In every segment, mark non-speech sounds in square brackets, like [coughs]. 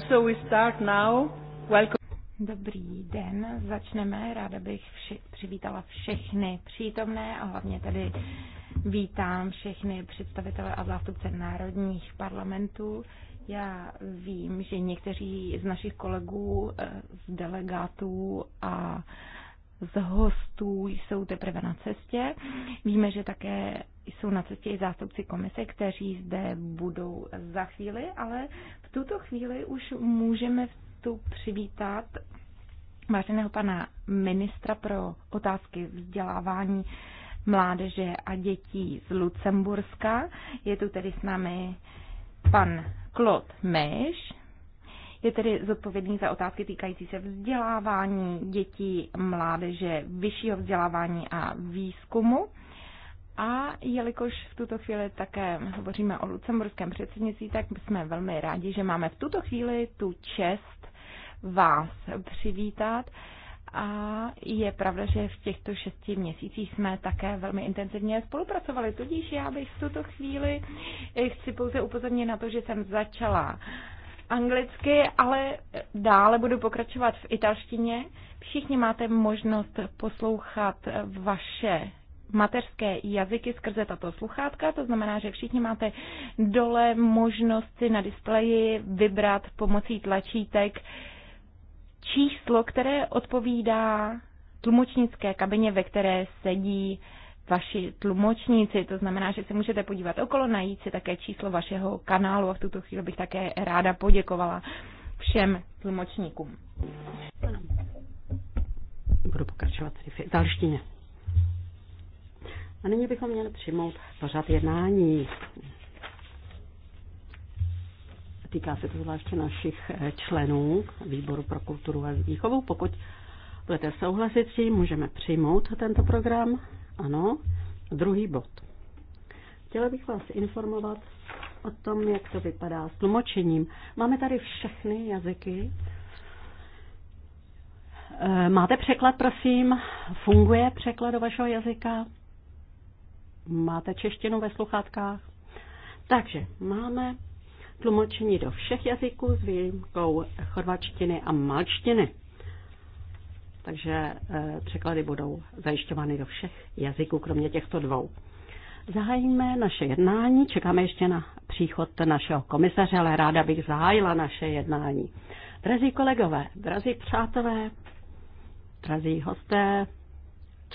so we start now. Dobrý den, začneme. Ráda bych vši- přivítala všechny přítomné a hlavně tedy vítám všechny představitele a zástupce národních parlamentů. Já vím, že někteří z našich kolegů, eh, z delegátů a z hostů jsou teprve na cestě. Víme, že také jsou na cestě i zástupci komise, kteří zde budou za chvíli, ale v tuto chvíli už můžeme tu přivítat váženého pana ministra pro otázky vzdělávání mládeže a dětí z Lucemburska. Je tu tedy s námi pan Klot Meš, je tedy zodpovědný za otázky týkající se vzdělávání dětí, mládeže, vyššího vzdělávání a výzkumu. A jelikož v tuto chvíli také hovoříme o lucemburském předsednictví, tak jsme velmi rádi, že máme v tuto chvíli tu čest vás přivítat. A je pravda, že v těchto šesti měsících jsme také velmi intenzivně spolupracovali, tudíž já bych v tuto chvíli eh, chci pouze upozornit na to, že jsem začala anglicky, ale dále budu pokračovat v italštině. Všichni máte možnost poslouchat vaše mateřské jazyky skrze tato sluchátka, to znamená, že všichni máte dole možnost si na displeji vybrat pomocí tlačítek číslo, které odpovídá tlumočnické kabině, ve které sedí vaši tlumočníci. To znamená, že se můžete podívat okolo, najít si také číslo vašeho kanálu a v tuto chvíli bych také ráda poděkovala všem tlumočníkům. Budu pokračovat v italštině. A nyní bychom měli přijmout pořad jednání. Týká se to zvláště našich eh, členů Výboru pro kulturu a výchovu. Pokud budete souhlasit s tím, můžeme přijmout tento program. Ano. Druhý bod. Chtěla bych vás informovat o tom, jak to vypadá s tlumočením. Máme tady všechny jazyky. Eh, máte překlad, prosím? Funguje překlad do vašeho jazyka? Máte češtinu ve sluchátkách? Takže máme tlumočení do všech jazyků s výjimkou chorvačtiny a malčtiny. Takže e, překlady budou zajišťovány do všech jazyků, kromě těchto dvou. Zahájíme naše jednání, čekáme ještě na příchod našeho komisaře, ale ráda bych zahájila naše jednání. Drazí kolegové, drazí přátelé, drazí hosté,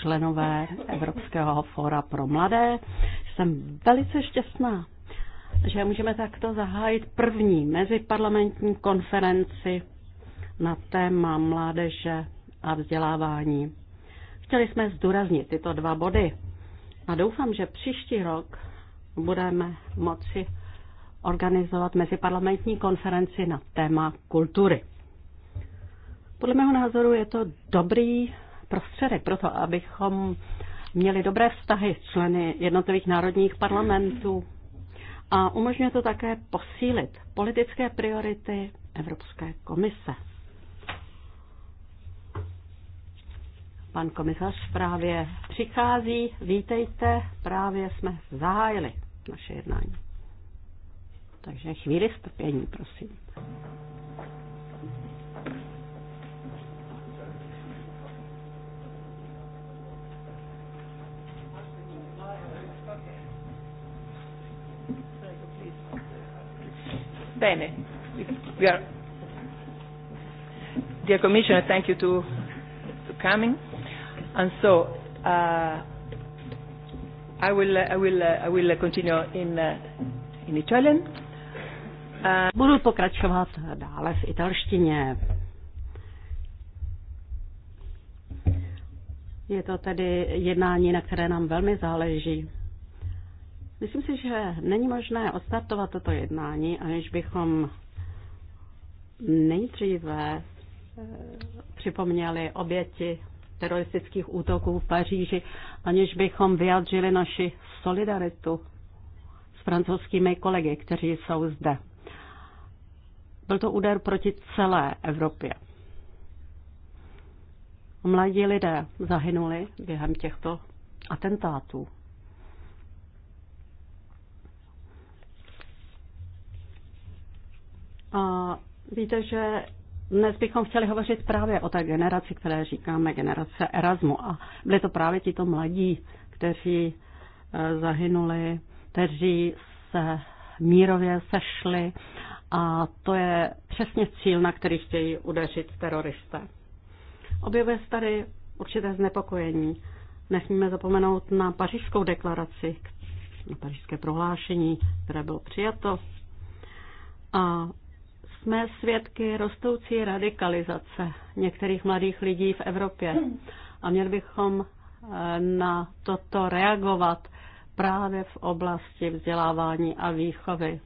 členové Evropského fóra pro mladé. Jsem velice šťastná, že můžeme takto zahájit první meziparlamentní konferenci na téma mládeže a vzdělávání. Chtěli jsme zdůraznit tyto dva body a doufám, že příští rok budeme moci organizovat meziparlamentní konferenci na téma kultury. Podle mého názoru je to dobrý prostředek pro to, abychom měli dobré vztahy s členy jednotlivých národních parlamentů a umožňuje to také posílit politické priority Evropské komise. Pan komisař právě přichází. Vítejte, právě jsme zahájili naše jednání. Takže chvíli strpění, prosím. Bene. We are... Dear Commissioner, thank you to, to coming. And so uh, I will, I will, uh, I will continue in, uh, in Italian. Uh, Budu pokračovat dále v italštině. Je to tedy jednání, na které nám velmi záleží. Myslím si, že není možné odstartovat toto jednání, aniž bychom nejdříve eh, připomněli oběti teroristických útoků v Paříži, aniž bychom vyjádřili naši solidaritu s francouzskými kolegy, kteří jsou zde. Byl to úder proti celé Evropě. Mladí lidé zahynuli během těchto atentátů. A víte, že dnes bychom chtěli hovořit právě o té generaci, které říkáme generace Erasmu. A byli to právě tito mladí, kteří eh, zahynuli, kteří se mírově sešli a to je přesně cíl, na který chtějí udeřit teroristé. Objevuje se tady určité znepokojení. Nesmíme zapomenout na pařížskou deklaraci, na pařížské prohlášení, které bylo přijato. A jsme svědky rostoucí radikalizace některých mladých lidí v Evropě a měli bychom eh, na toto reagovat právě v oblasti vzdělávání a výchovy.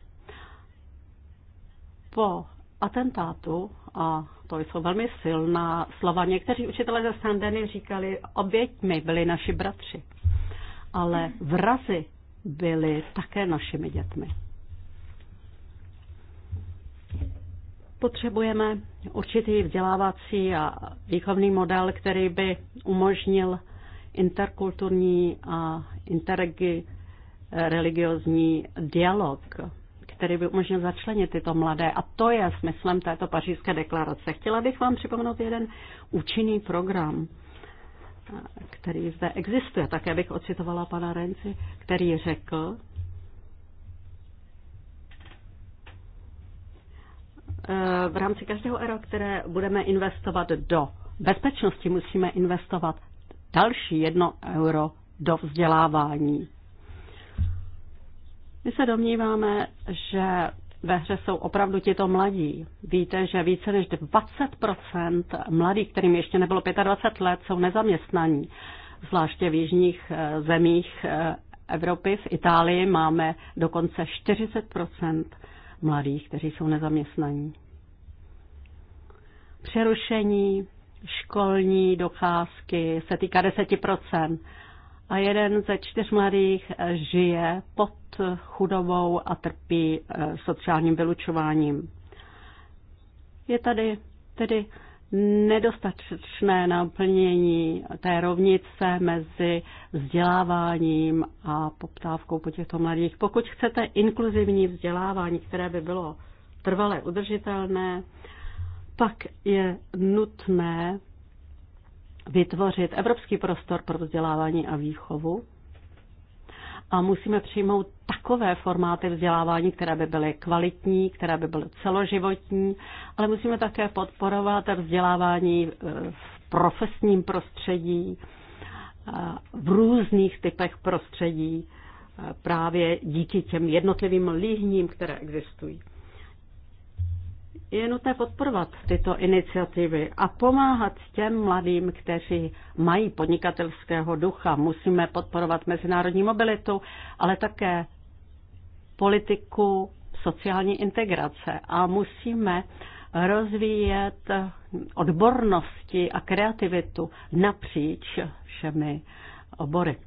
Po atentátu, a to jsou velmi silná slova, někteří učitelé ze Sandeny říkali, oběťmi byli naši bratři, ale vrazy byli také našimi dětmi. Potřebujeme určitý vzdělávací a výchovný model, který by umožnil interkulturní a interregi religiozní dialog, který by umožnil začlenit tyto mladé. A to je smyslem této pařížské deklarace. Chtěla bych vám připomenout jeden účinný program, který zde existuje. Také bych ocitovala pana Renci, který řekl, Eh, v rámci každého euro, které budeme investovat do bezpečnosti, musíme investovat další jedno euro do vzdělávání. My se domníváme, že ve hře jsou opravdu tito mladí. Víte, že více než 20% mladých, kterým ještě nebylo 25 let, jsou nezaměstnaní. Zvláště v jižních eh, zemích eh, Evropy, v Itálii máme dokonce 40 mladých, kteří jsou nezaměstnaní. Přerušení školní docházky se týká 10% a jeden ze čtyř mladých žije pod chudobou a trpí eh, sociálním vylučováním. Je tady tedy nedostatečné naplnění té rovnice mezi vzděláváním a poptávkou po těchto mladých. Pokud chcete inkluzivní vzdělávání, které by bylo trvale udržitelné, pak je nutné vytvořit evropský prostor pro vzdělávání a výchovu a musíme přijmout takové formáty vzdělávání, které by byly kvalitní, které by byly celoživotní, ale musíme také podporovat vzdělávání eh, v profesním prostředí, eh, v různých typech prostředí eh, právě díky těm jednotlivým líhním, které existují je nutné podporovat tyto iniciativy a pomáhat těm mladým, kteří mají podnikatelského ducha. Musíme podporovat mezinárodní mobilitu, ale také politiku sociální integrace a musíme rozvíjet odbornosti a kreativitu napříč všemi obory.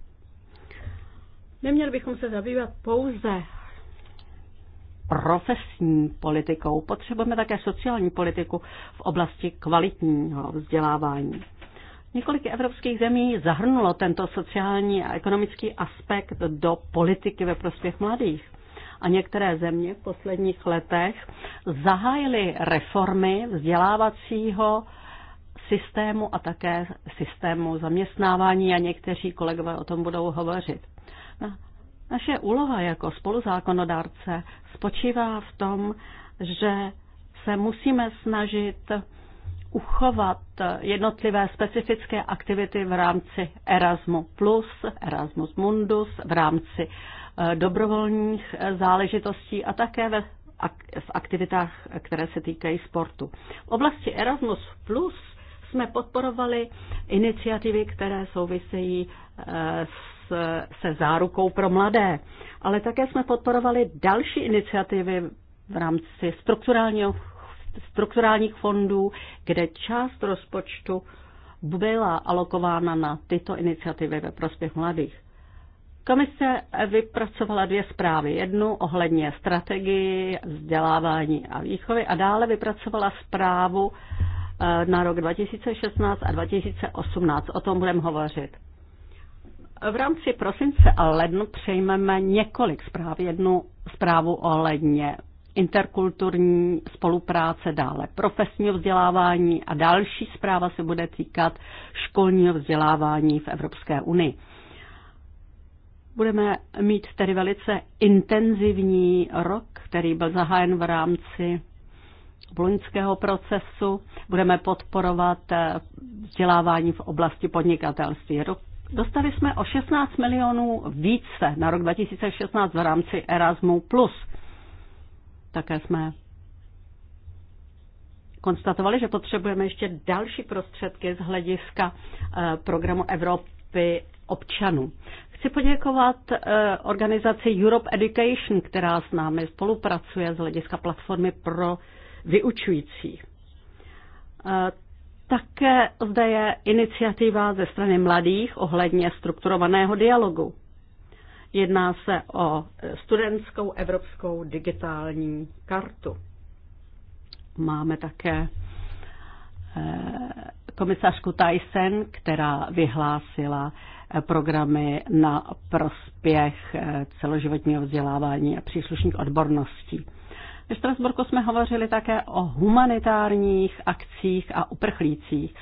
Neměli bychom se zabývat pouze profesní politikou. Potřebujeme také sociální politiku v oblasti kvalitního vzdělávání. Několik evropských zemí zahrnulo tento sociální a ekonomický aspekt do politiky ve prospěch mladých. A některé země v posledních letech zahájily reformy vzdělávacího systému a také systému zaměstnávání a někteří kolegové o tom budou hovořit. Naše úloha jako spoluzákonodárce spočívá v tom, že se musíme snažit uchovat jednotlivé specifické aktivity v rámci Plus, Erasmus Mundus, v rámci eh, dobrovolných eh, záležitostí a také ve, v aktivitách, které se týkají sportu. V oblasti Erasmus Plus jsme podporovali iniciativy, které souvisejí eh, s Eh, se zárukou pro mladé, ale také jsme podporovali další iniciativy v rámci strukturálního, strukturálních fondů, kde část rozpočtu byla alokována na tyto iniciativy ve prospěch mladých. Komise vypracovala dvě zprávy. Jednu ohledně strategii vzdělávání a výchovy a dále vypracovala zprávu eh, na rok 2016 a 2018. O tom budeme hovořit. V rámci prosince a lednu přejmeme několik zpráv. Jednu zprávu ledně interkulturní spolupráce, dále profesního vzdělávání a další zpráva se bude týkat školního vzdělávání v Evropské unii. Budeme mít tedy velice intenzivní rok, který byl zahájen v rámci loňského procesu. Budeme podporovat vzdělávání v oblasti podnikatelství. Rok Dostali jsme o 16 milionů více na rok 2016 v rámci Erasmu+. Také jsme konstatovali, že potřebujeme ještě další prostředky z hlediska eh, programu Evropy občanů. Chci poděkovat eh, organizaci Europe Education, která s námi spolupracuje z hlediska platformy pro vyučující. Eh, také zde je iniciativa ze strany mladých ohledně strukturovaného dialogu. Jedná se o studentskou evropskou digitální kartu. Máme také eh, komisařku Tyson, která vyhlásila eh, programy na prospěch eh, celoživotního vzdělávání a příslušných odborností. V Strasburku jsme hovořili také o humanitárních akcích a uprchlících.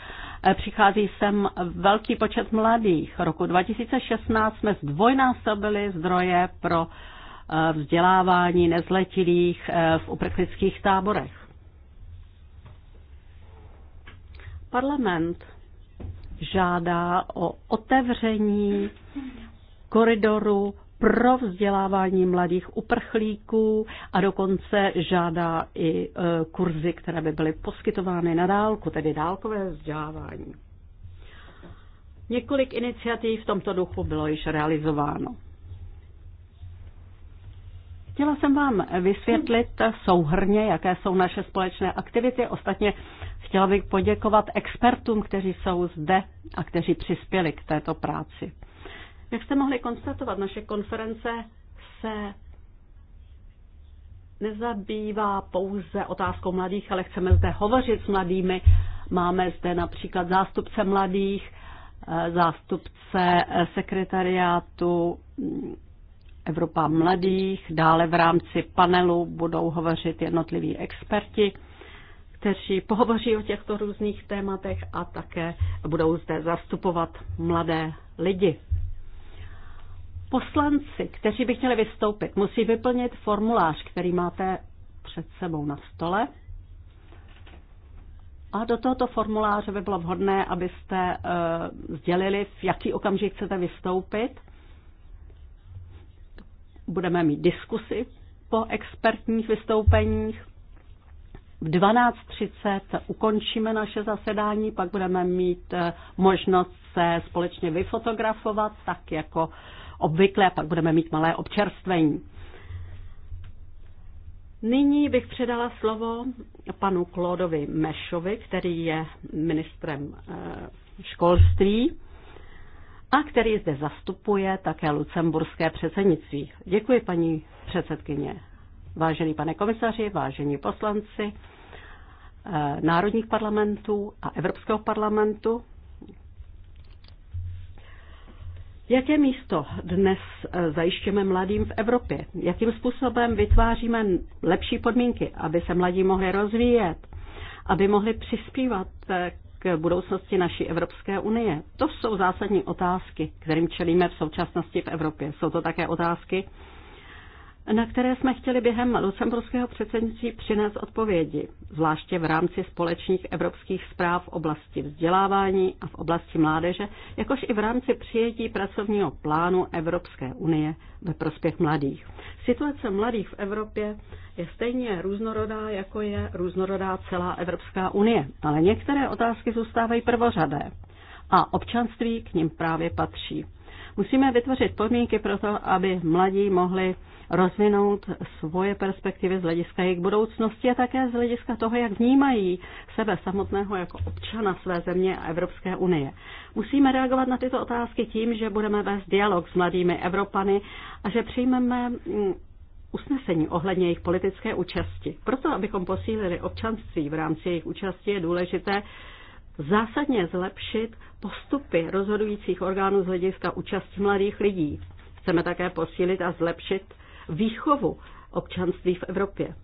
E, přichází sem velký počet mladých. Roku 2016 jsme zdvojnásobili zdroje pro e, vzdělávání nezletilých e, v uprchlických táborech. Parlament žádá o otevření koridoru pro vzdělávání mladých uprchlíků a dokonce žádá i e, kurzy, které by byly poskytovány na dálku, tedy dálkové vzdělávání. Několik iniciativ v tomto duchu bylo již realizováno. Chtěla jsem vám vysvětlit souhrně, jaké jsou naše společné aktivity. Ostatně chtěla bych poděkovat expertům, kteří jsou zde a kteří přispěli k této práci. Jak jste mohli konstatovat, naše konference se nezabývá pouze otázkou mladých, ale chceme zde hovořit s mladými. Máme zde například zástupce mladých, eh, zástupce eh, sekretariátu mm, Evropa mladých, dále v rámci panelu budou hovořit jednotliví experti, kteří pohovoří o těchto různých tématech a také budou zde zastupovat mladé lidi. Poslanci, kteří by chtěli vystoupit, musí vyplnit formulář, který máte před sebou na stole. A do tohoto formuláře by bylo vhodné, abyste uh, sdělili, v jaký okamžik chcete vystoupit. Budeme mít diskusy po expertních vystoupeních v 12.30 ukončíme naše zasedání, pak budeme mít eh, možnost se společně vyfotografovat, tak jako obvykle, pak budeme mít malé občerstvení. Nyní bych předala slovo panu Klódovi Mešovi, který je ministrem eh, školství a který zde zastupuje také lucemburské předsednictví. Děkuji, paní předsedkyně. Vážený pane komisaři, vážení poslanci eh, národních parlamentů a Evropského parlamentu, Jaké místo dnes eh, zajišťujeme mladým v Evropě? Jakým způsobem vytváříme lepší podmínky, aby se mladí mohli rozvíjet, aby mohli přispívat eh, k budoucnosti naší Evropské unie? To jsou zásadní otázky, kterým čelíme v současnosti v Evropě. Jsou to také otázky, na které jsme chtěli během lucemburského předsednictví přinést odpovědi, zvláště v rámci společných evropských zpráv v oblasti vzdělávání a v oblasti mládeže, jakož i v rámci přijetí pracovního plánu Evropské unie ve prospěch mladých. Situace mladých v Evropě je stejně různorodá, jako je různorodá celá Evropská unie, ale některé otázky zůstávají prvořadé a občanství k nim právě patří. Musíme vytvořit podmínky pro to, aby mladí mohli rozvinout svoje perspektivy z hlediska jejich budoucnosti a také z hlediska toho, jak vnímají sebe samotného jako občana své země a Evropské unie. Musíme reagovat na tyto otázky tím, že budeme vést dialog s mladými Evropany a že přijmeme mm, usnesení ohledně jejich politické účasti. Proto, abychom posílili občanství v rámci jejich účasti, je důležité zásadně zlepšit postupy rozhodujících orgánů z hlediska účasti mladých lidí. Chceme také posílit a zlepšit výchovu občanství v Evropě.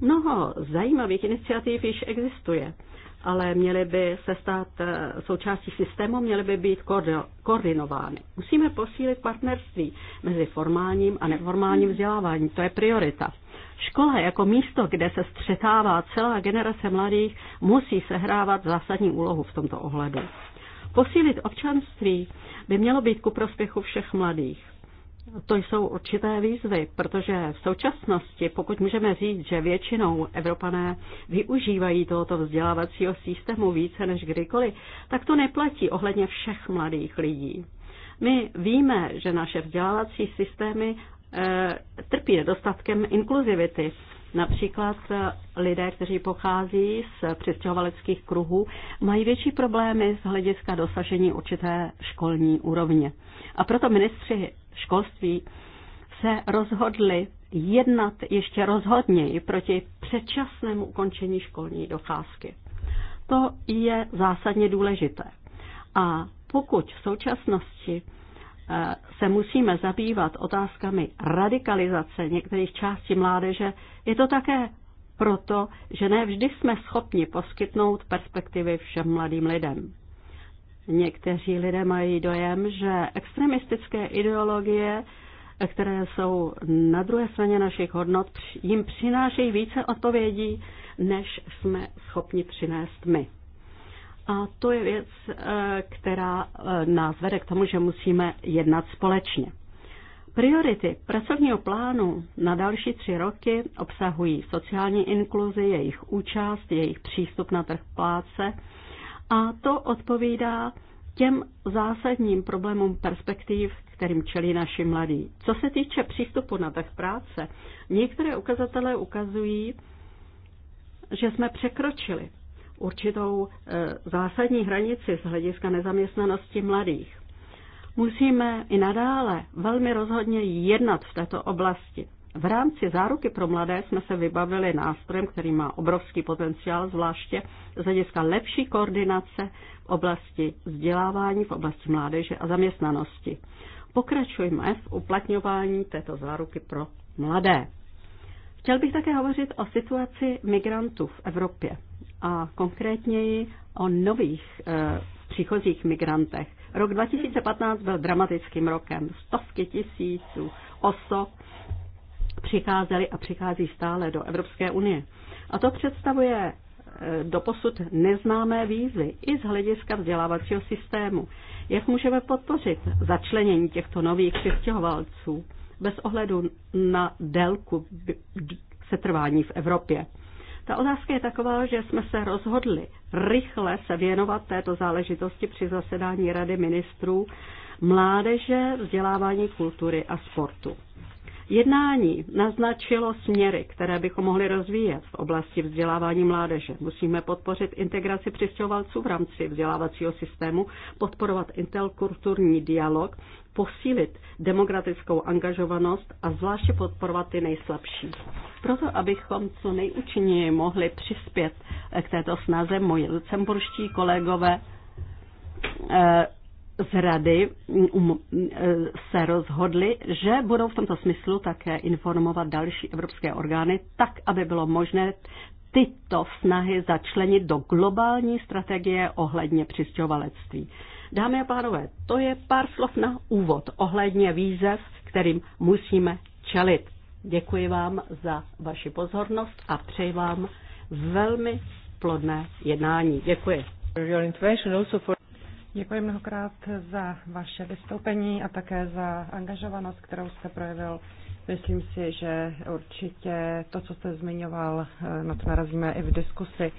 Mnoho zajímavých iniciativ již existuje, ale měly by se stát eh, součástí systému, měly by být koordinovány. Musíme posílit partnerství mezi formálním a neformálním vzděláváním. To je priorita. Škola jako místo, kde se střetává celá generace mladých, musí sehrávat zásadní úlohu v tomto ohledu. Posílit občanství by mělo být ku prospěchu všech mladých. To jsou určité výzvy, protože v současnosti, pokud můžeme říct, že většinou Evropané využívají tohoto vzdělávacího systému více než kdykoliv, tak to neplatí ohledně všech mladých lidí. My víme, že naše vzdělávací systémy e, trpí nedostatkem inkluzivity. Například eh, lidé, kteří pochází z přistěhovaleckých kruhů, mají větší problémy z hlediska dosažení určité školní úrovně. A proto ministři školství se rozhodli jednat ještě rozhodněji proti předčasnému ukončení školní docházky. To je zásadně důležité. A pokud v současnosti eh, se musíme zabývat otázkami radikalizace některých částí mládeže, je to také proto, že ne vždy jsme schopni poskytnout perspektivy všem mladým lidem. Někteří lidé mají dojem, že extremistické ideologie, které jsou na druhé straně našich hodnot, jim přinášejí více odpovědí, než jsme schopni přinést my. A to je věc, eh, která eh, nás vede k tomu, že musíme jednat společně. Priority pracovního plánu na další tři roky obsahují sociální inkluzi, jejich účast, jejich přístup na trh práce, a to odpovídá těm zásadním problémům perspektiv, kterým čelí naši mladí. Co se týče přístupu na trh práce, některé ukazatele ukazují, že jsme překročili určitou e, zásadní hranici z hlediska nezaměstnanosti mladých. Musíme i nadále velmi rozhodně jednat v této oblasti. V rámci záruky pro mladé jsme se vybavili nástrojem, který má obrovský potenciál, zvláště z hlediska lepší koordinace v oblasti vzdělávání, v oblasti mládeže a zaměstnanosti. Pokračujeme v uplatňování této záruky pro mladé. Chtěl bych také hovořit o situaci migrantů v Evropě a konkrétněji o nových e, příchozích migrantech. Rok 2015 byl dramatickým rokem. Stovky tisíců osob přicházeli a přichází stále do Evropské unie. A to představuje e, doposud neznámé výzvy i z hlediska vzdělávacího systému. Jak můžeme podpořit začlenění těchto nových přistěhovalců bez ohledu na délku setrvání v Evropě? Ta otázka je taková, že jsme se rozhodli rychle se věnovat této záležitosti při zasedání Rady ministrů mládeže, vzdělávání kultury a sportu. Jednání naznačilo směry, které bychom mohli rozvíjet v oblasti vzdělávání mládeže. Musíme podpořit integraci přistěhovalců v rámci vzdělávacího systému, podporovat interkulturní dialog, posílit demokratickou angažovanost a zvláště podporovat ty nejslabší. Proto, abychom co nejúčinněji mohli přispět k této snaze, moji lucemburští kolegové eh, z rady mm, um, mm, se rozhodli, že budou v tomto smyslu také informovat další evropské orgány, tak, aby bylo možné tyto snahy začlenit do globální strategie ohledně přistěhovalectví. Dámy a pánové, to je pár slov na úvod ohledně výzev, kterým musíme čelit. Děkuji vám za vaši pozornost a přeji vám velmi plodné jednání. Děkuji. Děkuji mnohokrát za vaše vystoupení a také za angažovanost, kterou jste projevil. Myslím si, že určitě to, co jste zmiňoval, eh, na to narazíme i v diskusi.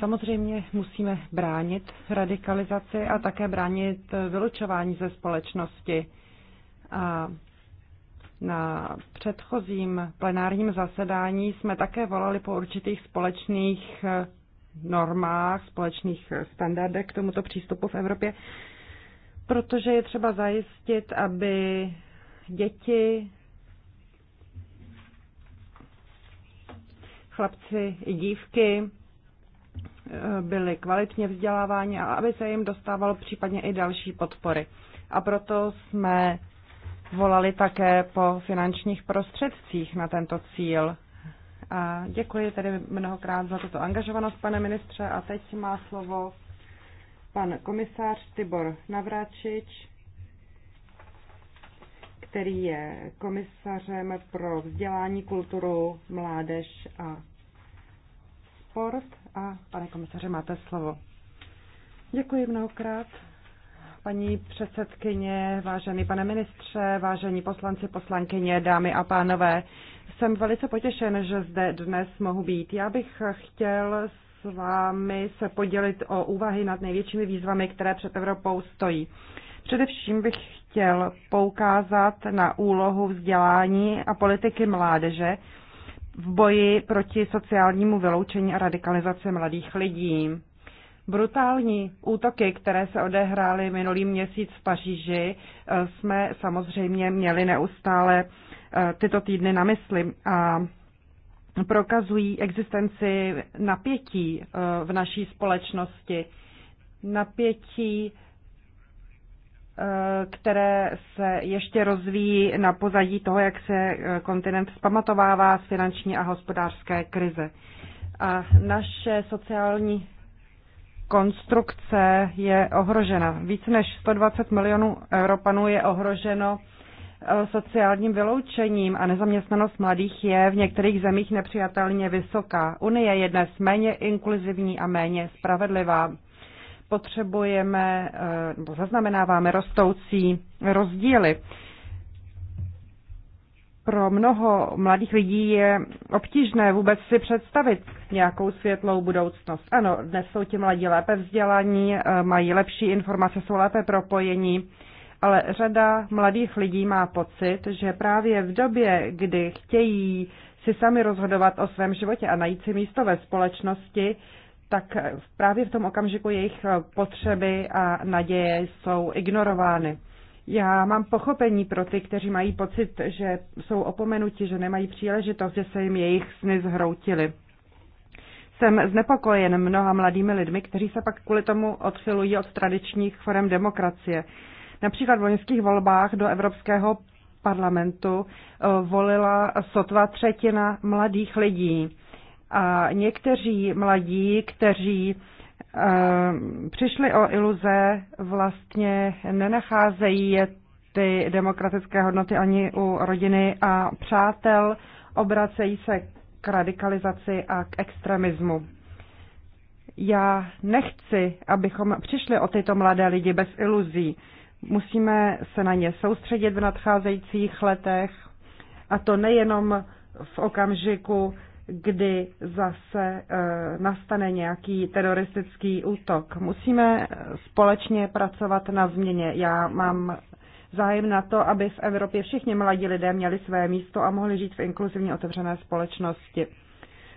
Samozřejmě musíme bránit radikalizaci a také bránit eh, vylučování ze společnosti. A na předchozím plenárním zasedání jsme také volali po určitých společných eh, normách, společných standardech k tomuto přístupu v Evropě, protože je třeba zajistit, aby děti, chlapci i dívky eh, byly kvalitně vzděláváni a aby se jim dostávalo případně i další podpory. A proto jsme volali také po finančních prostředcích na tento cíl. A děkuji tedy mnohokrát za tuto angažovanost, pane ministře. A teď má slovo pan komisář Tibor Navráčič, který je komisařem pro vzdělání, kulturu, mládež a sport. A pane komisaře, máte slovo. Děkuji mnohokrát. Paní předsedkyně, vážený pane ministře, vážení poslanci, poslankyně, dámy a pánové, jsem velice potěšen, že zde dnes mohu být. Já bych chtěl s vámi se podělit o úvahy nad největšími výzvami, které před Evropou stojí. Především bych chtěl poukázat na úlohu vzdělání a politiky mládeže v boji proti sociálnímu vyloučení a radikalizaci mladých lidí. Brutální útoky, které se odehrály minulý měsíc v Paříži, eh, jsme samozřejmě měli neustále Eh, tyto týdny na mysli a prokazují existenci napětí eh, v naší společnosti. Napětí, eh, které se ještě rozvíjí na pozadí toho, jak se kontinent zpamatovává z finanční a hospodářské krize. A naše sociální konstrukce je ohrožena. Více než 120 milionů Evropanů je ohroženo Eh, sociálním vyloučením a nezaměstnanost mladých je v některých zemích nepřijatelně vysoká. Unie je dnes méně inkluzivní a méně spravedlivá. Potřebujeme, eh, nebo zaznamenáváme rostoucí rozdíly. Pro mnoho mladých lidí je obtížné vůbec si představit nějakou světlou budoucnost. Ano, dnes jsou ti mladí lépe vzdělaní, eh, mají lepší informace, jsou lépe propojení ale řada mladých lidí má pocit, že právě v době, kdy chtějí si sami rozhodovat o svém životě a najít si místo ve společnosti, tak právě v tom okamžiku jejich potřeby a naděje jsou ignorovány. Já mám pochopení pro ty, kteří mají pocit, že jsou opomenuti, že nemají příležitost, že se jim jejich sny zhroutily. Jsem znepokojen mnoha mladými lidmi, kteří se pak kvůli tomu odchylují od tradičních forem demokracie. Například v loňských volbách do Evropského parlamentu eh, volila sotva třetina mladých lidí. A někteří mladí, kteří eh, přišli o iluze, vlastně nenacházejí je ty demokratické hodnoty ani u rodiny a přátel, obracejí se k radikalizaci a k extremismu. Já nechci, abychom přišli o tyto mladé lidi bez iluzí. Musíme se na ně soustředit v nadcházejících letech a to nejenom v okamžiku, kdy zase e, nastane nějaký teroristický útok. Musíme společně pracovat na změně. Já mám zájem na to, aby v Evropě všichni mladí lidé měli své místo a mohli žít v inkluzivní otevřené společnosti.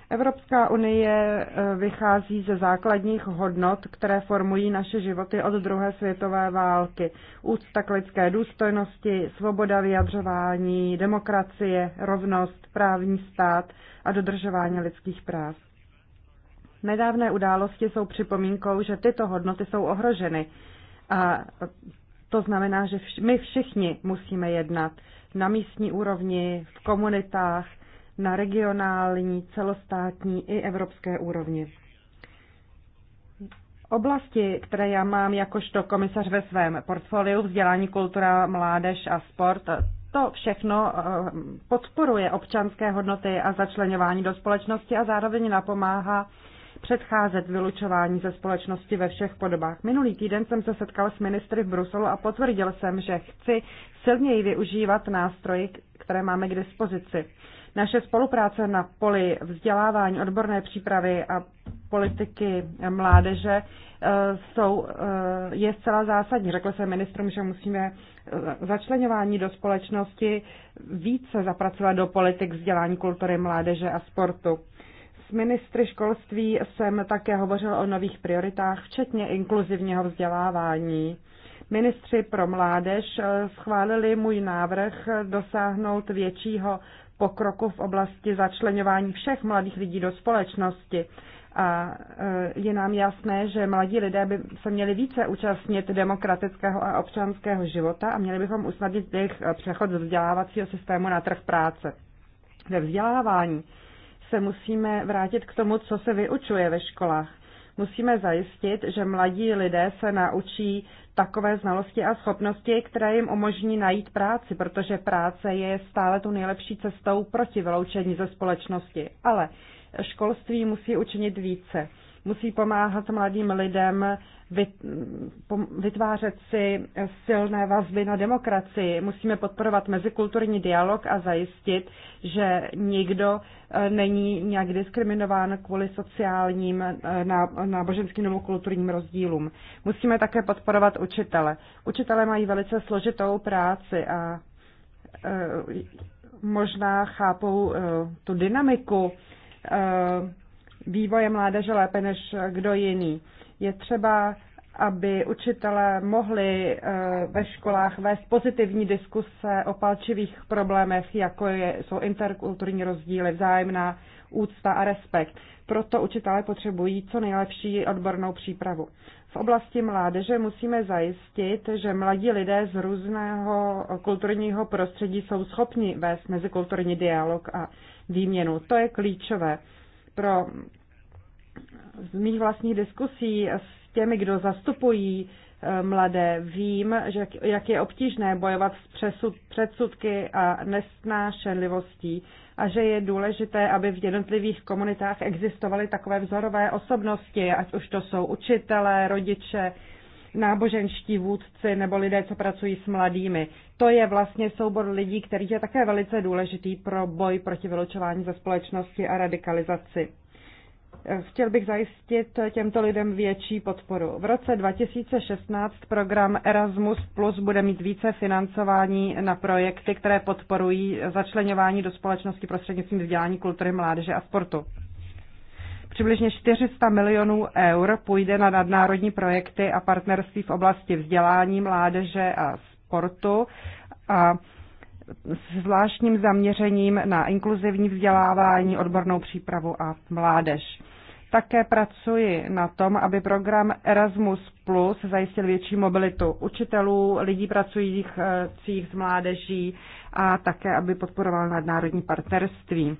Evropská unie e, vychází ze základních hodnot, které formují naše životy od druhé světové války. Úcta k lidské důstojnosti, svoboda vyjadřování, demokracie, rovnost, právní stát a dodržování lidských práv. Nedávné události jsou připomínkou, že tyto hodnoty jsou ohroženy. A to znamená, že my všichni musíme jednat na místní úrovni, v komunitách, na regionální, celostátní i evropské úrovni. Oblasti, které já mám jakožto komisař ve svém portfoliu, vzdělání, kultura, mládež a sport, to všechno eh, podporuje občanské hodnoty a začlenování do společnosti a zároveň napomáhá předcházet vylučování ze společnosti ve všech podobách. Minulý týden jsem se setkal s ministry v Bruselu a potvrdil jsem, že chci silněji využívat nástroje, které máme k dispozici. Naše spolupráce na poli vzdělávání, odborné přípravy a politiky mládeže eh, jsou, eh, je zcela zásadní. Řekl jsem ministrům, že musíme eh, začlenování do společnosti více zapracovat do politik vzdělání kultury mládeže a sportu. S ministry školství jsem také hovořil o nových prioritách, včetně inkluzivního vzdělávání. Ministři pro mládež schválili můj návrh dosáhnout většího pokroku v oblasti začlenování všech mladých lidí do společnosti. A e, je nám jasné, že mladí lidé by se měli více účastnit demokratického a občanského života a měli bychom usnadnit jejich e, přechod z vzdělávacího systému na trh práce. Ve vzdělávání se musíme vrátit k tomu, co se vyučuje ve školách. Musíme zajistit, že mladí lidé se naučí takové znalosti a schopnosti, které jim umožní najít práci, protože práce je stále tu nejlepší cestou proti vyloučení ze společnosti. Ale školství musí učinit více musí pomáhat mladým lidem vytvářet si silné vazby na demokracii. Musíme podporovat mezikulturní dialog a zajistit, že nikdo eh, není nějak diskriminován kvůli sociálním, eh, náboženským nebo kulturním rozdílům. Musíme také podporovat učitele. Učitele mají velice složitou práci a eh, možná chápou tu dynamiku vývoje mládeže lépe než kdo jiný. Je třeba, aby učitelé mohli eh, ve školách vést pozitivní diskuse o palčivých problémech, jako je, jsou interkulturní rozdíly, vzájemná úcta a respekt. Proto učitelé potřebují co nejlepší odbornou přípravu. V oblasti mládeže musíme zajistit, že mladí lidé z různého kulturního prostředí jsou schopni vést mezikulturní dialog a výměnu. To je klíčové pro z mých vlastních diskusí s těmi, kdo zastupují eh, mladé, vím, že jak je obtížné bojovat s přesud, předsudky a nesnášenlivostí a že je důležité, aby v jednotlivých komunitách existovaly takové vzorové osobnosti, ať už to jsou učitelé, rodiče, náboženští vůdci nebo lidé, co pracují s mladými. To je vlastně soubor lidí, který je také velice důležitý pro boj proti vylučování ze společnosti a radikalizaci. Chtěl bych zajistit těmto lidem větší podporu. V roce 2016 program Erasmus Plus bude mít více financování na projekty, které podporují začlenování do společnosti prostřednictvím vzdělání kultury, mládeže a sportu. Přibližně 400 milionů eur půjde na nadnárodní projekty a partnerství v oblasti vzdělání, mládeže a sportu a s zvláštním zaměřením na inkluzivní vzdělávání, odbornou přípravu a mládež. Také pracuji na tom, aby program Erasmus Plus zajistil větší mobilitu učitelů, lidí pracujících eh, s mládeží a také, aby podporoval nadnárodní partnerství.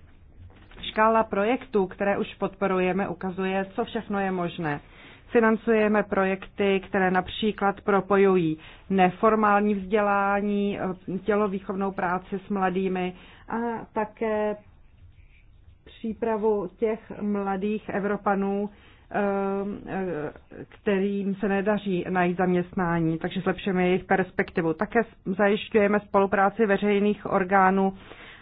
Škála projektů, které už podporujeme, ukazuje, co všechno je možné. Financujeme projekty, které například propojují neformální vzdělání, tělovýchovnou práci s mladými a také přípravu těch mladých Evropanů, ehm, ehm, kterým se nedaří najít zaměstnání, takže zlepšujeme jejich perspektivu. Také zajišťujeme spolupráci veřejných orgánů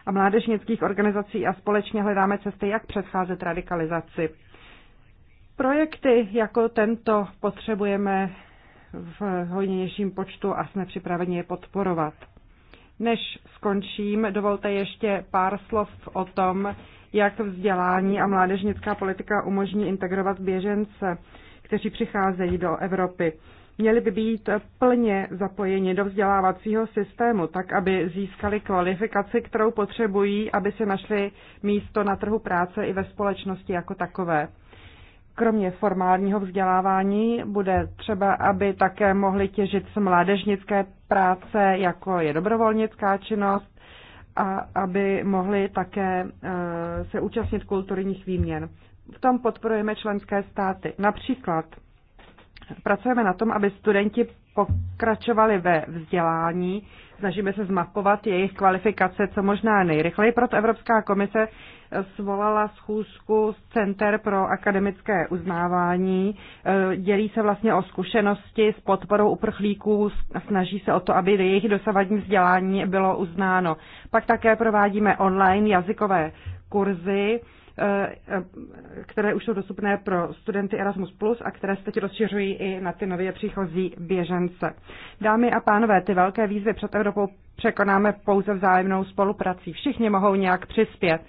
a mládežnických organizací a společně hledáme cesty, jak předcházet radikalizaci. Projekty jako tento potřebujeme v hojnějším počtu a jsme připraveni je podporovat. Než skončím, dovolte ještě pár slov o tom, jak vzdělání a mládežnická politika umožní integrovat běžence, kteří přicházejí do Evropy měli by být plně zapojeni do vzdělávacího systému, tak aby získali kvalifikaci, kterou potřebují, aby se našli místo na trhu práce i ve společnosti jako takové. Kromě formálního vzdělávání bude třeba, aby také mohli těžit z mládežnické práce, jako je dobrovolnická činnost, a aby mohli také e, se účastnit kulturních výměn. V tom podporujeme členské státy. Například Pracujeme na tom, aby studenti pokračovali ve vzdělání. Snažíme se zmapovat jejich kvalifikace co možná nejrychleji. Proto Evropská komise svolala schůzku z Center pro akademické uznávání. Eh, dělí se vlastně o zkušenosti s podporou uprchlíků, snaží se o to, aby jejich dosavadní vzdělání bylo uznáno. Pak také provádíme online jazykové kurzy Eh, které už jsou dostupné pro studenty Erasmus+, a které se teď rozšiřují i na ty nově příchozí běžence. Dámy a pánové, ty velké výzvy před Evropou překonáme pouze vzájemnou spoluprací. Všichni mohou nějak přispět.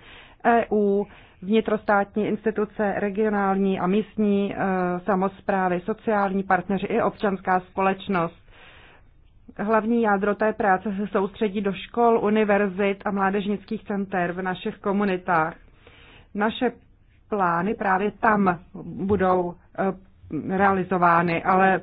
EU, vnitrostátní instituce, regionální a místní e, eh, samozprávy, sociální partneři i občanská společnost. Hlavní jádro té práce se soustředí do škol, univerzit a mládežnických center v našich komunitách naše plány právě tam budou eh, realizovány, ale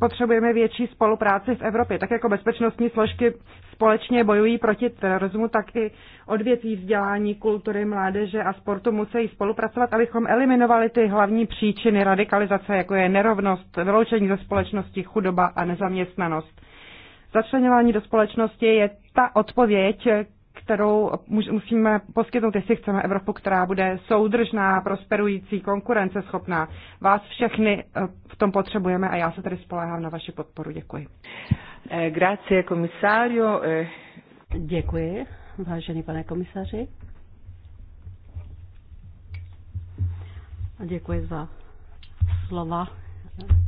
potřebujeme větší spolupráci v Evropě. Tak jako bezpečnostní složky společně bojují proti terorismu, tak i odvětví vzdělání, kultury, mládeže a sportu musí spolupracovat, abychom eliminovali ty hlavní příčiny radikalizace, jako je nerovnost, vyloučení ze společnosti, chudoba a nezaměstnanost. Začlenování do společnosti je ta odpověď, kterou musíme poskytnout, jestli chceme Evropu, která bude soudržná, prosperující, konkurenceschopná. Vás všechny eh, v tom potřebujeme a já se tedy spolehám na vaši podporu. Děkuji. Eh, grazie, komisario. Eh. Děkuji, vážený pane komisaři. A děkuji za slova,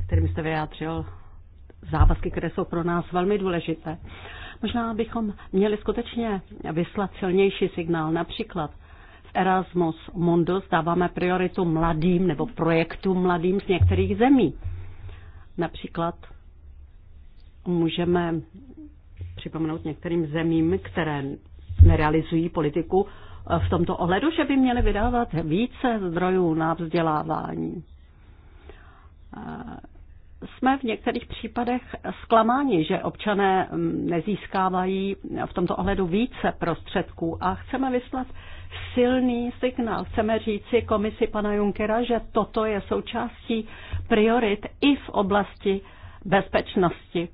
kterými jste vyjádřil závazky, které jsou pro nás velmi důležité. Možná bychom měli skutečně vyslat silnější signál. Například v Erasmus Mundus dáváme prioritu mladým nebo projektům mladým z některých zemí. Například můžeme připomenout některým zemím, které nerealizují politiku eh, v tomto ohledu, že by měly vydávat více zdrojů na vzdělávání. Eh, jsme v některých případech zklamáni, že občané mm, nezískávají v tomto ohledu více prostředků a chceme vyslat silný signál. Chceme říci komisi pana Junkera, že toto je součástí priorit i v oblasti bezpečnosti.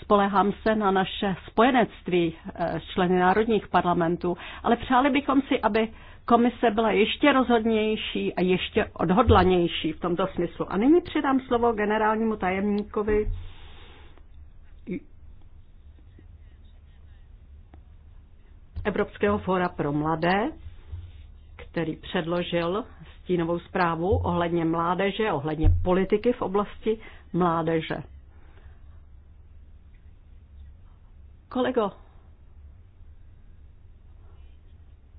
Spolehám se na naše spojenectví eh, členy národních parlamentů, ale přáli bychom si, aby komise byla ještě rozhodnější a ještě odhodlanější v tomto smyslu. A nyní předám slovo generálnímu tajemníkovi Evropského fóra pro mladé, který předložil stínovou zprávu ohledně mládeže, ohledně politiky v oblasti mládeže. Kolego,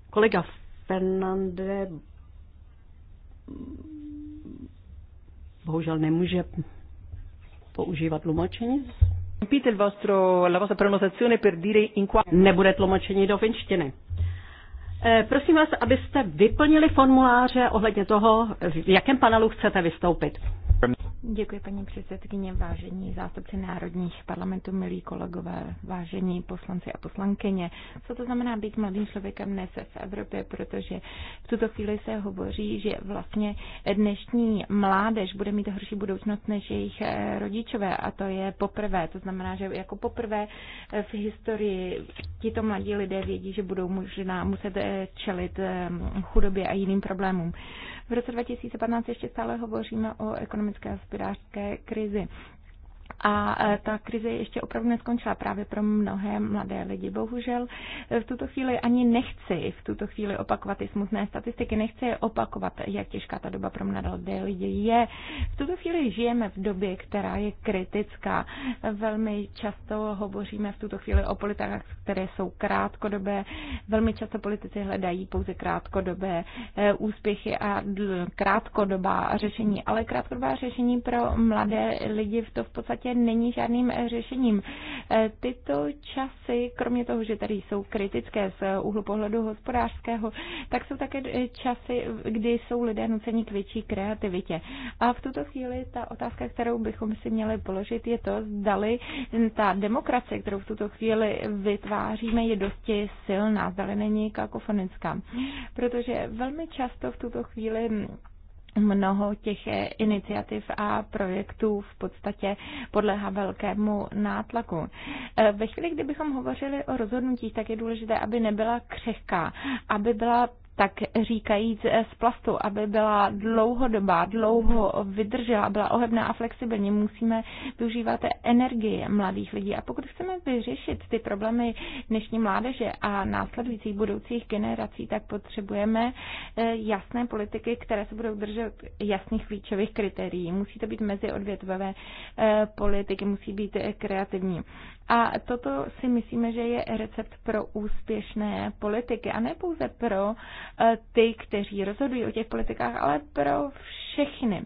kolega Fernande bohužel nemůže používat tlumočení. píte vostro, la vostra pronunciazione per dire in qua... Nebude tlumočení do finštiny. Eh, prosím vás, abyste vyplnili formuláře ohledně toho, v jakém panelu chcete vystoupit. Děkuji, paní předsedkyně, vážení zástupci národních parlamentů, milí kolegové, vážení poslanci a poslankyně. Co to znamená být mladým člověkem dnes v Evropě, protože v tuto chvíli se hovoří, že vlastně dnešní mládež bude mít horší budoucnost než jejich eh, rodičové a to je poprvé. To znamená, že jako poprvé v historii tito mladí lidé vědí, že budou možná muset eh, čelit eh, chudobě a jiným problémům. V roce 2015 ještě stále hovoříme o ekonomické a hospodářské krizi a e, ta krize ještě opravdu neskončila právě pro mnohé mladé lidi. Bohužel e, v tuto chvíli ani nechci v tuto chvíli opakovat ty smutné statistiky, nechci je opakovat, jak těžká ta doba pro mladé lidi je. V tuto chvíli žijeme v době, která je kritická. Velmi často hovoříme v tuto chvíli o politikách, které jsou krátkodobé. Velmi často politici hledají pouze krátkodobé e, úspěchy a krátkodobá řešení, ale krátkodobá řešení pro mladé lidi v to v podstatě podstatě není žádným eh, řešením. Eh, tyto časy, kromě toho, že tady jsou kritické z eh, úhlu pohledu hospodářského, tak jsou také časy, kdy jsou lidé nuceni k větší kreativitě. A v tuto chvíli ta otázka, kterou bychom si měli položit, je to, zdali ta demokracie, kterou v tuto chvíli vytváříme, je dosti silná, zdali není kakofonická. Protože velmi často v tuto chvíli mnoho těch eh, iniciativ a projektů v podstatě podléhá velkému nátlaku. Eh, ve chvíli, kdybychom hovořili o rozhodnutích, tak je důležité, aby nebyla křehká, aby byla tak říkajíc eh, z plastu, aby byla dlouhodobá, dlouho vydržela, byla ohebná a flexibilní, musíme využívat energii mladých lidí. A pokud chceme vyřešit ty problémy dnešní mládeže a následujících budoucích generací, tak potřebujeme eh, jasné politiky, které se budou držet jasných klíčových kritérií. Musí to být meziodvětvové eh, politiky, musí být kreativní. A toto si myslíme, že je recept pro úspěšné politiky. A ne pouze pro eh, ty, kteří rozhodují o těch politikách, ale pro všechny.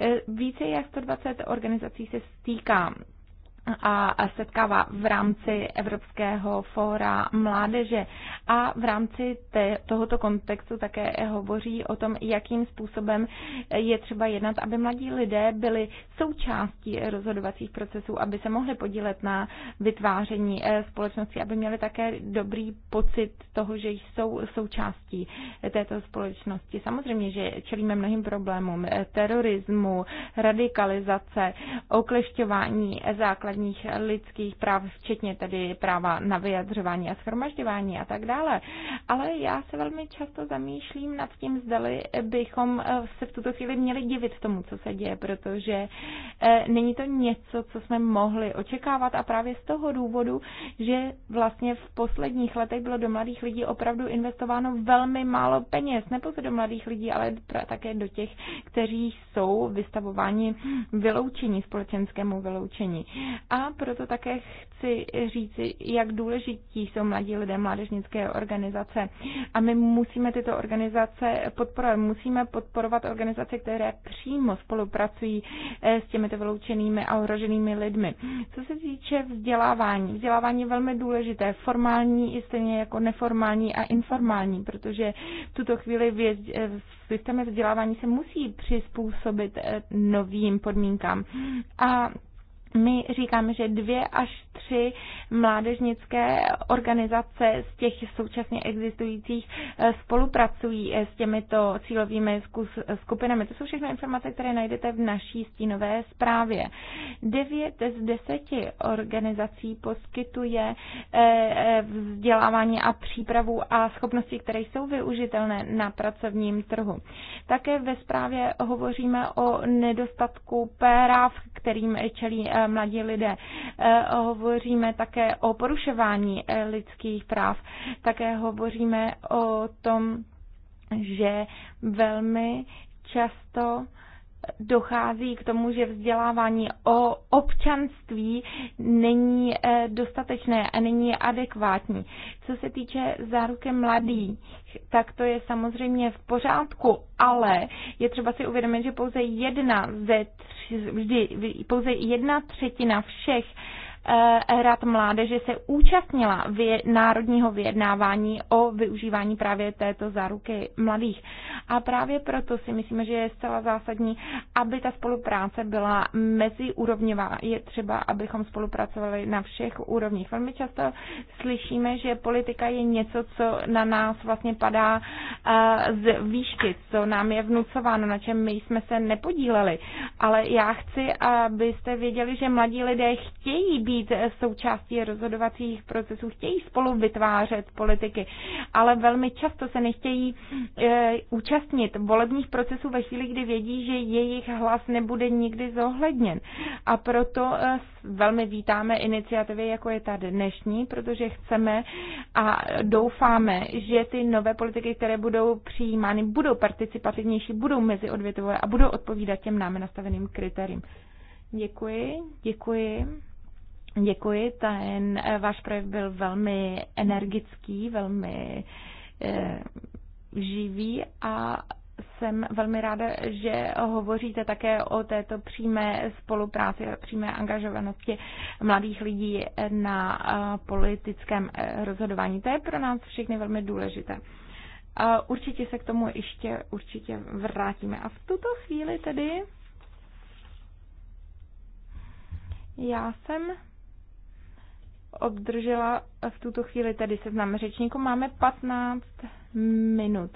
Eh, více jak 120 organizací se stýká a setkává v rámci Evropského fóra mládeže. A v rámci te, tohoto kontextu také hovoří o tom, jakým způsobem je třeba jednat, aby mladí lidé byli součástí rozhodovacích procesů, aby se mohli podílet na vytváření eh, společnosti, aby měli také dobrý pocit toho, že jsou součástí této společnosti. Samozřejmě, že čelíme mnohým problémům eh, terorismu, radikalizace, oklešťování eh, základních základních lidských práv, včetně tedy práva na vyjadřování a schromažďování a tak dále. Ale já se velmi často zamýšlím nad tím, zdali bychom eh, se v tuto chvíli měli divit tomu, co se děje, protože eh, není to něco, co jsme mohli očekávat a právě z toho důvodu, že vlastně v posledních letech bylo do mladých lidí opravdu investováno velmi málo peněz, ne pouze do mladých lidí, ale také do těch, kteří jsou vystavováni vyloučení, společenskému vyloučení. A proto také chci říci, jak důležití jsou mladí lidé, mládežnické organizace. A my musíme tyto organizace podporovat. Musíme podporovat organizace, které přímo spolupracují eh, s těmito vyloučenými a ohroženými lidmi. Co se týče vzdělávání, vzdělávání je velmi důležité, formální i stejně jako neformální a informální, protože v tuto chvíli v eh, systému vzdělávání se musí přizpůsobit eh, novým podmínkám. A my říkáme, že dvě až tři mládežnické organizace z těch současně existujících eh, spolupracují eh, s těmito cílovými skupinami. To jsou všechno informace, které najdete v naší stínové zprávě. Devět z deseti organizací poskytuje eh, vzdělávání a přípravu a schopnosti, které jsou využitelné na pracovním trhu. Také ve zprávě hovoříme o nedostatku práv, kterým čelí mladí lidé. E, hovoříme také o porušování e, lidských práv. Také hovoříme o tom, že velmi často dochází k tomu, že vzdělávání o občanství není eh, dostatečné a není adekvátní. Co se týče záruky mladých, tak to je samozřejmě v pořádku, ale je třeba si uvědomit, že pouze jedna ze tři, vždy, pouze jedna třetina všech Eh, rad mládeže se účastnila vě, národního vyjednávání o využívání právě této záruky mladých. A právě proto si myslíme, že je zcela zásadní, aby ta spolupráce byla meziúrovňová. Je třeba, abychom spolupracovali na všech úrovních. Velmi často slyšíme, že politika je něco, co na nás vlastně padá eh, z výšky, co nám je vnucováno, na čem my jsme se nepodíleli. Ale já chci, abyste věděli, že mladí lidé chtějí být být součástí rozhodovacích procesů, chtějí spolu vytvářet politiky, ale velmi často se nechtějí e, účastnit volebních procesů ve chvíli, kdy vědí, že jejich hlas nebude nikdy zohledněn. A proto e, velmi vítáme iniciativy, jako je ta dnešní, protože chceme a doufáme, že ty nové politiky, které budou přijímány, budou participativnější, budou meziodvětové a budou odpovídat těm námi nastaveným kritériím. Děkuji, děkuji. Děkuji, ten eh, váš projekt byl velmi energický, velmi eh, živý a jsem velmi ráda, že hovoříte také o této přímé spolupráci, přímé angažovanosti mladých lidí na eh, politickém eh, rozhodování. To je pro nás všechny velmi důležité. Určitě se k tomu ještě určitě vrátíme. A v tuto chvíli tedy já jsem obdržela v tuto chvíli tady seznam řečníků. Máme 15 minut.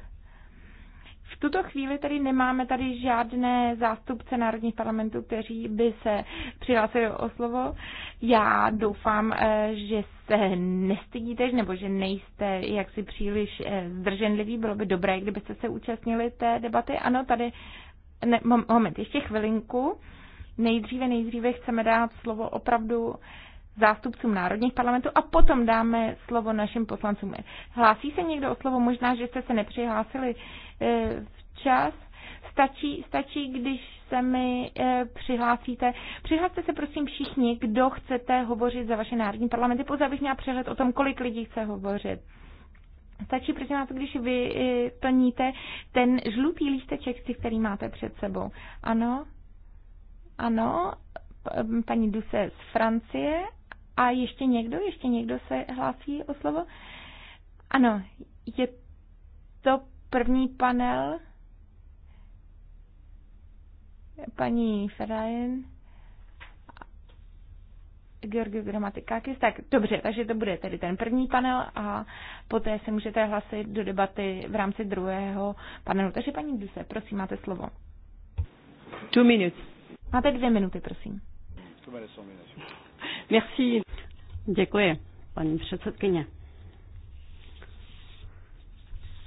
V tuto chvíli tady nemáme tady žádné zástupce národních parlamentů, kteří by se přihlásili o slovo. Já doufám, eh, že se nestydíte, nebo že nejste jaksi příliš eh, zdrženliví. Bylo by dobré, kdybyste se účastnili té debaty. Ano, tady, ne, moment, ještě chvilinku. Nejdříve, nejdříve chceme dát slovo opravdu zástupcům národních parlamentů a potom dáme slovo našim poslancům. Hlásí se někdo o slovo? Možná, že jste se nepřihlásili eh, včas. Stačí, stačí, když se mi eh, přihlásíte. Přihlaste se prosím všichni, kdo chcete hovořit za vaše národní parlamenty, pouze abych měla přehled o tom, kolik lidí chce hovořit. Stačí, prosím vás, když vy eh, plníte ten žlutý lísteček, který máte před sebou. Ano? Ano? paní Duse z Francie a ještě někdo? Ještě někdo se hlásí o slovo? Ano, je to první panel. Paní Ferajen. Georgiu Gramatikakis. Tak dobře, takže to bude tedy ten první panel a poté se můžete hlasit do debaty v rámci druhého panelu. Takže paní Duse, prosím, máte slovo. Two minutes. Máte dvě minuty, prosím. Merci. Děkuji, paní předsedkyně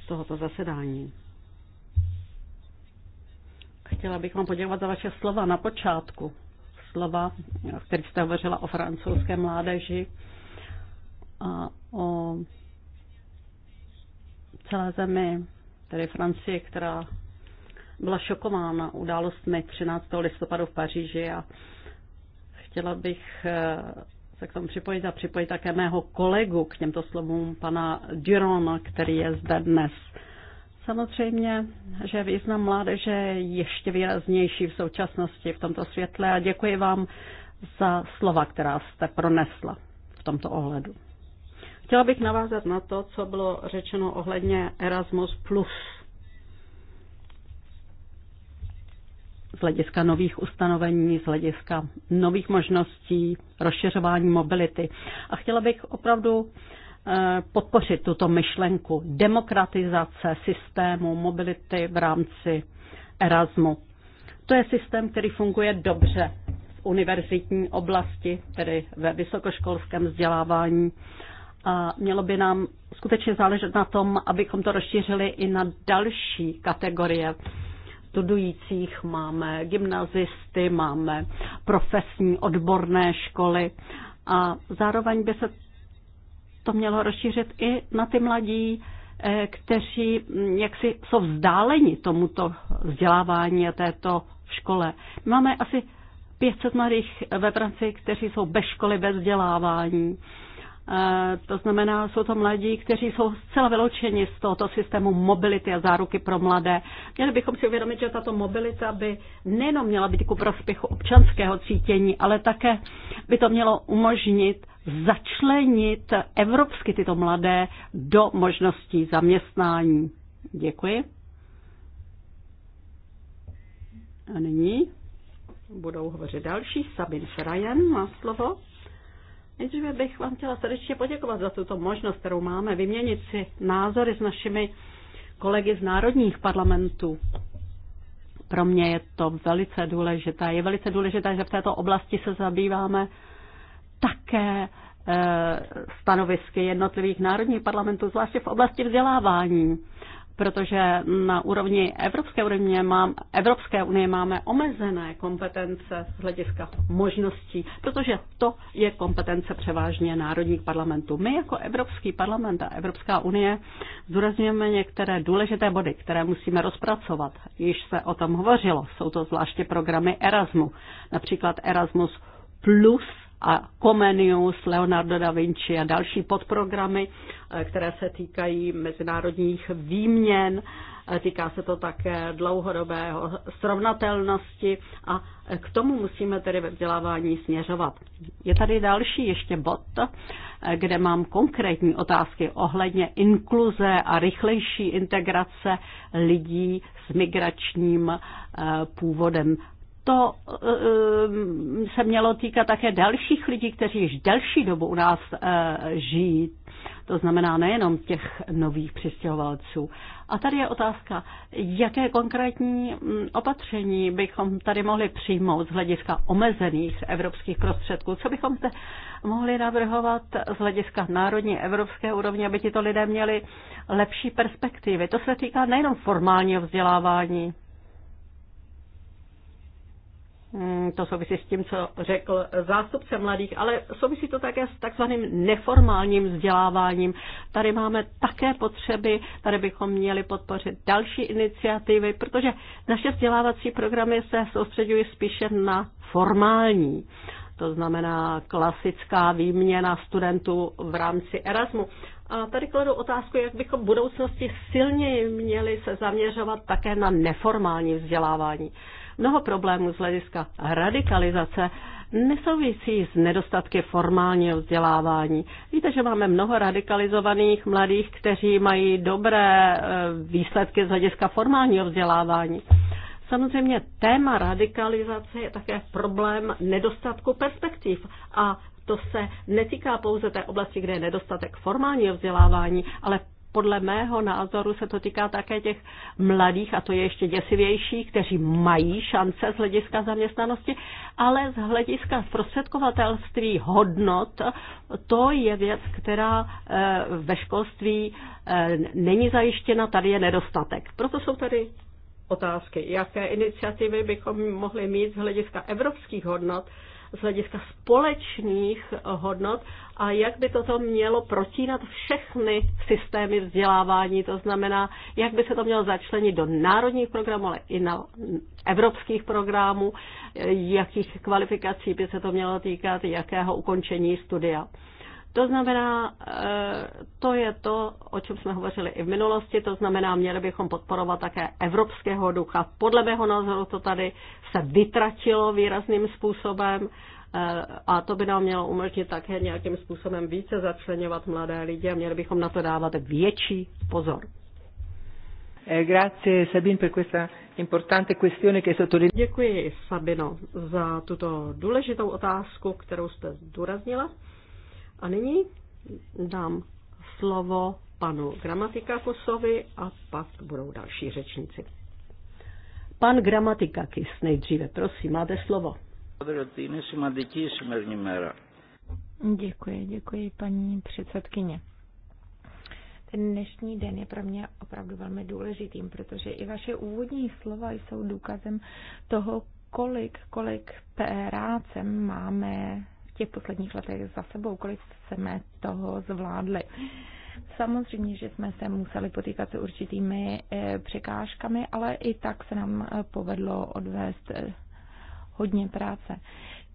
tohoto zasedání. Chtěla bych vám poděkovat za vaše slova na počátku. Slova, v kterých jste hovořila o francouzské mládeži a o celé zemi, tedy Francie, která byla šokována událostmi 13. listopadu v Paříži a Chtěla bych eh, se k tomu připojit a připojit také mého kolegu k těmto slovům, pana Duron, který je zde dnes. Samozřejmě, že význam mládeže je ještě výraznější v současnosti v tomto světle a děkuji vám za slova, která jste pronesla v tomto ohledu. Chtěla bych navázat na to, co bylo řečeno ohledně Erasmus+. z hlediska nových ustanovení, z hlediska nových možností, rozšiřování mobility. A chtěla bych opravdu eh, podpořit tuto myšlenku demokratizace systému mobility v rámci Erasmu. To je systém, který funguje dobře v univerzitní oblasti, tedy ve vysokoškolském vzdělávání. A mělo by nám skutečně záležet na tom, abychom to rozšířili i na další kategorie studujících, máme gymnazisty, máme profesní odborné školy a zároveň by se to mělo rozšířit i na ty mladí, eh, kteří mm, jaksi jsou vzdáleni tomuto vzdělávání a této škole. My máme asi 500 mladých ve Francii, kteří jsou bez školy, bez vzdělávání. Eh, to znamená, jsou to mladí, kteří jsou zcela vyloučeni z tohoto systému mobility a záruky pro mladé. Měli bychom si uvědomit, že tato mobilita by nejenom měla být ku prospěchu občanského cítění, ale také by to mělo umožnit začlenit evropsky tyto mladé do možností zaměstnání. Děkuji. A nyní budou hovořit další. Sabin Šrajen má slovo. Nejdříve bych vám chtěla srdečně poděkovat za tuto možnost, kterou máme vyměnit si názory s našimi kolegy z národních parlamentů. Pro mě je to velice důležité. Je velice důležité, že v této oblasti se zabýváme také eh, stanovisky jednotlivých národních parlamentů, zvláště v oblasti vzdělávání protože na úrovni Evropské unie, mám, Evropské unie máme omezené kompetence z hlediska možností, protože to je kompetence převážně národních parlamentů. My jako Evropský parlament a Evropská unie zdůrazňujeme některé důležité body, které musíme rozpracovat. Již se o tom hovořilo, jsou to zvláště programy Erasmu, například Erasmus plus a Comenius, Leonardo da Vinci a další podprogramy, eh, které se týkají mezinárodních výměn, eh, týká se to také dlouhodobého srovnatelnosti a eh, k tomu musíme tedy ve vzdělávání směřovat. Je tady další ještě bod, kde mám konkrétní otázky ohledně inkluze a rychlejší integrace lidí s migračním původem to eh, eh, se mělo týkat také dalších lidí, kteří již delší dobu u nás eh, žijí. To znamená nejenom těch nových přistěhovalců. A tady je otázka, jaké konkrétní mm, opatření bychom tady mohli přijmout z hlediska omezených evropských prostředků? Co bychom zde mohli navrhovat z hlediska národní evropské úrovně, aby tito lidé měli lepší perspektivy? To se týká nejenom formálního vzdělávání, Mm, to souvisí s tím, co řekl zástupce mladých, ale souvisí to také s takzvaným neformálním vzděláváním. Tady máme také potřeby, tady bychom měli podpořit další iniciativy, protože naše vzdělávací programy se soustředují spíše na formální to znamená klasická výměna studentů v rámci Erasmu. A tady kladu otázku, jak bychom v budoucnosti silněji měli se zaměřovat také na neformální vzdělávání. Mnoho problémů z hlediska radikalizace nesouvisí s nedostatky formálního vzdělávání. Víte, že máme mnoho radikalizovaných mladých, kteří mají dobré eh, výsledky z hlediska formálního vzdělávání. Samozřejmě téma radikalizace je také problém nedostatku perspektiv a to se netýká pouze té oblasti, kde je nedostatek formálního vzdělávání, ale podle mého názoru se to týká také těch mladých, a to je ještě děsivější, kteří mají šance z hlediska zaměstnanosti, ale z hlediska zprostředkovatelství hodnot, to je věc, která eh, ve školství eh, není zajištěna, tady je nedostatek. Proto jsou tady otázky, jaké iniciativy bychom mohli mít z hlediska evropských hodnot, z hlediska společných hodnot a jak by toto mělo protínat všechny systémy vzdělávání, to znamená, jak by se to mělo začlenit do národních programů, ale i na evropských programů, jakých kvalifikací by se to mělo týkat, jakého ukončení studia. To znamená, eh, to je to, o čem jsme hovořili i v minulosti, to znamená, měli bychom podporovat také evropského ducha. Podle mého názoru to tady se vytratilo výrazným způsobem a to by nám mělo umožnit také nějakým způsobem více začlenovat mladé lidi a měli bychom na to dávat větší pozor. Eh, grazie Sabine per questa importante questione che sottolineato. Děkuji Sabino za tuto důležitou otázku, kterou jste zdůraznila. A nyní dám slovo panu Gramatikakosovi a pak budou další řečníci. Pan Gramatikakis nejdříve, prosím, máte slovo. Děkuji, děkuji paní předsedkyně. Ten dnešní den je pro mě opravdu velmi důležitým, protože i vaše úvodní slova jsou důkazem toho, kolik, kolik práce máme v těch posledních letech za sebou, kolik jsme toho zvládli. Samozřejmě, že jsme se museli potýkat se určitými eh, překážkami, ale i tak se nám eh, povedlo odvést eh, hodně práce.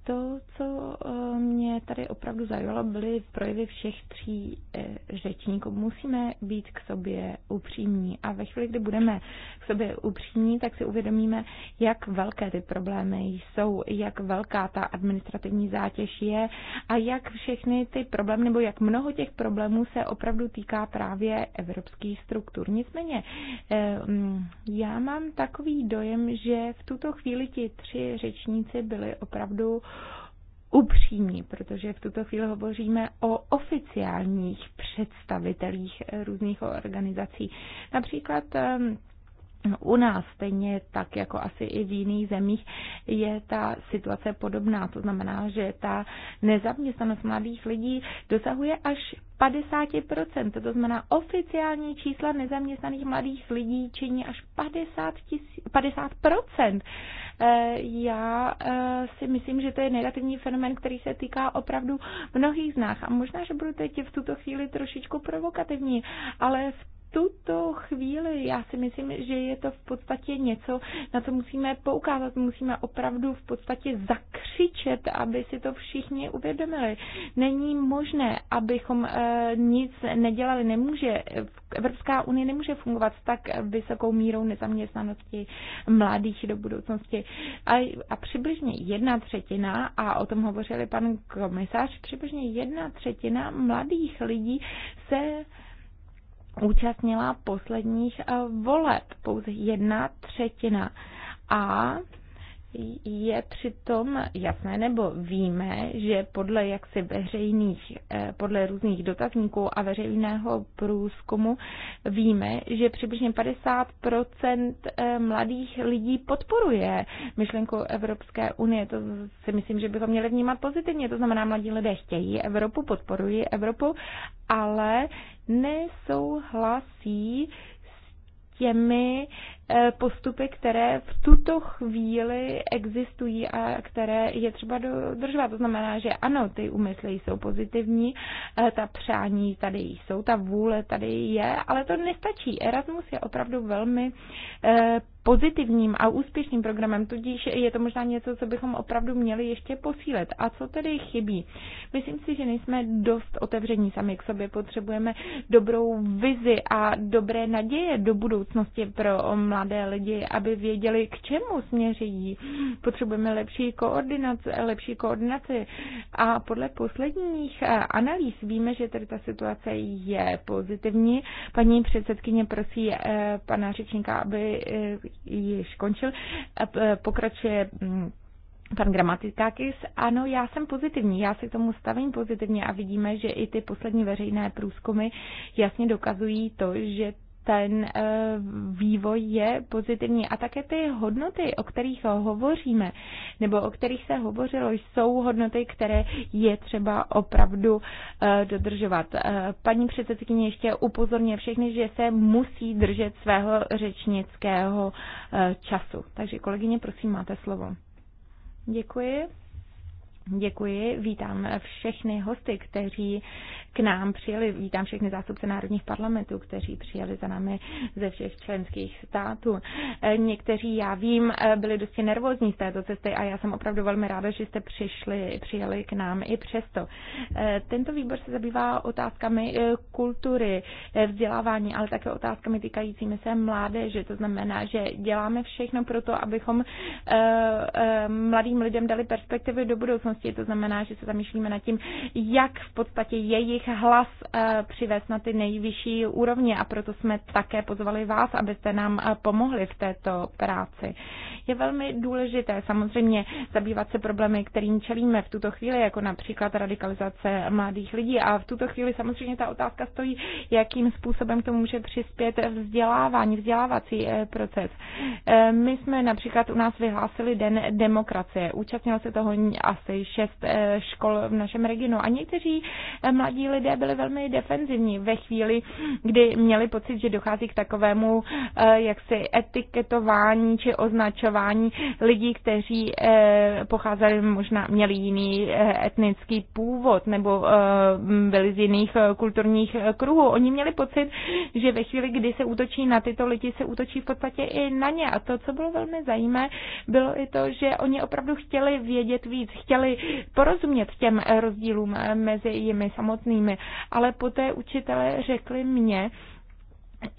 To, co eh, mě tady opravdu zajalo, byly projevy všech tří eh, řečníků. Musíme být k sobě upřímní a ve chvíli, kdy budeme k sobě upřímní, tak si uvědomíme, jak velké ty problémy jsou, jak velká ta administrativní zátěž je a jak všechny ty problémy, nebo jak mnoho těch problémů se opravdu týká právě evropských struktur. Nicméně, eh, mm, já mám takový dojem, že v tuto chvíli ti tři řečníci byli opravdu upřímní, protože v tuto chvíli hovoříme o oficiálních představitelích různých organizací. Například ehm, u nás, stejně tak jako asi i v jiných zemích, je ta situace podobná. To znamená, že ta nezaměstnanost mladých lidí dosahuje až 50%. To znamená, oficiální čísla nezaměstnaných mladých lidí činí až 50 50%. Eh, já eh, si myslím, že to je negativní fenomen, který se týká opravdu mnohých z nás. A možná, že budu teď v tuto chvíli trošičku provokativní, ale v tuto chvíli já si myslím, že je to v podstatě něco, na co musíme poukázat. Musíme opravdu v podstatě zakřičet, aby si to všichni uvědomili. Není možné, abychom eh, nic nedělali. Nemůže, Evropská unie nemůže fungovat s tak vysokou mírou nezaměstnanosti mladých do budoucnosti. A, a přibližně jedna třetina, a o tom hovořili pan komisář, přibližně jedna třetina mladých lidí se účastnila posledních eh, voleb, pouze jedna třetina. A je přitom jasné nebo víme, že podle jaksi veřejných, eh, podle různých dotazníků a veřejného průzkumu víme, že přibližně 50% eh, mladých lidí podporuje myšlenku Evropské unie. To si myslím, že bychom měli vnímat pozitivně. To znamená, mladí lidé chtějí Evropu, podporují Evropu, ale nesouhlasí těmi Eh, postupy, které v tuto chvíli existují a které je třeba dodržovat. To znamená, že ano, ty úmysly jsou pozitivní, eh, ta přání tady jsou, ta vůle tady je, ale to nestačí. Erasmus je opravdu velmi eh, pozitivním a úspěšným programem, tudíž je to možná něco, co bychom opravdu měli ještě posílit. A co tedy chybí? Myslím si, že nejsme dost otevření sami k sobě, potřebujeme dobrou vizi a dobré naděje do budoucnosti pro mladé lidi, aby věděli, k čemu směřují. Potřebujeme lepší koordinaci, lepší koordinaci. A podle posledních eh, analýz víme, že tady ta situace je pozitivní. Paní předsedkyně prosí eh, pana řečníka, aby eh, již končil. Pokračuje mm, pan Gramatikákis. Ano, já jsem pozitivní, já se k tomu stavím pozitivně a vidíme, že i ty poslední veřejné průzkumy jasně dokazují to, že ten eh, vývoj je pozitivní. A také ty hodnoty, o kterých hovoříme, nebo o kterých se hovořilo, jsou hodnoty, které je třeba opravdu eh, dodržovat. Eh, paní předsedkyně ještě upozorňuje všechny, že se musí držet svého řečnického času. Takže kolegyně, prosím, máte slovo. Děkuji. Děkuji, vítám všechny hosty, kteří k nám přijeli, vítám všechny zástupce národních parlamentů, kteří přijeli za námi ze všech členských států. E, někteří, já vím, e, byli dosti nervózní z této cesty a já jsem opravdu velmi ráda, že jste přišli, přijeli k nám i přesto. E, tento výbor se zabývá otázkami kultury, vzdělávání, ale také otázkami týkajícími se mládeže. To znamená, že děláme všechno pro to, abychom mladým lidem dali perspektivy do budoucnosti společnosti, To znamená, že se zamýšlíme nad tím, jak v podstatě jejich hlas eh, přivést na ty nejvyšší úrovně a proto jsme také pozvali vás, abyste nám eh, pomohli v této práci. Je velmi důležité samozřejmě zabývat se problémy, kterým čelíme v tuto chvíli, jako například radikalizace mladých lidí a v tuto chvíli samozřejmě ta otázka stojí, jakým způsobem k tomu může přispět vzdělávání, vzdělávací eh, proces. My jsme například u nás vyhlásili Den demokracie. Účastnilo se toho asi šest eh, škol v našem regionu. A někteří eh, mladí lidé byli velmi defenzivní ve chvíli, kdy měli pocit, že dochází k takovému eh, jaksi etiketování či označování lidí, kteří pocházeli možná, měli jiný etnický původ nebo byli z jiných kulturních kruhů. Oni měli pocit, že ve chvíli, kdy se útočí na tyto lidi, se útočí v podstatě i na ně. A to, co bylo velmi zajímavé, bylo i to, že oni opravdu chtěli vědět víc, chtěli porozumět těm rozdílům mezi jimi samotnými. Ale poté učitelé řekli mně,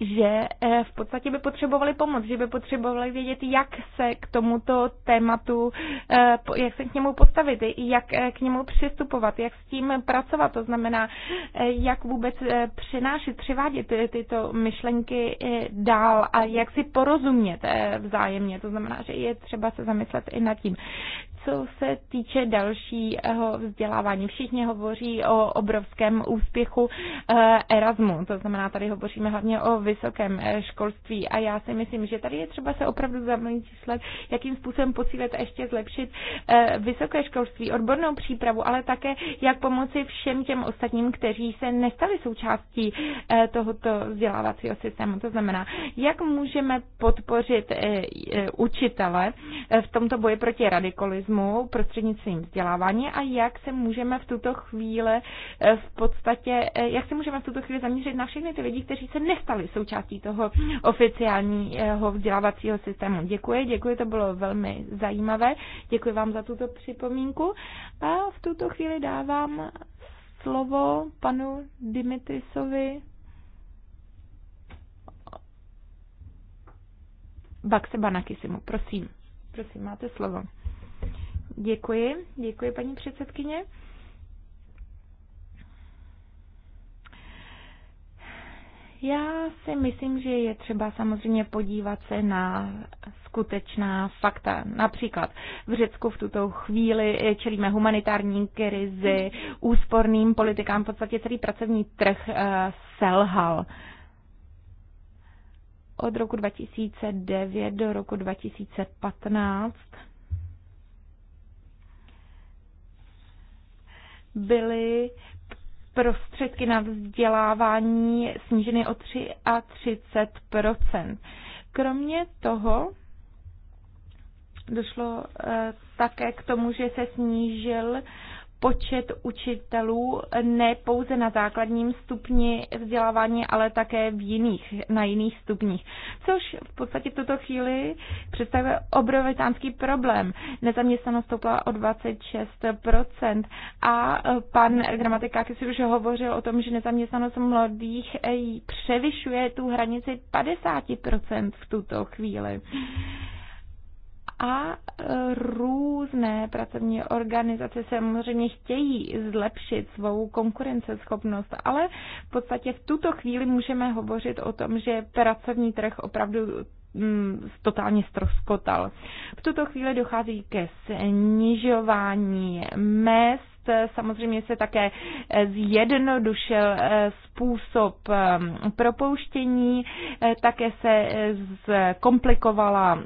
že eh, v podstatě by potřebovali pomoc, že by potřebovali vědět, jak se k tomuto tématu, eh, jak se k němu postavit, jak eh, k němu přistupovat, jak s tím pracovat, to znamená, jak vůbec přinášet, přivádět tyto myšlenky dál a jak si porozumět vzájemně. To znamená, že je třeba se zamyslet i nad tím co se týče dalšího vzdělávání. Všichni hovoří o obrovském úspěchu eh, Erasmu, to znamená, tady hovoříme hlavně o vysokém eh, školství a já si myslím, že tady je třeba se opravdu zamýšlet, jakým způsobem posílit a ještě zlepšit eh, vysoké školství, odbornou přípravu, ale také jak pomoci všem těm ostatním, kteří se nestali součástí tohoto vzdělávacího systému. To znamená, jak můžeme podpořit učitele v tomto boji proti radikalismu, autismu prostřednictvím vzdělávání a jak se můžeme v tuto chvíli eh, v podstatě, eh, jak se můžeme v tuto chvíli zaměřit na všechny ty lidi, kteří se nestali součástí toho oficiálního vzdělávacího systému. Děkuji, děkuji, to bylo velmi zajímavé. Děkuji vám za tuto připomínku a v tuto chvíli dávám slovo panu Dimitrisovi Bakse Banakisimu. Prosím, prosím, máte slovo. Děkuji, děkuji paní předsedkyně. Já si myslím, že je třeba samozřejmě podívat se na skutečná fakta. Například v Řecku v tuto chvíli čelíme humanitární krizi, úsporným politikám, v podstatě celý pracovní trh eh, selhal. Od roku 2009 do roku 2015 byly prostředky na vzdělávání sníženy o 33 Kromě toho došlo eh, také k tomu, že se snížil počet učitelů ne pouze na základním stupni vzdělávání, ale také v jiných, na jiných stupních. Což v podstatě v tuto chvíli představuje obrovitánský problém. Nezaměstnanost stoupla o 26% a pan si už hovořil o tom, že nezaměstnanost mladých převyšuje tu hranici 50% v tuto chvíli a e, různé pracovní organizace samozřejmě chtějí zlepšit svou konkurenceschopnost, ale v podstatě v tuto chvíli můžeme hovořit o tom, že pracovní trh opravdu mm, totálně stroskotal. V tuto chvíli dochází ke snižování mest, samozřejmě se také e, zjednodušil e, způsob propouštění, také se zkomplikovala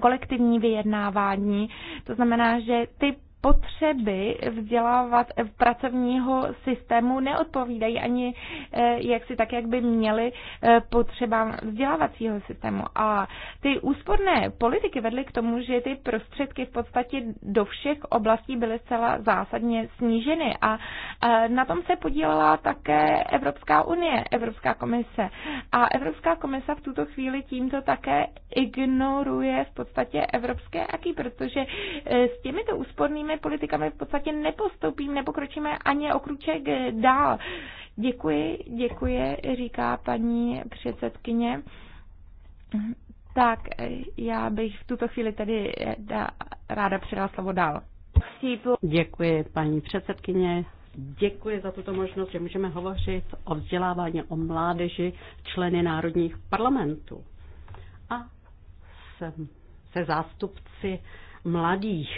kolektivní vyjednávání. To znamená, že ty potřeby vzdělávat eh, pracovního systému neodpovídají ani eh, jak si tak, jak by měly eh, potřebám vzdělávacího systému. A ty úsporné politiky vedly k tomu, že ty prostředky v podstatě do všech oblastí byly zcela zásadně sníženy a na tom se podílela také Evropská unie, Evropská komise. A Evropská komise v tuto chvíli tímto také ignoruje v podstatě evropské aký, protože s těmito úspornými těmi politikami v podstatě nepostoupíme, nepokročíme ani o kruček dál. Děkuji, děkuji, říká paní předsedkyně. Tak já bych v tuto chvíli tedy ráda předala slovo dál. Děkuji, paní předsedkyně. Děkuji za tuto možnost, že můžeme hovořit o vzdělávání o mládeži členy národních parlamentů. A se, se zástupci mladých,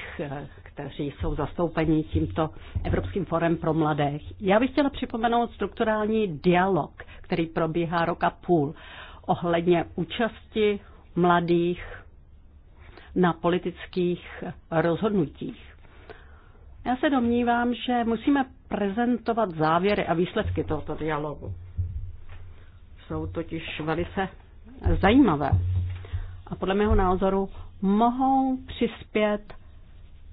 kteří jsou zastoupeni tímto Evropským forem pro mladé. Já bych chtěla připomenout strukturální dialog, který probíhá roka půl ohledně účasti mladých na politických rozhodnutích. Já se domnívám, že musíme prezentovat závěry a výsledky tohoto dialogu. Jsou totiž velice zajímavé a podle mého názoru mohou přispět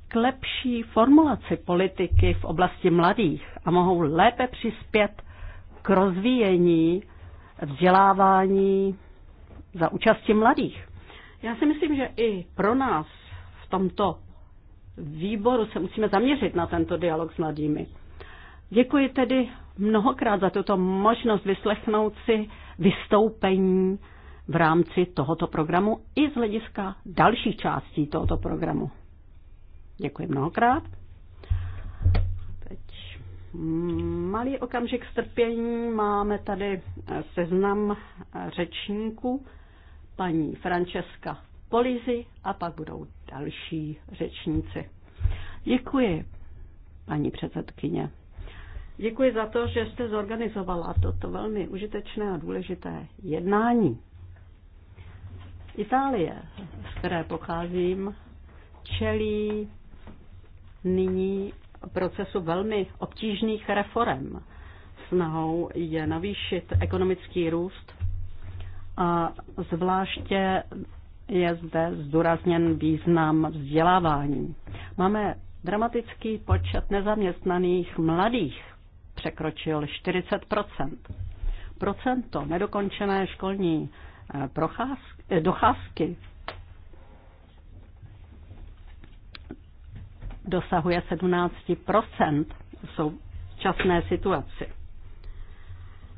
k lepší formulaci politiky v oblasti mladých a mohou lépe přispět k rozvíjení vzdělávání za účasti mladých. Já si myslím, že i pro nás v tomto výboru se musíme zaměřit na tento dialog s mladými. Děkuji tedy mnohokrát za tuto možnost vyslechnout si vystoupení v rámci tohoto programu i z hlediska dalších částí tohoto programu. Děkuji mnohokrát. Teď malý okamžik strpění. Máme tady seznam řečníků paní Francesca Polizi a pak budou další řečníci. Děkuji, paní předsedkyně. Děkuji za to, že jste zorganizovala toto velmi užitečné a důležité jednání. Itálie, z které pocházím, čelí nyní procesu velmi obtížných reform. Snahou je navýšit ekonomický růst a zvláště je zde zdůrazněn význam vzdělávání. Máme dramatický počet nezaměstnaných mladých, překročil 40 Procento nedokončené školní eh, procházky, eh, docházky dosahuje 17 v současné situaci.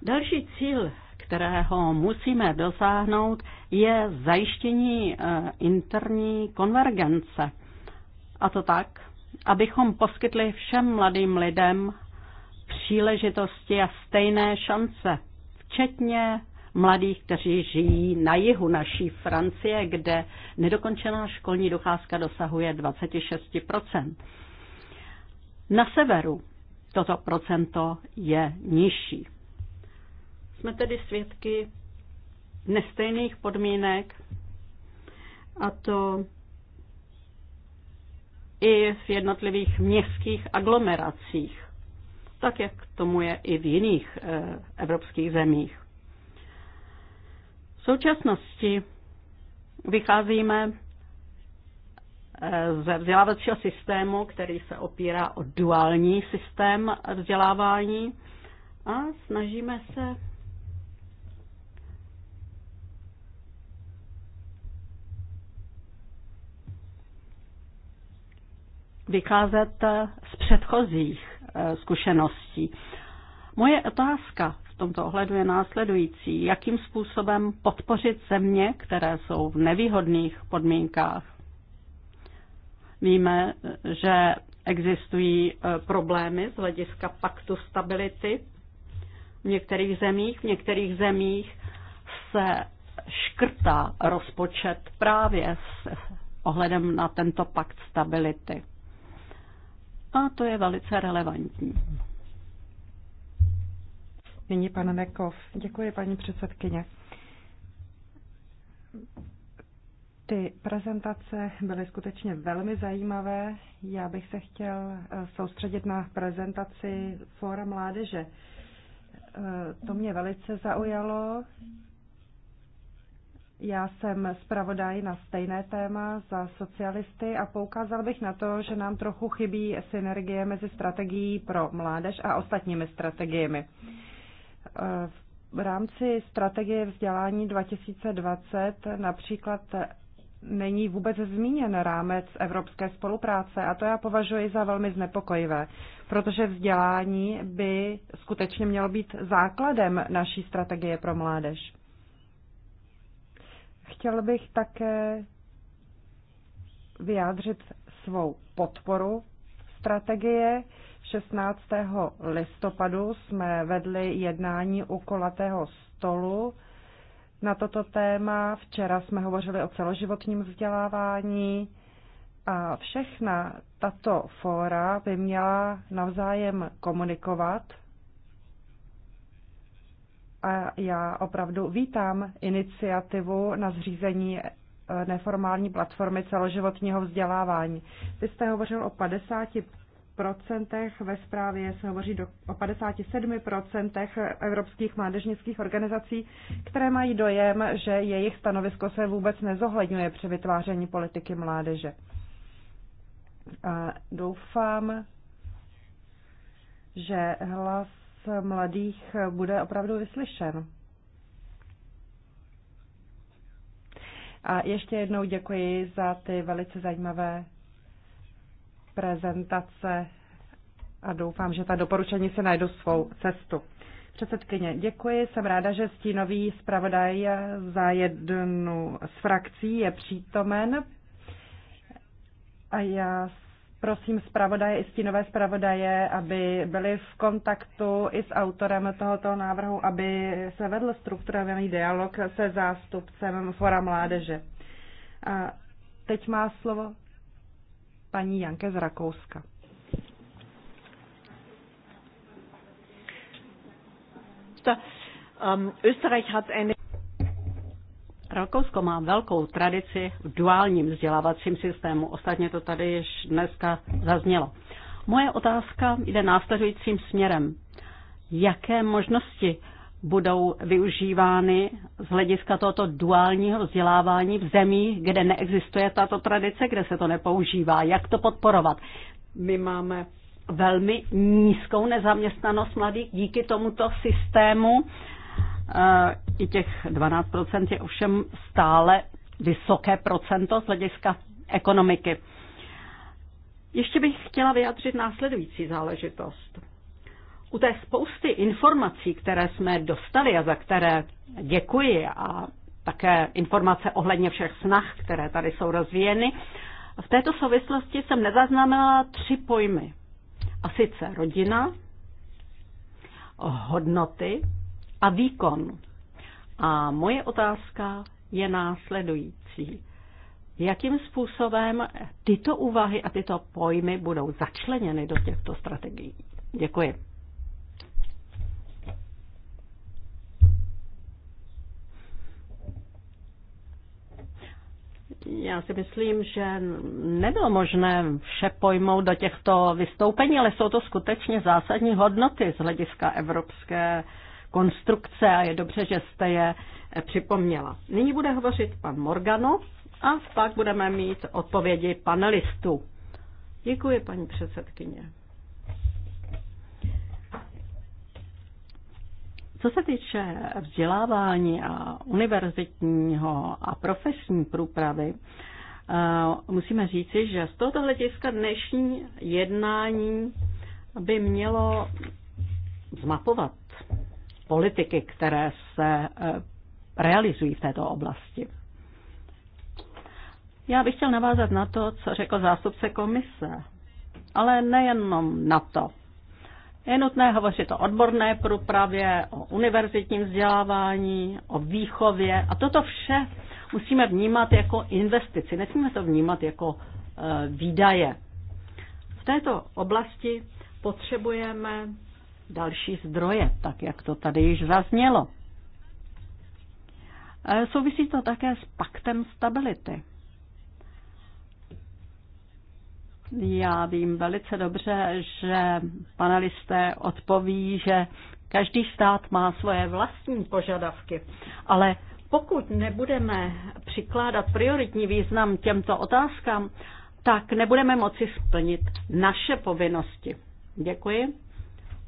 Další cíl, kterého musíme dosáhnout, je zajištění eh, interní konvergence. A to tak, abychom poskytli všem mladým lidem příležitosti a stejné šance, včetně mladých, kteří žijí na jihu naší Francie, kde nedokončená školní docházka dosahuje 26 Na severu toto procento je nižší. Jsme tedy svědky nestejných podmínek a to i v jednotlivých městských aglomeracích, tak jak tomu je i v jiných eh, evropských zemích. V současnosti vycházíme eh, ze vzdělávacího systému, který se opírá o duální systém vzdělávání a snažíme se vycházet z předchozích eh, zkušeností. Moje otázka tomto ohledu je následující. Jakým způsobem podpořit země, které jsou v nevýhodných podmínkách? Víme, že existují e, problémy z hlediska paktu stability v některých zemích. V některých zemích se škrtá rozpočet právě s ohledem na tento pakt stability. A to je velice relevantní. Nyní pan Nekov. Děkuji, paní předsedkyně. Ty prezentace byly skutečně velmi zajímavé. Já bych se chtěl eh, soustředit na prezentaci Fóra mládeže. Eh, to mě velice zaujalo. Já jsem zpravodaj na stejné téma za socialisty a poukázal bych na to, že nám trochu chybí synergie mezi strategií pro mládež a ostatními strategiemi. V rámci strategie vzdělání 2020 například není vůbec zmíněn rámec evropské spolupráce a to já považuji za velmi znepokojivé, protože vzdělání by skutečně mělo být základem naší strategie pro mládež. Chtěl bych také vyjádřit svou podporu strategie, 16. listopadu jsme vedli jednání u kolatého stolu na toto téma. Včera jsme hovořili o celoživotním vzdělávání a všechna tato fóra by měla navzájem komunikovat. A já opravdu vítám iniciativu na zřízení eh, neformální platformy celoživotního vzdělávání. Vy jste hovořil o 50 procentech, ve zprávě se hovoří do, o 57 procentech evropských mládežnických organizací, které mají dojem, že jejich stanovisko se vůbec nezohledňuje při vytváření politiky mládeže. A doufám, že hlas mladých bude opravdu vyslyšen. A ještě jednou děkuji za ty velice zajímavé prezentace a doufám, že ta doporučení se najdou svou cestu. Předsedkyně, děkuji. Jsem ráda, že stínový zpravodaj za jednu z frakcí je přítomen. A já prosím zpravodaje i stínové zpravodaje, aby byli v kontaktu i s autorem tohoto návrhu, aby se vedl strukturovaný dialog se zástupcem Fora mládeže. A teď má slovo paní Janke z Rakouska. Um, Rakousko má velkou tradici v duálním vzdělávacím systému. Ostatně to tady již dneska zaznělo. Moje otázka jde následujícím směrem. Jaké možnosti budou využívány z hlediska tohoto duálního vzdělávání v zemích, kde neexistuje tato tradice, kde se to nepoužívá. Jak to podporovat? My máme velmi nízkou nezaměstnanost mladých díky tomuto systému. Eh, I těch 12% je ovšem stále vysoké procento z hlediska ekonomiky. Ještě bych chtěla vyjádřit následující záležitost u té spousty informací, které jsme dostali a za které děkuji a také informace ohledně všech snah, které tady jsou rozvíjeny, v této souvislosti jsem nezaznamenala tři pojmy. A sice rodina, hodnoty a výkon. A moje otázka je následující. Jakým způsobem tyto úvahy a tyto pojmy budou začleněny do těchto strategií? Děkuji. Já si myslím, že nebylo možné vše pojmout do těchto vystoupení, ale jsou to skutečně zásadní hodnoty z hlediska evropské konstrukce a je dobře, že jste je připomněla. Nyní bude hovořit pan Morgano a pak budeme mít odpovědi panelistů. Děkuji, paní předsedkyně. Co se týče vzdělávání a univerzitního a profesní průpravy, eh, musíme říci, že z tohoto hlediska dnešní jednání by mělo zmapovat politiky, které se eh, realizují v této oblasti. Já bych chtěl navázat na to, co řekl zástupce komise, ale nejenom na to. Je nutné hovořit o odborné průpravě, o univerzitním vzdělávání, o výchově a toto vše musíme vnímat jako investici, nesmíme to vnímat jako e, výdaje. V této oblasti potřebujeme další zdroje, tak jak to tady již zaznělo. E, souvisí to také s paktem stability. Já vím velice dobře, že panelisté odpoví, že každý stát má svoje vlastní požadavky, ale pokud nebudeme přikládat prioritní význam těmto otázkám, tak nebudeme moci splnit naše povinnosti. Děkuji.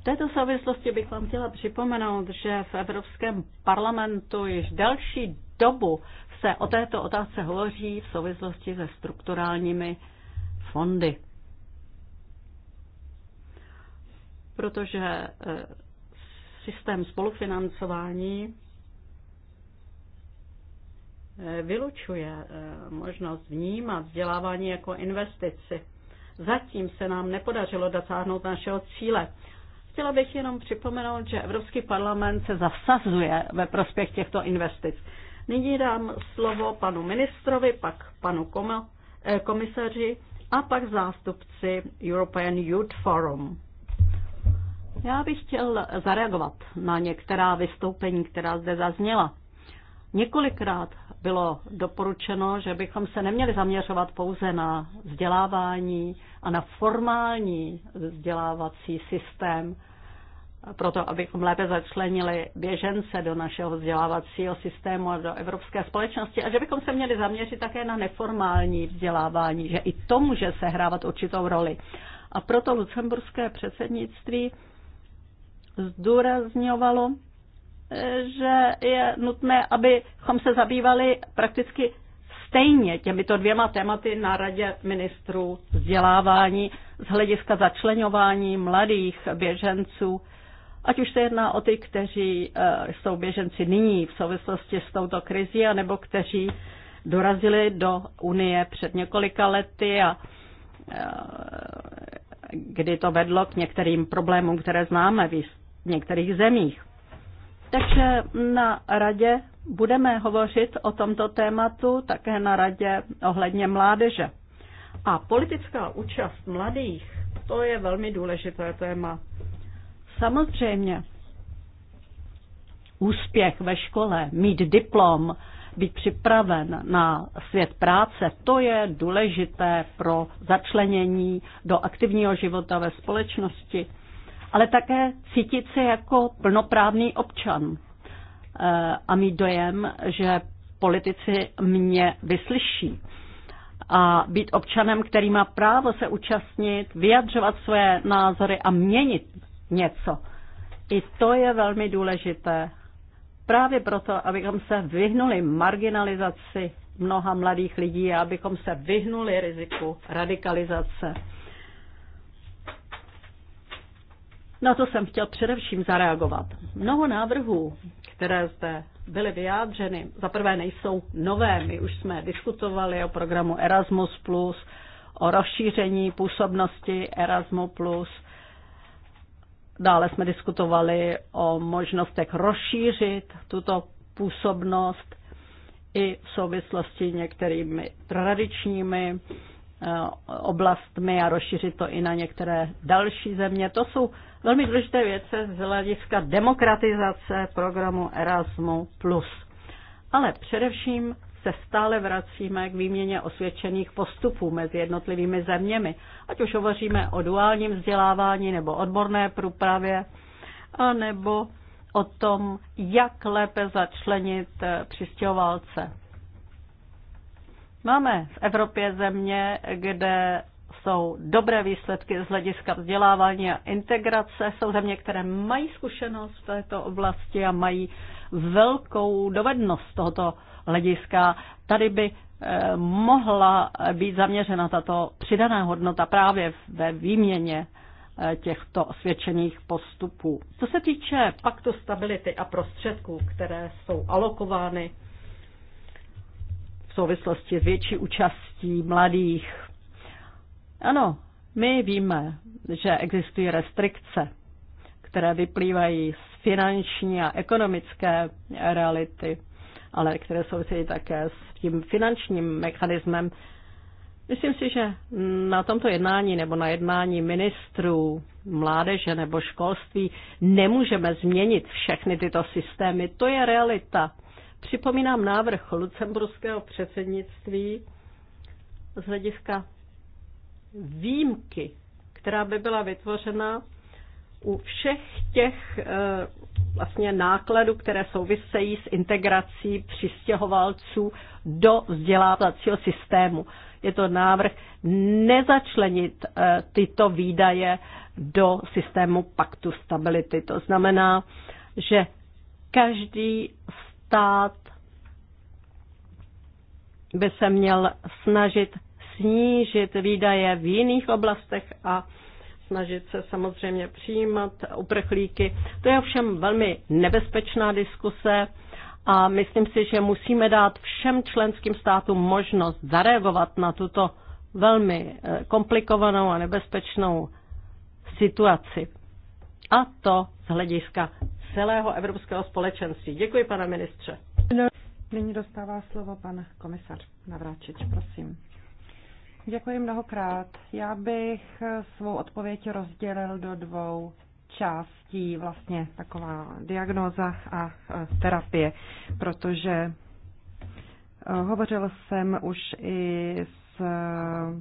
V této souvislosti bych vám chtěla připomenout, že v Evropském parlamentu již další dobu se o této otázce hovoří v souvislosti se strukturálními fondy. Protože eh, systém spolufinancování eh, vylučuje eh, možnost vnímat vzdělávání jako investici. Zatím se nám nepodařilo dosáhnout našeho cíle. Chtěla bych jenom připomenout, že Evropský parlament se zasazuje ve prospěch těchto investic. Nyní dám slovo panu ministrovi, pak panu komisaři a pak zástupci European Youth Forum. Já bych chtěl zareagovat na některá vystoupení, která zde zazněla. Několikrát bylo doporučeno, že bychom se neměli zaměřovat pouze na vzdělávání a na formální vzdělávací systém, proto abychom lépe začlenili běžence do našeho vzdělávacího systému a do evropské společnosti a že bychom se měli zaměřit také na neformální vzdělávání, že i to může sehrávat určitou roli. A proto lucemburské předsednictví zdůrazňovalo, že je nutné, abychom se zabývali prakticky stejně těmito dvěma tématy na radě ministrů vzdělávání z hlediska začlenování mladých běženců ať už se jedná o ty, kteří eh, jsou běženci nyní v souvislosti s touto krizí, anebo kteří dorazili do Unie před několika lety a eh, kdy to vedlo k některým problémům, které známe v některých zemích. Takže na radě budeme hovořit o tomto tématu, také na radě ohledně mládeže. A politická účast mladých, to je velmi důležité téma. Samozřejmě, úspěch ve škole, mít diplom, být připraven na svět práce, to je důležité pro začlenění do aktivního života ve společnosti, ale také cítit se jako plnoprávný občan eh, a mít dojem, že politici mě vyslyší a být občanem, který má právo se účastnit, vyjadřovat své názory a měnit něco. I to je velmi důležité. Právě proto, abychom se vyhnuli marginalizaci mnoha mladých lidí a abychom se vyhnuli riziku radikalizace. Na to jsem chtěl především zareagovat. Mnoho návrhů, které zde byly vyjádřeny, za prvé nejsou nové. My už jsme diskutovali o programu Erasmus+, o rozšíření působnosti Erasmus+, Dále jsme diskutovali o možnostech rozšířit tuto působnost i v souvislosti některými tradičními eh, oblastmi a rozšířit to i na některé další země. To jsou velmi důležité věce z hlediska demokratizace programu Erasmus+. Ale především se stále vracíme k výměně osvědčených postupů mezi jednotlivými zeměmi, ať už hovoříme o duálním vzdělávání nebo odborné průpravě, nebo o tom, jak lépe začlenit eh, přistěhovalce. Máme v Evropě země, kde jsou dobré výsledky z hlediska vzdělávání a integrace. Jsou země, které mají zkušenost v této oblasti a mají velkou dovednost tohoto hlediska. Tady by eh, mohla být zaměřena tato přidaná hodnota právě ve výměně eh, těchto osvědčených postupů. Co se týče paktu stability a prostředků, které jsou alokovány v souvislosti s větší účastí mladých, ano, my víme, že existují restrikce, které vyplývají z finanční a ekonomické reality ale které souvisí také s tím finančním mechanismem. Myslím si, že na tomto jednání nebo na jednání ministrů mládeže nebo školství nemůžeme změnit všechny tyto systémy. To je realita. Připomínám návrh lucemburského předsednictví z hlediska výjimky, která by byla vytvořena u všech těch eh, vlastně nákladů, které souvisejí s integrací přistěhovalců do vzdělávacího systému. Je to návrh nezačlenit eh, tyto výdaje do systému paktu stability. To znamená, že každý stát by se měl snažit snížit výdaje v jiných oblastech a snažit se samozřejmě přijímat uprchlíky. To je ovšem velmi nebezpečná diskuse a myslím si, že musíme dát všem členským státům možnost zareagovat na tuto velmi eh, komplikovanou a nebezpečnou situaci. A to z hlediska celého evropského společenství. Děkuji, pane ministře. Nyní dostává slovo pan komisař Navráčič, prosím. Děkuji mnohokrát. Já bych svou odpověď rozdělil do dvou částí, vlastně taková diagnóza a e, terapie, protože e, hovořil jsem už i s e,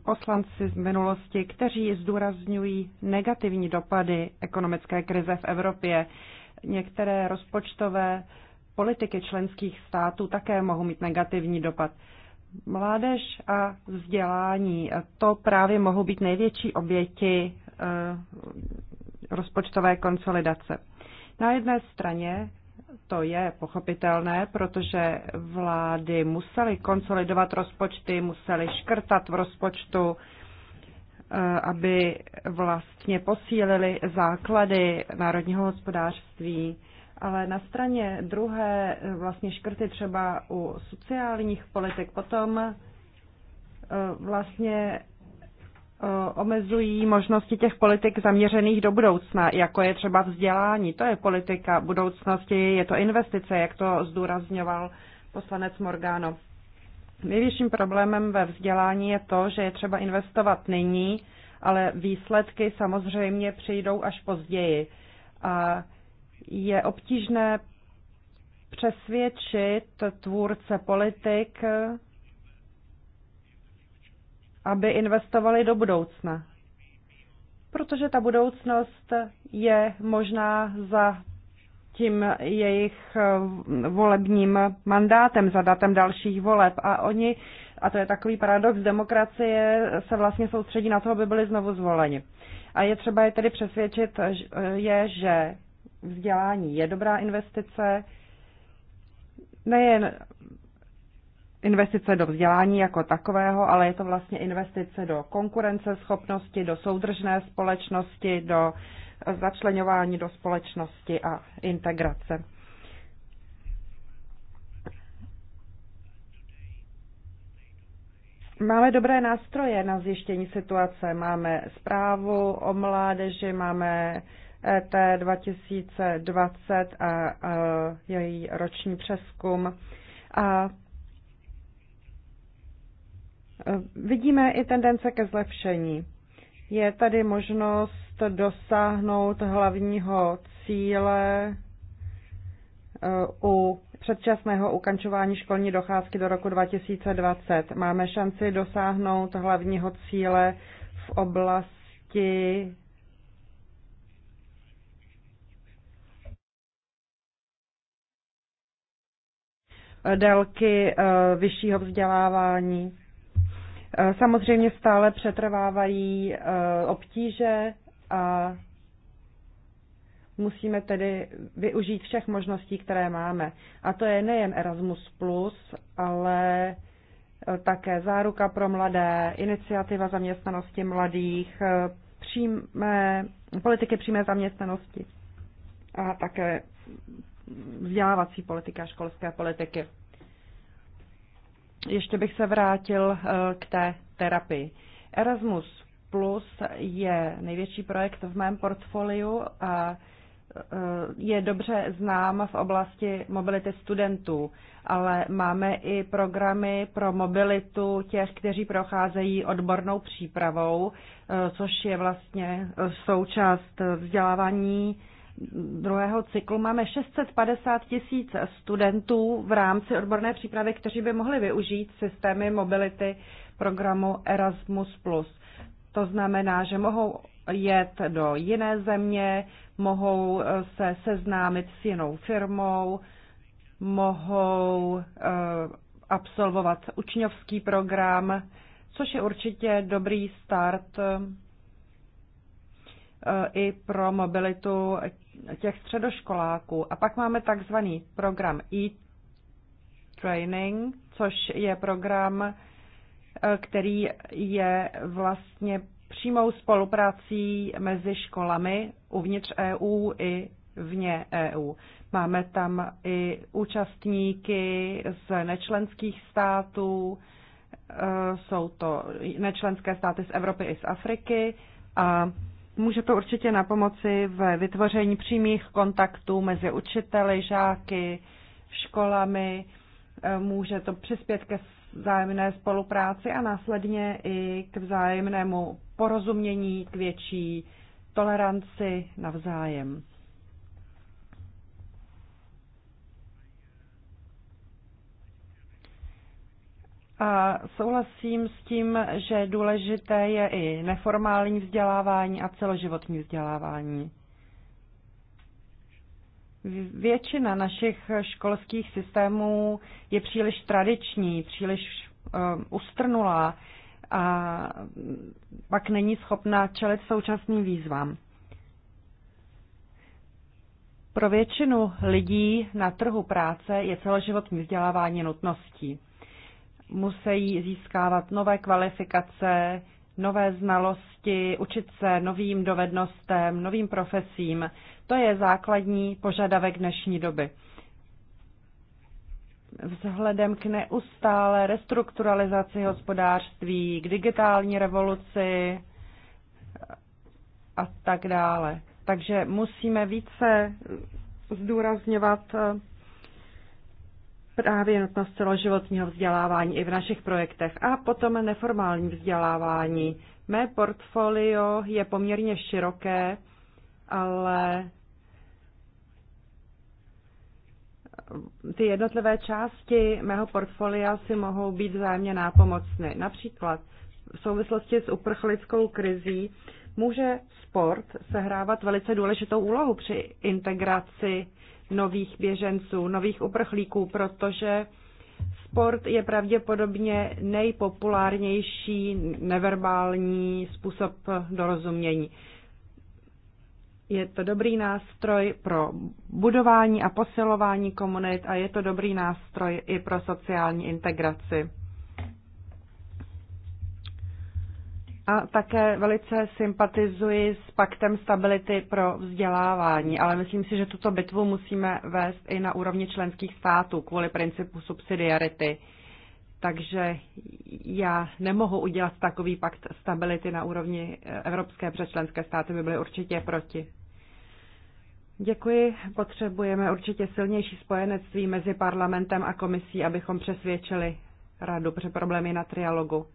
poslanci z minulosti, kteří zdůrazňují negativní dopady ekonomické krize v Evropě. Některé rozpočtové politiky členských států také mohou mít negativní dopad. Mládež a vzdělání, to právě mohou být největší oběti eh, rozpočtové konsolidace. Na jedné straně to je pochopitelné, protože vlády musely konsolidovat rozpočty, musely škrtat v rozpočtu, eh, aby vlastně posílili základy národního hospodářství ale na straně druhé eh, vlastně škrty třeba u sociálních politik potom eh, vlastně eh, omezují možnosti těch politik zaměřených do budoucna, jako je třeba vzdělání. To je politika budoucnosti, je to investice, jak to zdůrazňoval poslanec Morgano. Největším problémem ve vzdělání je to, že je třeba investovat nyní, ale výsledky samozřejmě přijdou až později. A je obtížné přesvědčit tvůrce politik, aby investovali do budoucna. Protože ta budoucnost je možná za tím jejich volebním mandátem, za datem dalších voleb. A oni, a to je takový paradox demokracie, se vlastně soustředí na to, aby byli znovu zvoleni. A je třeba je tedy přesvědčit, je, že vzdělání je dobrá investice, nejen investice do vzdělání jako takového, ale je to vlastně investice do konkurenceschopnosti, do soudržné společnosti, do začlenování do společnosti a integrace. Máme dobré nástroje na zjištění situace. Máme zprávu o mládeži, máme ET 2020 a, a její roční přeskum. A vidíme i tendence ke zlepšení. Je tady možnost dosáhnout hlavního cíle e, u předčasného ukončování školní docházky do roku 2020. Máme šanci dosáhnout hlavního cíle v oblasti délky eh, vyššího vzdělávání. Eh, samozřejmě stále přetrvávají eh, obtíže a musíme tedy využít všech možností, které máme. A to je nejen Erasmus, ale také záruka pro mladé, iniciativa zaměstnanosti mladých, přímé, politiky přímé zaměstnanosti a také vzdělávací politiky a školské politiky. Ještě bych se vrátil eh, k té terapii. Erasmus Plus je největší projekt v mém portfoliu a eh, je dobře znám v oblasti mobility studentů, ale máme i programy pro mobilitu těch, kteří procházejí odbornou přípravou, eh, což je vlastně součást vzdělávání druhého cyklu máme 650 tisíc studentů v rámci odborné přípravy, kteří by mohli využít systémy mobility programu Erasmus+. To znamená, že mohou jet do jiné země, mohou eh, se seznámit s jinou firmou, mohou eh, absolvovat učňovský program, což je určitě dobrý start eh, i pro mobilitu těch středoškoláků. A pak máme takzvaný program e-training, což je program, eh, který je vlastně přímou spoluprací mezi školami uvnitř EU i vně EU. Máme tam i účastníky z nečlenských států, eh, jsou to nečlenské státy z Evropy i z Afriky a Může to určitě na pomoci v vytvoření přímých kontaktů mezi učiteli, žáky, školami. Eh, může to přispět ke vzájemné spolupráci a následně i k vzájemnému porozumění, k větší toleranci navzájem. A souhlasím s tím, že důležité je i neformální vzdělávání a celoživotní vzdělávání. Většina našich školských systémů je příliš tradiční, příliš um, ustrnulá a pak není schopná čelit současným výzvám. Pro většinu lidí na trhu práce je celoživotní vzdělávání nutností musí získávat nové kvalifikace, nové znalosti, učit se novým dovednostem, novým profesím. To je základní požadavek dnešní doby. Vzhledem k neustále restrukturalizaci hospodářství, k digitální revoluci a tak dále. Takže musíme více zdůrazňovat právě nutnost celoživotního vzdělávání i v našich projektech a potom neformální vzdělávání. Mé portfolio je poměrně široké, ale ty jednotlivé části mého portfolia si mohou být vzájemně nápomocné. Například v souvislosti s uprchlickou krizí může sport sehrávat velice důležitou úlohu při integraci nových běženců, nových uprchlíků, protože sport je pravděpodobně nejpopulárnější neverbální způsob dorozumění. Je to dobrý nástroj pro budování a posilování komunit a je to dobrý nástroj i pro sociální integraci. A také velice sympatizuji s paktem stability pro vzdělávání, ale myslím si, že tuto bitvu musíme vést i na úrovni členských států kvůli principu subsidiarity. Takže já nemohu udělat takový pakt stability na úrovni eh, evropské, protože státy by byly určitě proti. Děkuji. Potřebujeme určitě silnější spojenectví mezi parlamentem a komisí, abychom přesvědčili radu, protože problémy na trialogu.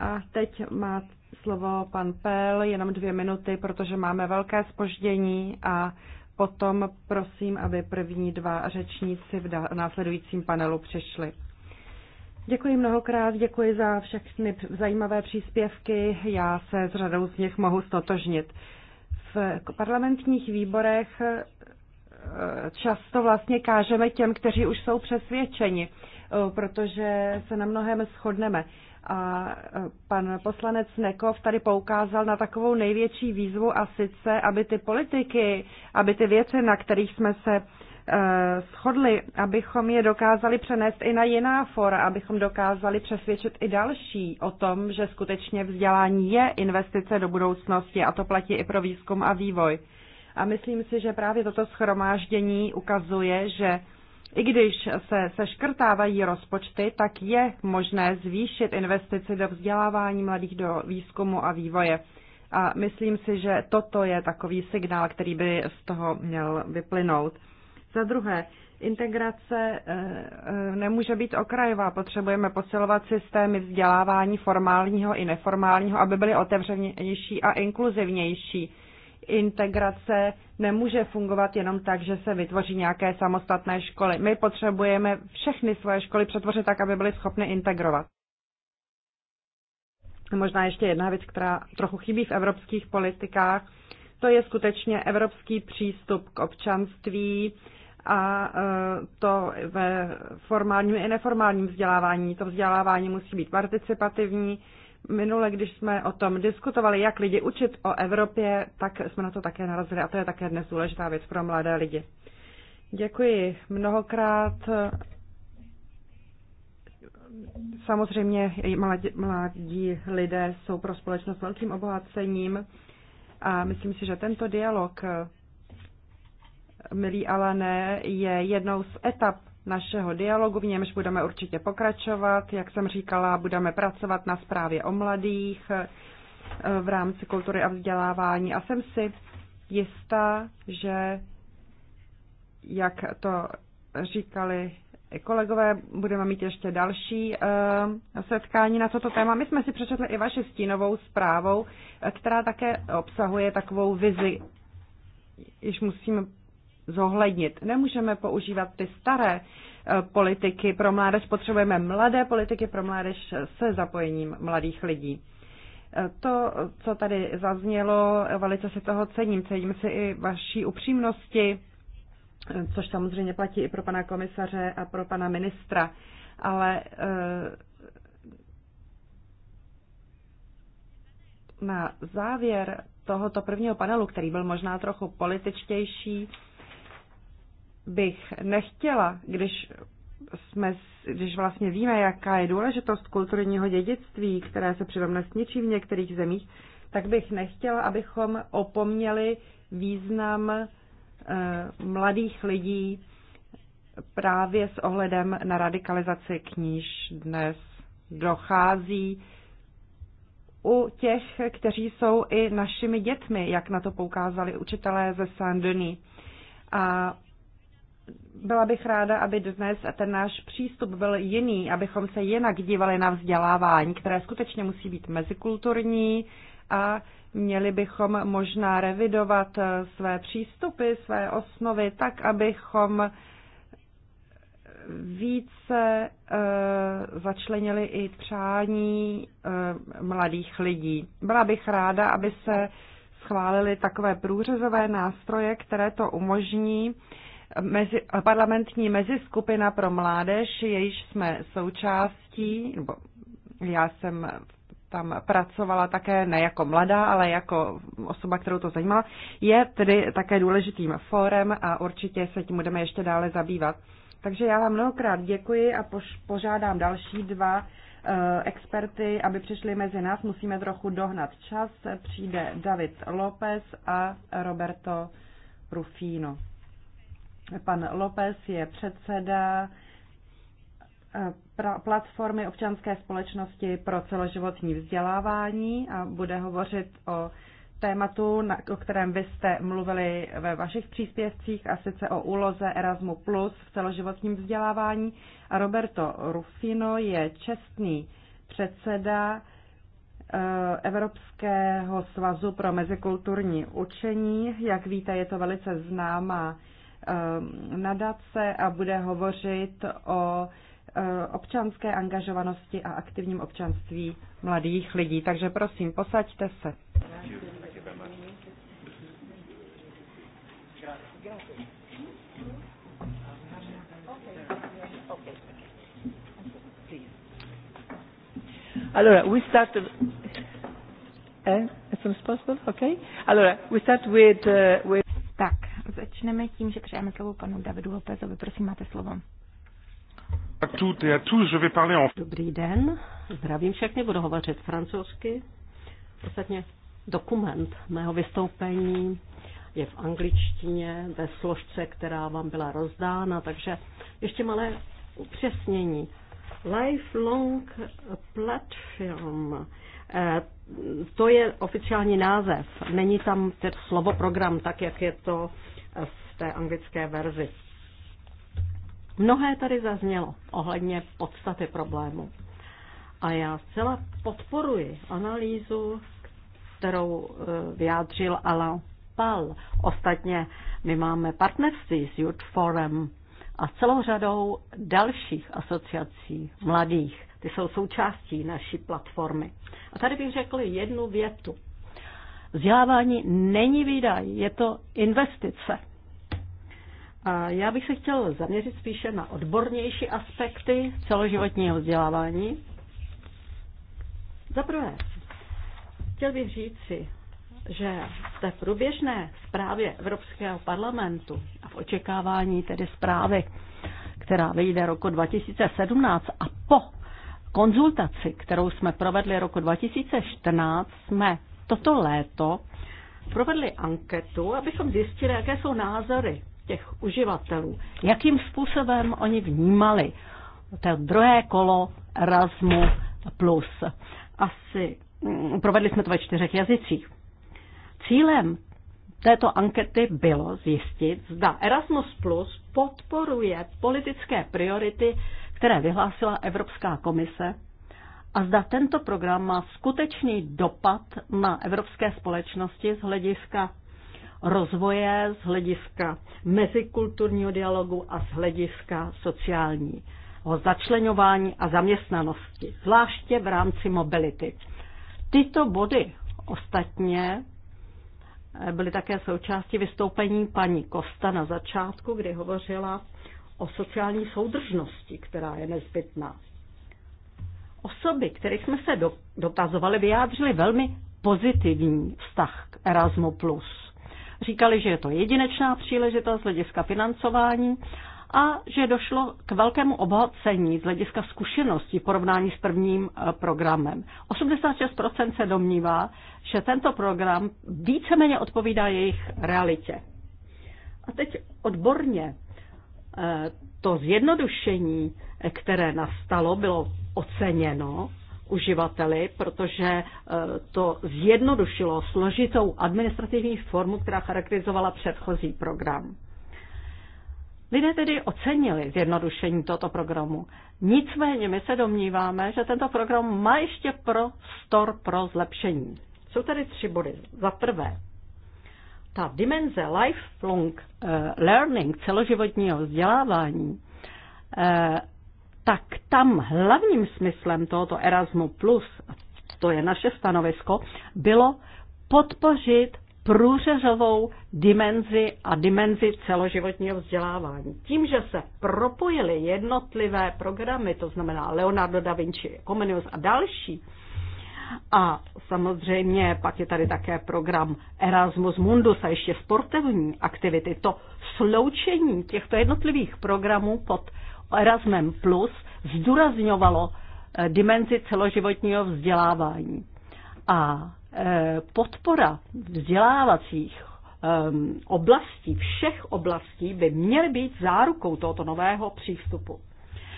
A teď má slovo pan Pel, jenom dvě minuty, protože máme velké spoždění a potom prosím, aby první dva řečníci v následujícím panelu přišli. Děkuji mnohokrát, děkuji za všechny zajímavé příspěvky. Já se s řadou z nich mohu stotožnit. V parlamentních výborech eh, často vlastně kážeme těm, kteří už jsou přesvědčeni, eh, protože se na mnohem shodneme. A e, pan poslanec Nekov tady poukázal na takovou největší výzvu a sice, aby ty politiky, aby ty věci, na kterých jsme se e, shodli, abychom je dokázali přenést i na jiná fora, abychom dokázali přesvědčit i další o tom, že skutečně vzdělání je investice do budoucnosti a to platí i pro výzkum a vývoj. A myslím si, že právě toto schromáždění ukazuje, že i když se seškrtávají rozpočty, tak je možné zvýšit investici do vzdělávání mladých do výzkumu a vývoje. A myslím si, že toto je takový signál, který by z toho měl vyplynout. Za druhé, integrace eh, eh, nemůže být okrajová. Potřebujeme posilovat systémy vzdělávání formálního i neformálního, aby byly otevřenější a inkluzivnější integrace nemůže fungovat jenom tak, že se vytvoří nějaké samostatné školy. My potřebujeme všechny svoje školy přetvořit tak, aby byly schopny integrovat. Možná ještě jedna věc, která trochu chybí v evropských politikách, to je skutečně evropský přístup k občanství a e, to ve formálním i neformálním vzdělávání. To vzdělávání musí být participativní, minule, když jsme o tom diskutovali, jak lidi učit o Evropě, tak jsme na to také narazili a to je také dnes důležitá věc pro mladé lidi. Děkuji mnohokrát. Samozřejmě mladí, mladí lidé jsou pro společnost velkým obohacením a myslím si, že tento dialog, Milí Alané, je jednou z etap našeho dialogu, v němž budeme určitě pokračovat. Jak jsem říkala, budeme pracovat na zprávě o mladých eh, v rámci kultury a vzdělávání a jsem si jistá, že jak to říkali kolegové, budeme mít ještě další eh, setkání na toto téma. My jsme si přečetli i vaši stínovou zprávou, eh, která také obsahuje takovou vizi, již musím zohlednit. Nemůžeme používat ty staré eh, politiky pro mládež, potřebujeme mladé politiky pro mládež se zapojením mladých lidí. Eh, to, co tady zaznělo, velice si toho cením. Cením si i vaší upřímnosti, což samozřejmě platí i pro pana komisaře a pro pana ministra, ale eh, na závěr tohoto prvního panelu, který byl možná trochu političtější, bych nechtěla, když jsme, když vlastně víme, jaká je důležitost kulturního dědictví, které se přitom nesničí v některých zemích, tak bych nechtěla, abychom opomněli význam eh, mladých lidí právě s ohledem na radikalizaci kníž dnes dochází u těch, kteří jsou i našimi dětmi, jak na to poukázali učitelé ze Saint-Denis. A byla bych ráda, aby dnes ten náš přístup byl jiný, abychom se jinak dívali na vzdělávání, které skutečně musí být mezikulturní a měli bychom možná revidovat své přístupy, své osnovy, tak, abychom více e, začlenili i přání e, mladých lidí. Byla bych ráda, aby se schválili takové průřezové nástroje, které to umožní. E, mezi, parlamentní meziskupina pro mládež, jejíž jsme součástí, nebo já jsem tam pracovala také ne jako mladá, ale jako osoba, kterou to zajímala, je tedy také důležitým fórem a určitě se tím budeme ještě dále zabývat. Takže já vám mnohokrát děkuji a poš- požádám další dva uh, experty, aby přišli mezi nás. Musíme trochu dohnat čas. Přijde David López a Roberto Rufino. Pan López je předseda eh, platformy občanské společnosti pro celoživotní vzdělávání a bude hovořit o tématu, o kterém vy jste mluvili ve vašich příspěvcích, a sice o úloze Erasmu Plus v celoživotním vzdělávání. A Roberto Rufino je čestný předseda eh, Evropského svazu pro mezikulturní učení. Jak víte, je to velice známá Ehm, nadace a bude hovořit o eh, občanské angažovanosti a aktivním občanství mladých lidí. Takže prosím, posaďte se. Allora, we start eh, as soon Ok? possible, okay? Allora, we start with, uh, with tak, začneme tím, že přejeme slovo panu Davidu Lopezovi. Prosím, máte slovo. Dobrý den, zdravím všechny, budu hovořit francouzsky. Ostatně dokument mého vystoupení je v angličtině ve složce, která vám byla rozdána, takže ještě malé upřesnění. Lifelong Platform. Eh, to je oficiální název. Není tam tedy slovo program, tak jak je to v té anglické verzi. Mnohé tady zaznělo ohledně podstaty problému. A já zcela podporuji analýzu, kterou e, vyjádřil Alain Pal. Ostatně my máme partnerství s Youth Forum a celou řadou dalších asociací mladých. Ty jsou součástí naší platformy. A tady bych řekl jednu větu. Vzdělávání není výdaj, je to investice. A já bych se chtěl zaměřit spíše na odbornější aspekty celoživotního vzdělávání. Za prvé, chtěl bych říci, že v té průběžné zprávě Evropského parlamentu a v očekávání tedy zprávy, která vyjde roku 2017 a po konzultaci, kterou jsme provedli roku 2014, jsme toto léto provedli anketu, abychom zjistili, jaké jsou názory těch uživatelů, jakým způsobem oni vnímali to druhé kolo Erasmu+. Plus. Asi mm, provedli jsme to ve čtyřech jazycích. Cílem této ankety bylo zjistit, zda Erasmus Plus podporuje politické priority které vyhlásila Evropská komise a zda tento program má skutečný dopad na evropské společnosti z hlediska rozvoje, z hlediska mezikulturního dialogu a z hlediska sociálního začlenování a zaměstnanosti, zvláště v rámci mobility. Tyto body ostatně eh, byly také součástí vystoupení paní Kosta na začátku, kdy hovořila o sociální soudržnosti, která je nezbytná. Osoby, kterých jsme se do, dotazovali, vyjádřily velmi pozitivní vztah k Erasmu+. Říkali, že je to jedinečná příležitost z hlediska financování a že došlo k velkému obohacení z hlediska zkušeností v porovnání s prvním eh, programem. 86% se domnívá, že tento program víceméně odpovídá jejich realitě. A teď odborně to zjednodušení, které nastalo, bylo oceněno uživateli, protože eh, to zjednodušilo složitou administrativní formu, která charakterizovala předchozí program. Lidé tedy ocenili zjednodušení tohoto programu. Nicméně my se domníváme, že tento program má ještě prostor pro zlepšení. Jsou tady tři body. Za prvé, ta dimenze lifelong eh, learning, celoživotního vzdělávání, eh, tak tam hlavním smyslem tohoto Erasmu+, plus, to je naše stanovisko, bylo podpořit průřezovou dimenzi a dimenzi celoživotního vzdělávání. Tím, že se propojily jednotlivé programy, to znamená Leonardo da Vinci, Comenius a další, a samozřejmě pak je tady také program Erasmus Mundus a ještě sportovní aktivity. To sloučení těchto jednotlivých programů pod Erasmem Plus zdůrazňovalo eh, dimenzi celoživotního vzdělávání. A eh, podpora vzdělávacích ehm, oblastí, všech oblastí by měly být zárukou tohoto nového přístupu.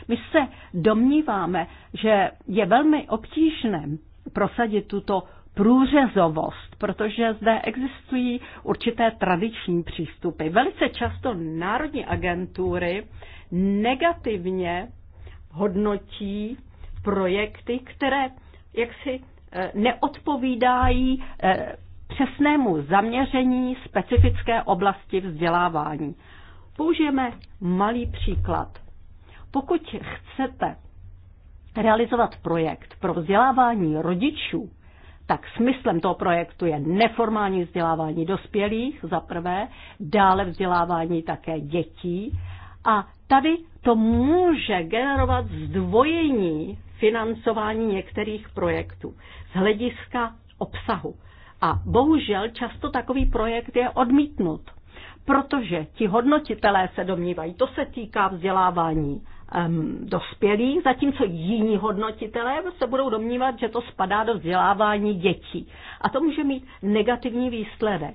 My se domníváme, že je velmi obtížné prosadit tuto průřezovost, protože zde existují určité tradiční přístupy. Velice často národní agentury negativně hodnotí projekty, které jaksi eh, neodpovídají eh, přesnému zaměření specifické oblasti vzdělávání. Použijeme malý příklad. Pokud chcete realizovat projekt pro vzdělávání rodičů, tak smyslem toho projektu je neformální vzdělávání dospělých za prvé, dále vzdělávání také dětí a tady to může generovat zdvojení financování některých projektů z hlediska obsahu. A bohužel často takový projekt je odmítnut, protože ti hodnotitelé se domnívají, to se týká vzdělávání um, dospělých, zatímco jiní hodnotitelé se budou domnívat, že to spadá do vzdělávání dětí. A to může mít negativní výsledek.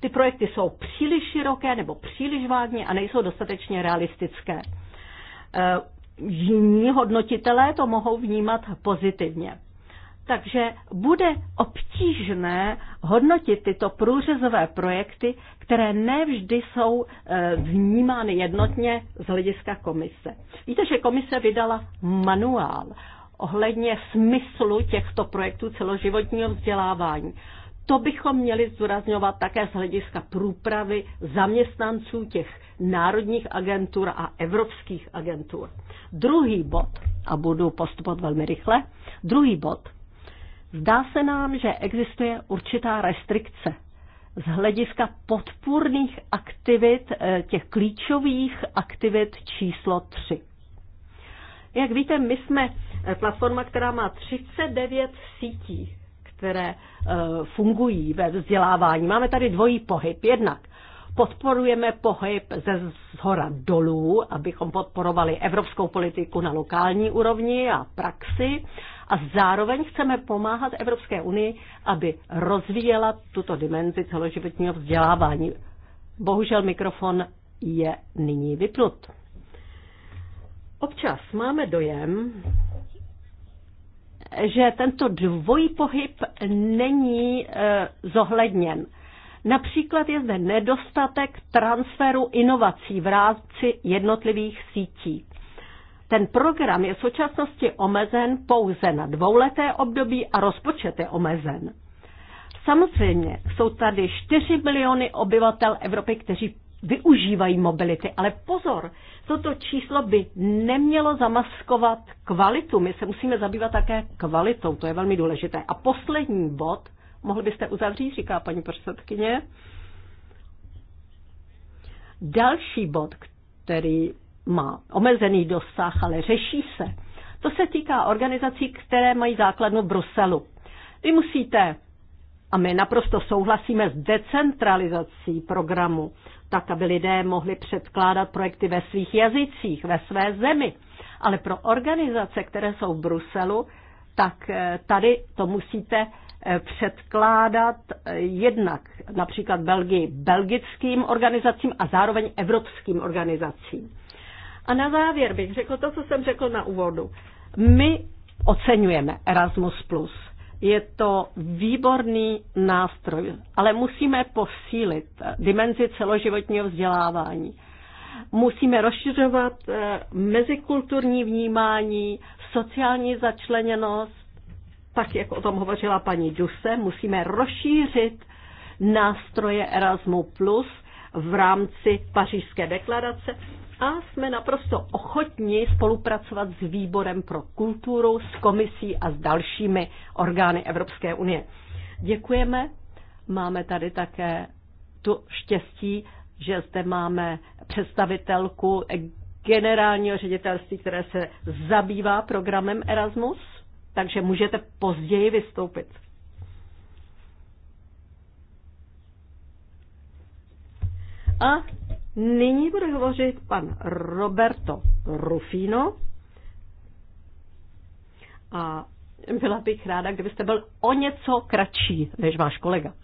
Ty projekty jsou příliš široké nebo příliš vágně a nejsou dostatečně realistické. Jiní hodnotitelé to mohou vnímat pozitivně. Takže bude obtížné hodnotit tyto průřezové projekty, které nevždy jsou eh, vnímány jednotně z hlediska komise. Víte, že komise vydala manuál ohledně smyslu těchto projektů celoživotního vzdělávání. To bychom měli zdůrazňovat také z hlediska průpravy zaměstnanců těch národních agentur a evropských agentur. Druhý bod, a budu postupovat velmi rychle, druhý bod Zdá se nám, že existuje určitá restrikce z hlediska podpůrných aktivit, eh, těch klíčových aktivit číslo 3. Jak víte, my jsme eh, platforma, která má 39 sítí, které eh, fungují ve vzdělávání. Máme tady dvojí pohyb. Jednak podporujeme pohyb ze zhora dolů, abychom podporovali evropskou politiku na lokální úrovni a praxi a zároveň chceme pomáhat Evropské unii, aby rozvíjela tuto dimenzi celoživotního vzdělávání. Bohužel mikrofon je nyní vyplut. Občas máme dojem, že tento dvojí pohyb není e, zohledněn. Například je zde nedostatek transferu inovací v rámci jednotlivých sítí. Ten program je v současnosti omezen pouze na dvouleté období a rozpočet je omezen. Samozřejmě jsou tady 4 miliony obyvatel Evropy, kteří využívají mobility, ale pozor, toto číslo by nemělo zamaskovat kvalitu. My se musíme zabývat také kvalitou, to je velmi důležité. A poslední bod, mohli byste uzavřít, říká paní předsedkyně. Další bod, který má omezený dosah, ale řeší se. To se týká organizací, které mají základnu v Bruselu. Vy musíte, a my naprosto souhlasíme s decentralizací programu, tak, aby lidé mohli předkládat projekty ve svých jazycích, ve své zemi. Ale pro organizace, které jsou v Bruselu, tak eh, tady to musíte eh, předkládat eh, jednak například Belgii belgickým organizacím a zároveň evropským organizacím. A na závěr bych řekl to, co jsem řekl na úvodu. My oceňujeme Erasmus+. Je to výborný nástroj, ale musíme posílit dimenzi celoživotního vzdělávání. Musíme rozšiřovat eh, mezikulturní vnímání, sociální začleněnost, tak jak o tom hovořila paní Duse, musíme rozšířit nástroje Erasmus Plus v rámci pařížské deklarace a jsme naprosto ochotni spolupracovat s Výborem pro kulturu, s komisí a s dalšími orgány Evropské unie. Děkujeme. Máme tady také tu štěstí, že zde máme představitelku generálního ředitelství, které se zabývá programem Erasmus, takže můžete později vystoupit. A Nyní bude hovořit pan Roberto Rufino. A byla bych ráda, kdybyste byl o něco kratší, než váš kolega.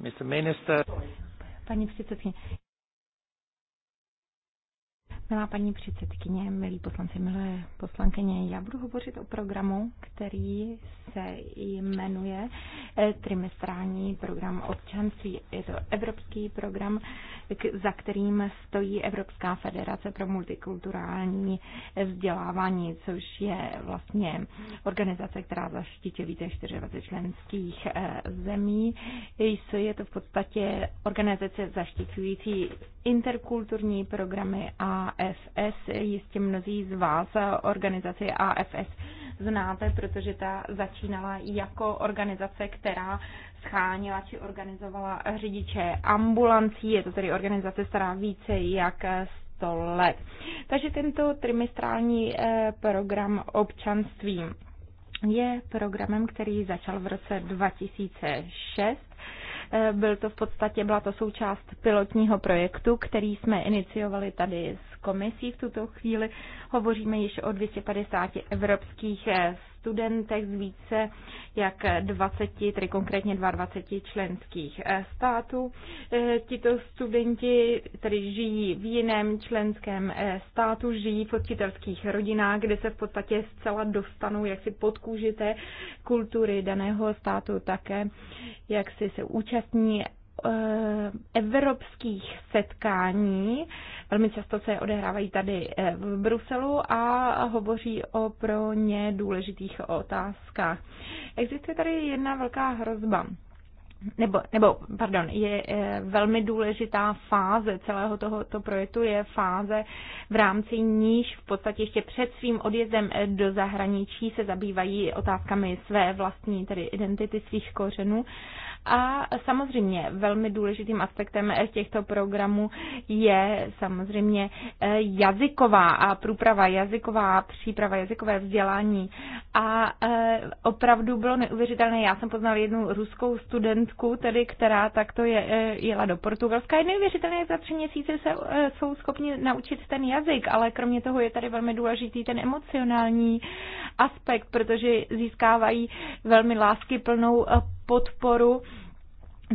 Mr. Minister. Paní předsedkyně, Milá paní předsedkyně, milí poslanci, milé poslankyně, já budu hovořit o programu, který se jmenuje eh, trimestrální program občanství. Je to evropský program, za kterým stojí Evropská federace pro multikulturální vzdělávání, což je vlastně organizace, která zaštítí více 24 členských eh, zemí. Je to v podstatě organizace zaštiťující interkulturní programy a AFS. Jistě mnozí z vás organizaci AFS znáte, protože ta začínala jako organizace, která schánila či organizovala řidiče ambulancí. Je to tedy organizace stará více jak 100 let. Takže tento trimestrální eh, program občanství je programem, který začal v roce 2006 eh, byl to v podstatě, byla to součást pilotního projektu, který jsme iniciovali tady komisí. V tuto chvíli hovoříme již o 250 evropských eh, studentech z více jak 20, tedy konkrétně 22 členských eh, států. Eh, tito studenti tedy žijí v jiném členském státu, žijí v odčitelských rodinách, kde se v podstatě zcela dostanou jaksi pod kůži té kultury daného státu také, jak si se účastní Eh, evropských setkání. Velmi často se odehrávají tady eh, v Bruselu a hovoří o pro ně důležitých otázkách. Existuje tady jedna velká hrozba nebo, nebo pardon, je eh, velmi důležitá fáze celého tohoto projektu, je fáze, v rámci níž v podstatě ještě před svým odjezdem do zahraničí se zabývají otázkami své vlastní tedy identity svých kořenů a samozřejmě velmi důležitým aspektem těchto programů je samozřejmě eh, jazyková a průprava jazyková, příprava jazykové vzdělání. A eh, opravdu bylo neuvěřitelné. Já jsem poznala jednu ruskou studentku, tedy, která takto je, eh, jela do Portugalska. Je neuvěřitelné, jak za tři měsíce se, jsou schopni naučit ten jazyk, ale kromě toho je tady velmi důležitý ten emocionální aspekt, protože získávají velmi láskyplnou podporu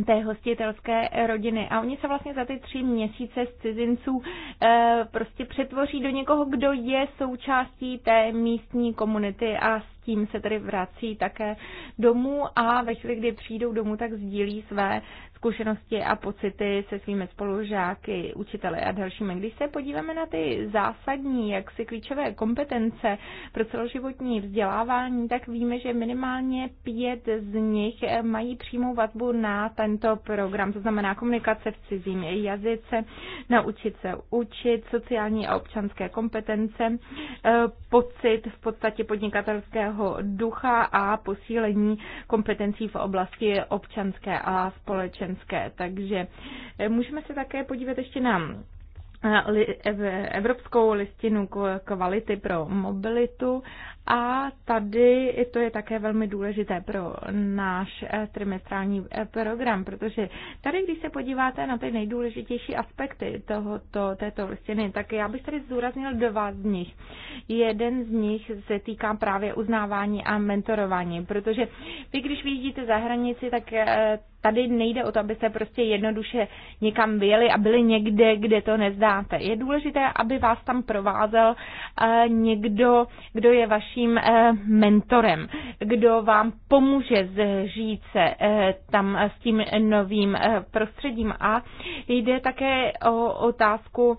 té hostitelské rodiny. A oni se vlastně za ty tři měsíce z cizinců e, prostě přetvoří do někoho, kdo je součástí té místní komunity a tím se tedy vrací také domů a ve chvíli, kdy přijdou domů, tak sdílí své zkušenosti a pocity se svými spolužáky, učiteli a dalšími. Když se podíváme na ty zásadní, jak si klíčové kompetence pro celoživotní vzdělávání, tak víme, že minimálně pět z nich mají přímou vazbu na tento program, to znamená komunikace v cizím jazyce, naučit se učit, sociální a občanské kompetence, pocit v podstatě podnikatelského evropského ducha a posílení kompetencí v oblasti občanské a společenské. Takže eh, můžeme se také podívat ještě na eh, Evropskou listinu kvality pro mobilitu a tady to je také velmi důležité pro náš eh, trimestrální eh, program, protože tady, když se podíváte na ty nejdůležitější aspekty tohoto, této listiny, tak já bych tady zdůraznil dva z nich. Jeden z nich se týká právě uznávání a mentorování, protože vy, když vidíte za hranici, tak eh, tady nejde o to, aby se prostě jednoduše někam vyjeli a byli někde, kde to nezdáte. Je důležité, aby vás tam provázel někdo, kdo je vaš vaším eh, mentorem, kdo vám pomůže zžít se eh, tam s tím novým eh, prostředím. A jde také o otázku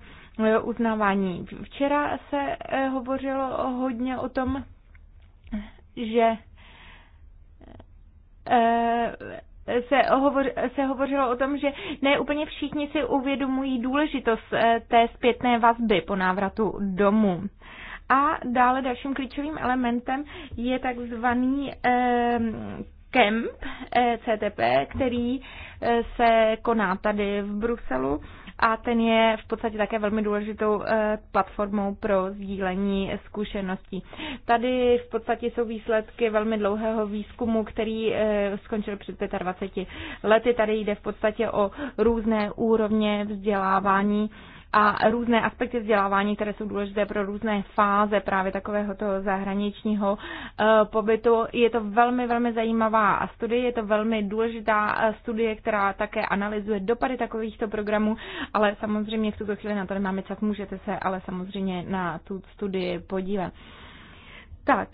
uznávání. Včera se hovořilo hodně o tom, že se, hovoř, se hovořilo o tom, že ne úplně všichni si uvědomují důležitost té zpětné vazby po návratu domů. A dále dalším klíčovým elementem je takzvaný ehm, kemp eh, CTP, který eh, se koná tady v Bruselu a ten je v podstatě také velmi důležitou eh, platformou pro sdílení zkušeností. Tady v podstatě jsou výsledky velmi dlouhého výzkumu, který skončil před 25 lety. Tady jde v podstatě o různé úrovně vzdělávání a různé aspekty vzdělávání, které jsou důležité pro různé fáze právě takového toho zahraničního eh, pobytu. Je to velmi, velmi zajímavá studie, je to velmi důležitá eh, studie, která také analyzuje dopady takovýchto programů, ale samozřejmě v tuto chvíli na to nemáme čas, můžete se ale samozřejmě na tu studii podívat. Tak,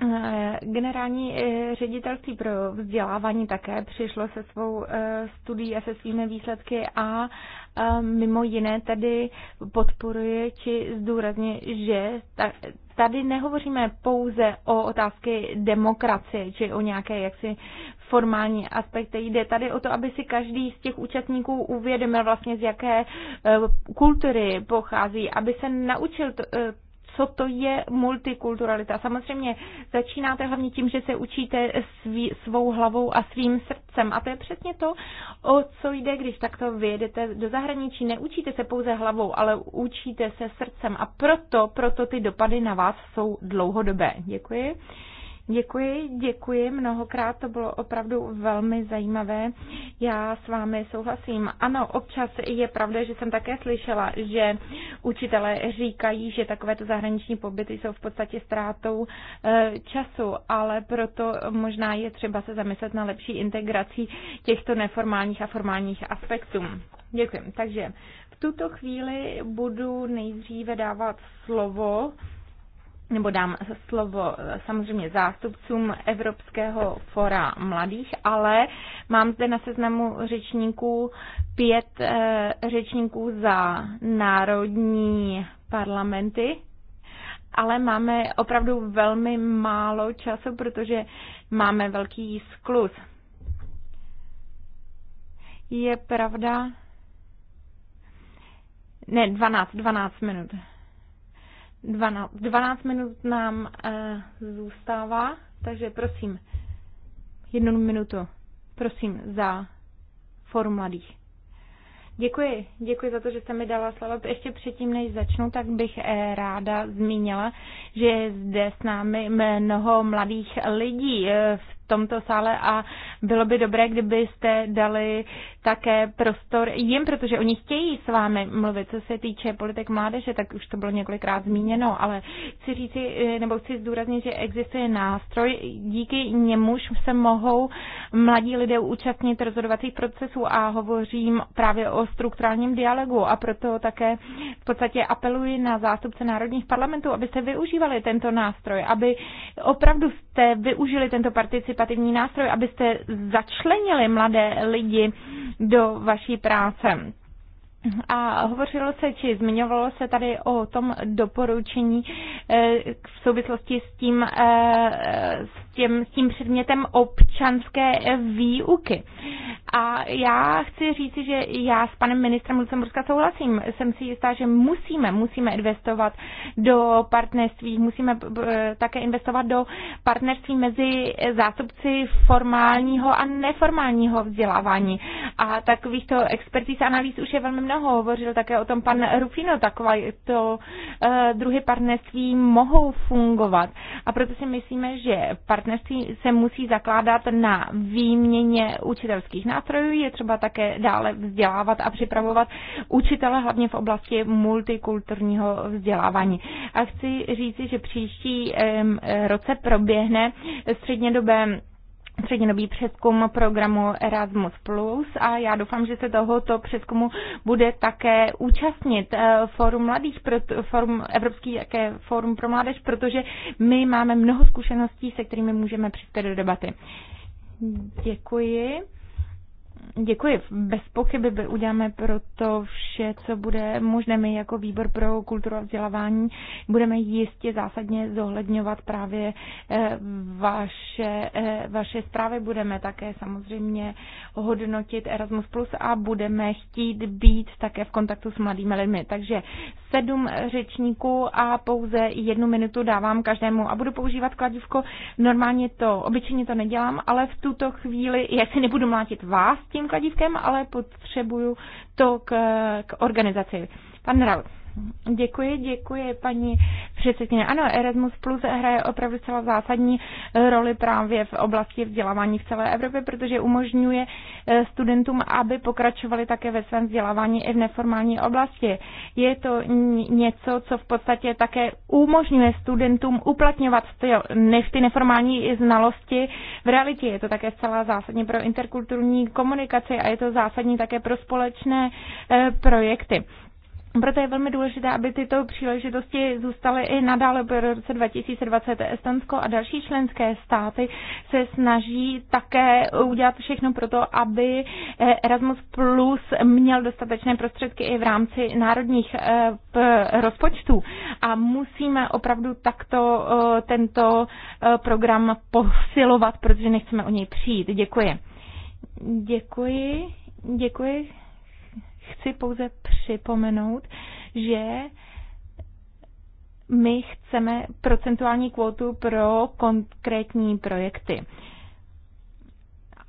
Eh, generální eh, ředitelství pro vzdělávání také přišlo se svou eh, studií a se svými výsledky a mimo jiné tedy podporuje či zdůrazně, že tady nehovoříme pouze o otázky demokracie či o nějaké jaksi formální aspekty. Jde tady o to, aby si každý z těch účastníků uvědomil vlastně, z jaké kultury pochází, aby se naučil co to je multikulturalita. Samozřejmě začínáte hlavně tím, že se učíte svý, svou hlavou a svým srdcem. A to je přesně to, o co jde, když takto vyjedete do zahraničí. Neučíte se pouze hlavou, ale učíte se srdcem. A proto, proto ty dopady na vás jsou dlouhodobé. Děkuji. Děkuji, děkuji mnohokrát, to bylo opravdu velmi zajímavé. Já s vámi souhlasím. Ano, občas je pravda, že jsem také slyšela, že učitelé říkají, že takovéto zahraniční pobyty jsou v podstatě ztrátou eh, času, ale proto možná je třeba se zamyslet na lepší integrací těchto neformálních a formálních aspektů. Děkuji. Takže v tuto chvíli budu nejdříve dávat slovo nebo dám slovo eh, samozřejmě zástupcům Evropského fora mladých, ale mám zde na seznamu řečníků pět eh, řečníků za národní parlamenty, ale máme opravdu velmi málo času, protože máme velký sklus. Je pravda? Ne, 12, 12 minut. 12, 12 minut nám e, zůstává, takže prosím, jednu minutu, prosím, za Forum mladých. Děkuji, děkuji za to, že jste mi dala slovo. Ještě předtím, než začnu, tak bych eh, ráda zmínila, že je zde s námi mnoho mladých lidí eh, v tomto sále a bylo by dobré, kdybyste dali také prostor jim, protože oni chtějí s vámi mluvit, co se týče politik mládeže, tak už to bylo několikrát zmíněno, ale chci říci, eh, nebo chci zdůraznit, že existuje nástroj, díky němuž se mohou mladí lidé účastnit rozhodovacích procesů a hovořím právě o strukturálním dialogu a proto také v podstatě apeluji na zástupce národních parlamentů, abyste využívali tento nástroj, aby opravdu jste využili tento participativní edukativní nástroj, abyste začlenili mladé lidi do vaší práce. A hovořilo se, či zmiňovalo se tady o tom doporučení eh, v souvislosti s tím, eh, s tím, s tím předmětem občanské výuky. A já chci říci, že já s panem ministrem Lucemburska souhlasím. Jsem si jistá, že musíme, musíme investovat do partnerství, musíme eh, také investovat do partnerství mezi zástupci formálního a neformálního vzdělávání. A takovýchto se analýz už je velmi mnoho mnoho. Hovořil také o tom pan Rufino, taková to eh, druhy partnerství mohou fungovat. A proto si myslíme, že partnerství se musí zakládat na výměně učitelských nástrojů. Je třeba také dále vzdělávat a připravovat učitele, hlavně v oblasti multikulturního vzdělávání. A chci říci, že příští roce proběhne střednědobé střednědobý přeskum programu Erasmus+. A já doufám, že se tohoto přeskumu bude také účastnit eh, forum mladých, Forum, Evropský také forum pro mládež, protože my máme mnoho zkušeností, se kterými můžeme přispět do debaty. Děkuji. Děkuji. Bez pochyby uděláme pro to vše, co bude možné. My jako výbor pro kulturu a vzdělávání budeme jistě zásadně zohledňovat právě eh, vaše, eh, vaše zprávy. Budeme také samozřejmě hodnotit Erasmus Plus a budeme chtít být také v kontaktu s mladými lidmi. Takže sedm řečníků a pouze jednu minutu dávám každému a budu používat kladivko. Normálně to, obyčejně to nedělám, ale v tuto chvíli, jestli nebudu mlátit vás, tím kladívkem, ale potřebuju to k, k organizaci. Pan Raut. Děkuji, děkuji, paní předsedkyně. Ano, Erasmus Plus hraje opravdu celá zásadní roli právě v oblasti vzdělávání v celé Evropě, protože umožňuje eh, studentům, aby pokračovali také ve svém vzdělávání i v neformální oblasti. Je to něco, co v podstatě také umožňuje studentům uplatňovat ty neformální znalosti v realitě. Je to také zcela zásadní pro interkulturní komunikaci a je to zásadní také pro společné eh, projekty. Proto je velmi důležité, aby tyto příležitosti zůstaly i nadále po roce 2020. Estonsko a další členské státy se snaží také udělat všechno pro to, aby eh, Erasmus Plus měl dostatečné prostředky i v rámci národních eh, rozpočtů. A musíme opravdu takto eh, tento program posilovat, protože nechceme o něj přijít. Děkuji. Děkuji. Děkuji chci pouze připomenout, že my chceme procentuální kvotu pro konkrétní projekty.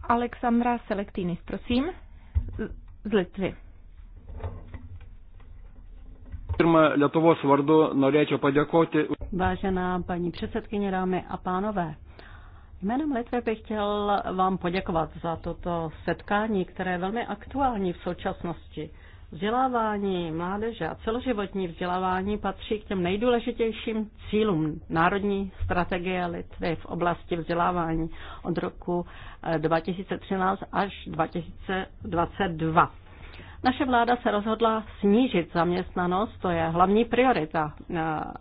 Alexandra Selektinis, prosím, z Litvy. Vážená paní předsedkyně, dámy a pánové, jménem Litvy bych chtěl vám poděkovat za toto setkání, které je velmi aktuální v současnosti. Vzdělávání mládeže a celoživotní vzdělávání patří k těm nejdůležitějším cílům Národní strategie Litvy v oblasti vzdělávání od roku 2013 eh, až 2022. Naše vláda se rozhodla snížit zaměstnanost, to je hlavní priorita. Eh,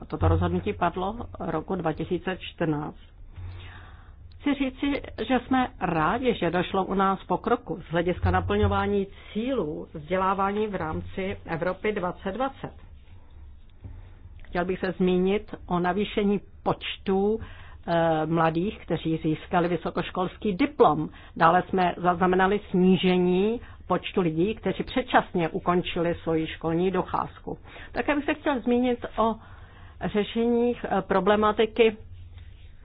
Toto rozhodnutí padlo roku 2014. Chci říci, že jsme rádi, že došlo u nás pokroku z hlediska naplňování cílů vzdělávání v rámci Evropy 2020. Chtěl bych se zmínit o navýšení počtu eh, mladých, kteří získali vysokoškolský diplom. Dále jsme zaznamenali snížení počtu lidí, kteří předčasně ukončili svoji školní docházku. Také bych se chtěl zmínit o řešeních eh, problematiky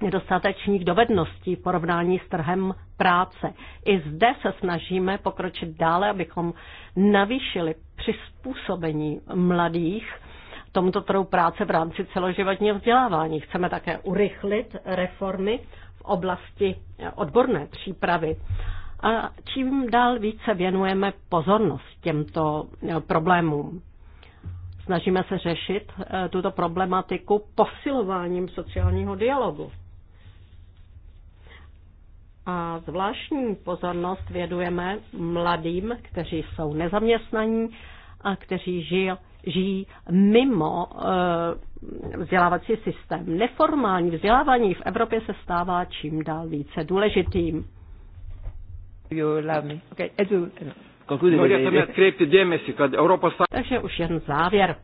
nedostatečných dovedností v porovnání s trhem práce. I zde se snažíme pokročit dále, abychom navýšili přizpůsobení mladých tomuto trhu práce v rámci celoživotního vzdělávání. Chceme také urychlit reformy v oblasti odborné přípravy. A čím dál více věnujeme pozornost těmto problémům snažíme se řešit eh, tuto problematiku posilováním sociálního dialogu a zvláštní pozornost vědujeme mladým, kteří jsou nezaměstnaní a kteří žijí, žijí mimo e, vzdělávací systém. Neformální vzdělávání v Evropě se stává čím dál více důležitým. Takže už jen závěr.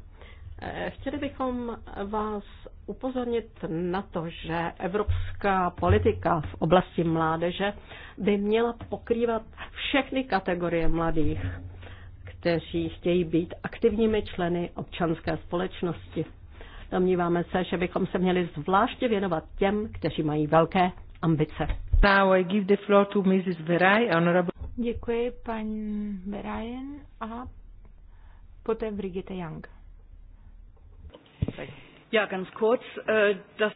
Chtěli bychom vás upozornit na to, že evropská politika v oblasti mládeže by měla pokrývat všechny kategorie mladých, kteří chtějí být aktivními členy občanské společnosti. Domníváme se, že bychom se měli zvláště věnovat těm, kteří mají velké ambice. Now I give the floor to Mrs. Veray, honorable... Děkuji, paní Verajen a poté Brigitte Young. Ja, ganz kurz. Eh, das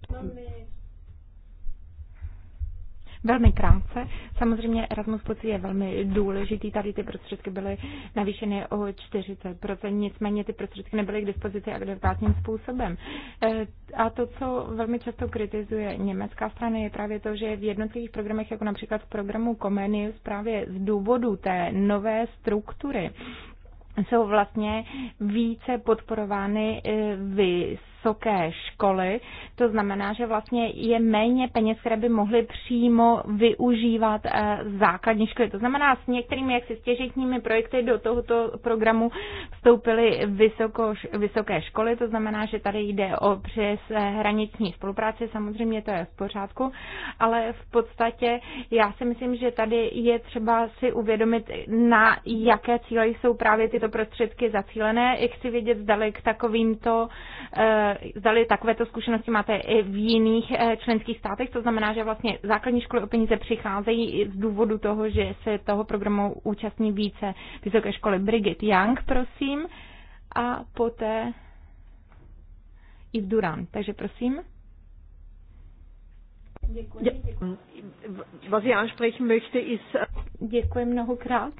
Velmi krátce. Samozřejmě Erasmus Plus je velmi důležitý. Tady ty prostředky byly navýšeny o 40%, nicméně ty prostředky nebyly k dispozici adekvátním způsobem. Eh, a to, co velmi často kritizuje německá strana, je právě to, že v jednotlivých programech, jako například v programu Comenius, právě z důvodu té nové struktury, jsou vlastně více podporovány e, vysoké školy. To znamená, že vlastně je méně peněz, které by mohly přímo využívat e, základní školy. To znamená, s některými jaksi stěžitními projekty do tohoto programu vstoupily vysoko, vysoké školy. To znamená, že tady jde o přes hraniční spolupráci. Samozřejmě to je v pořádku, ale v podstatě já si myslím, že tady je třeba si uvědomit, na jaké cíle jsou právě tyto tyto prostředky zacílené. I chci vědět, zdali k takovýmto, eh, zdali takovéto zkušenosti máte i v jiných eh, členských státech. To znamená, že vlastně základní školy o peníze přicházejí i z důvodu toho, že se toho programu účastní více vysoké školy. Brigitte Young, prosím. A poté i v Duran. Takže prosím. Děkuji. Děkuji. Was ich ansprechen möchte, ist... Děkuji mnohokrát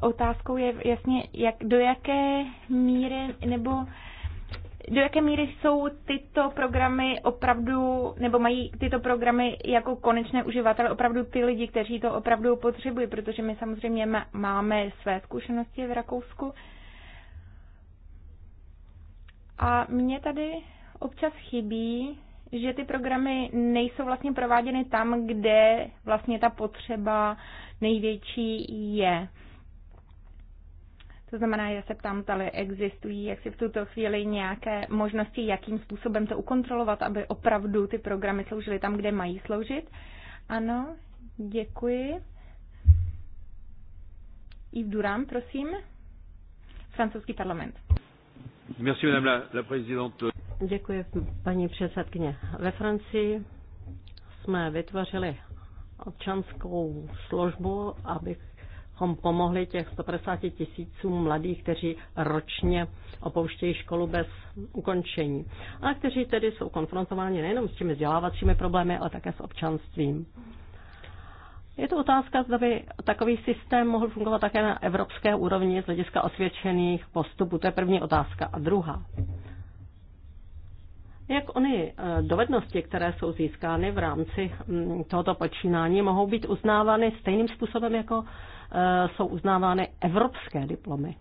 otázkou je jasně, jak, do jaké míry nebo do jaké míry jsou tyto programy opravdu, nebo mají tyto programy jako konečné uživatele opravdu ty lidi, kteří to opravdu potřebují, protože my samozřejmě máme své zkušenosti v Rakousku. A mně tady občas chybí, že ty programy nejsou vlastně prováděny tam, kde vlastně ta potřeba největší je. To znamená, já se ptám, tady existují, jak si v tuto chvíli nějaké možnosti, jakým způsobem to ukontrolovat, aby opravdu ty programy sloužily tam, kde mají sloužit. Ano, děkuji. Yves Durand, prosím. Francouzský parlament. Merci, madame la, la présidente. Děkuji, paní předsedkyně. Ve Francii jsme vytvořili občanskou službu, aby bychom pomohli těch 150 tisícům mladých, kteří ročně opouštějí školu bez ukončení a kteří tedy jsou konfrontováni nejenom s těmi vzdělávacími problémy, ale také s občanstvím. Je to otázka, zda by takový systém mohl fungovat také na evropské úrovni z hlediska osvědčených postupů. To je první otázka. A druhá. Jak ony eh, dovednosti, které jsou získány v rámci mm, tohoto počínání, mohou být uznávány stejným způsobem jako Eh, jsou uznávány evropské diplomy.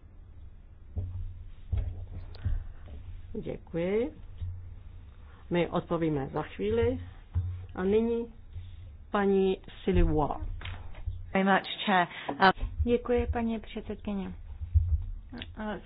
Děkuji. My odpovíme za chvíli. A nyní paní Silly Ward. Děkuji, paní předsedkyně.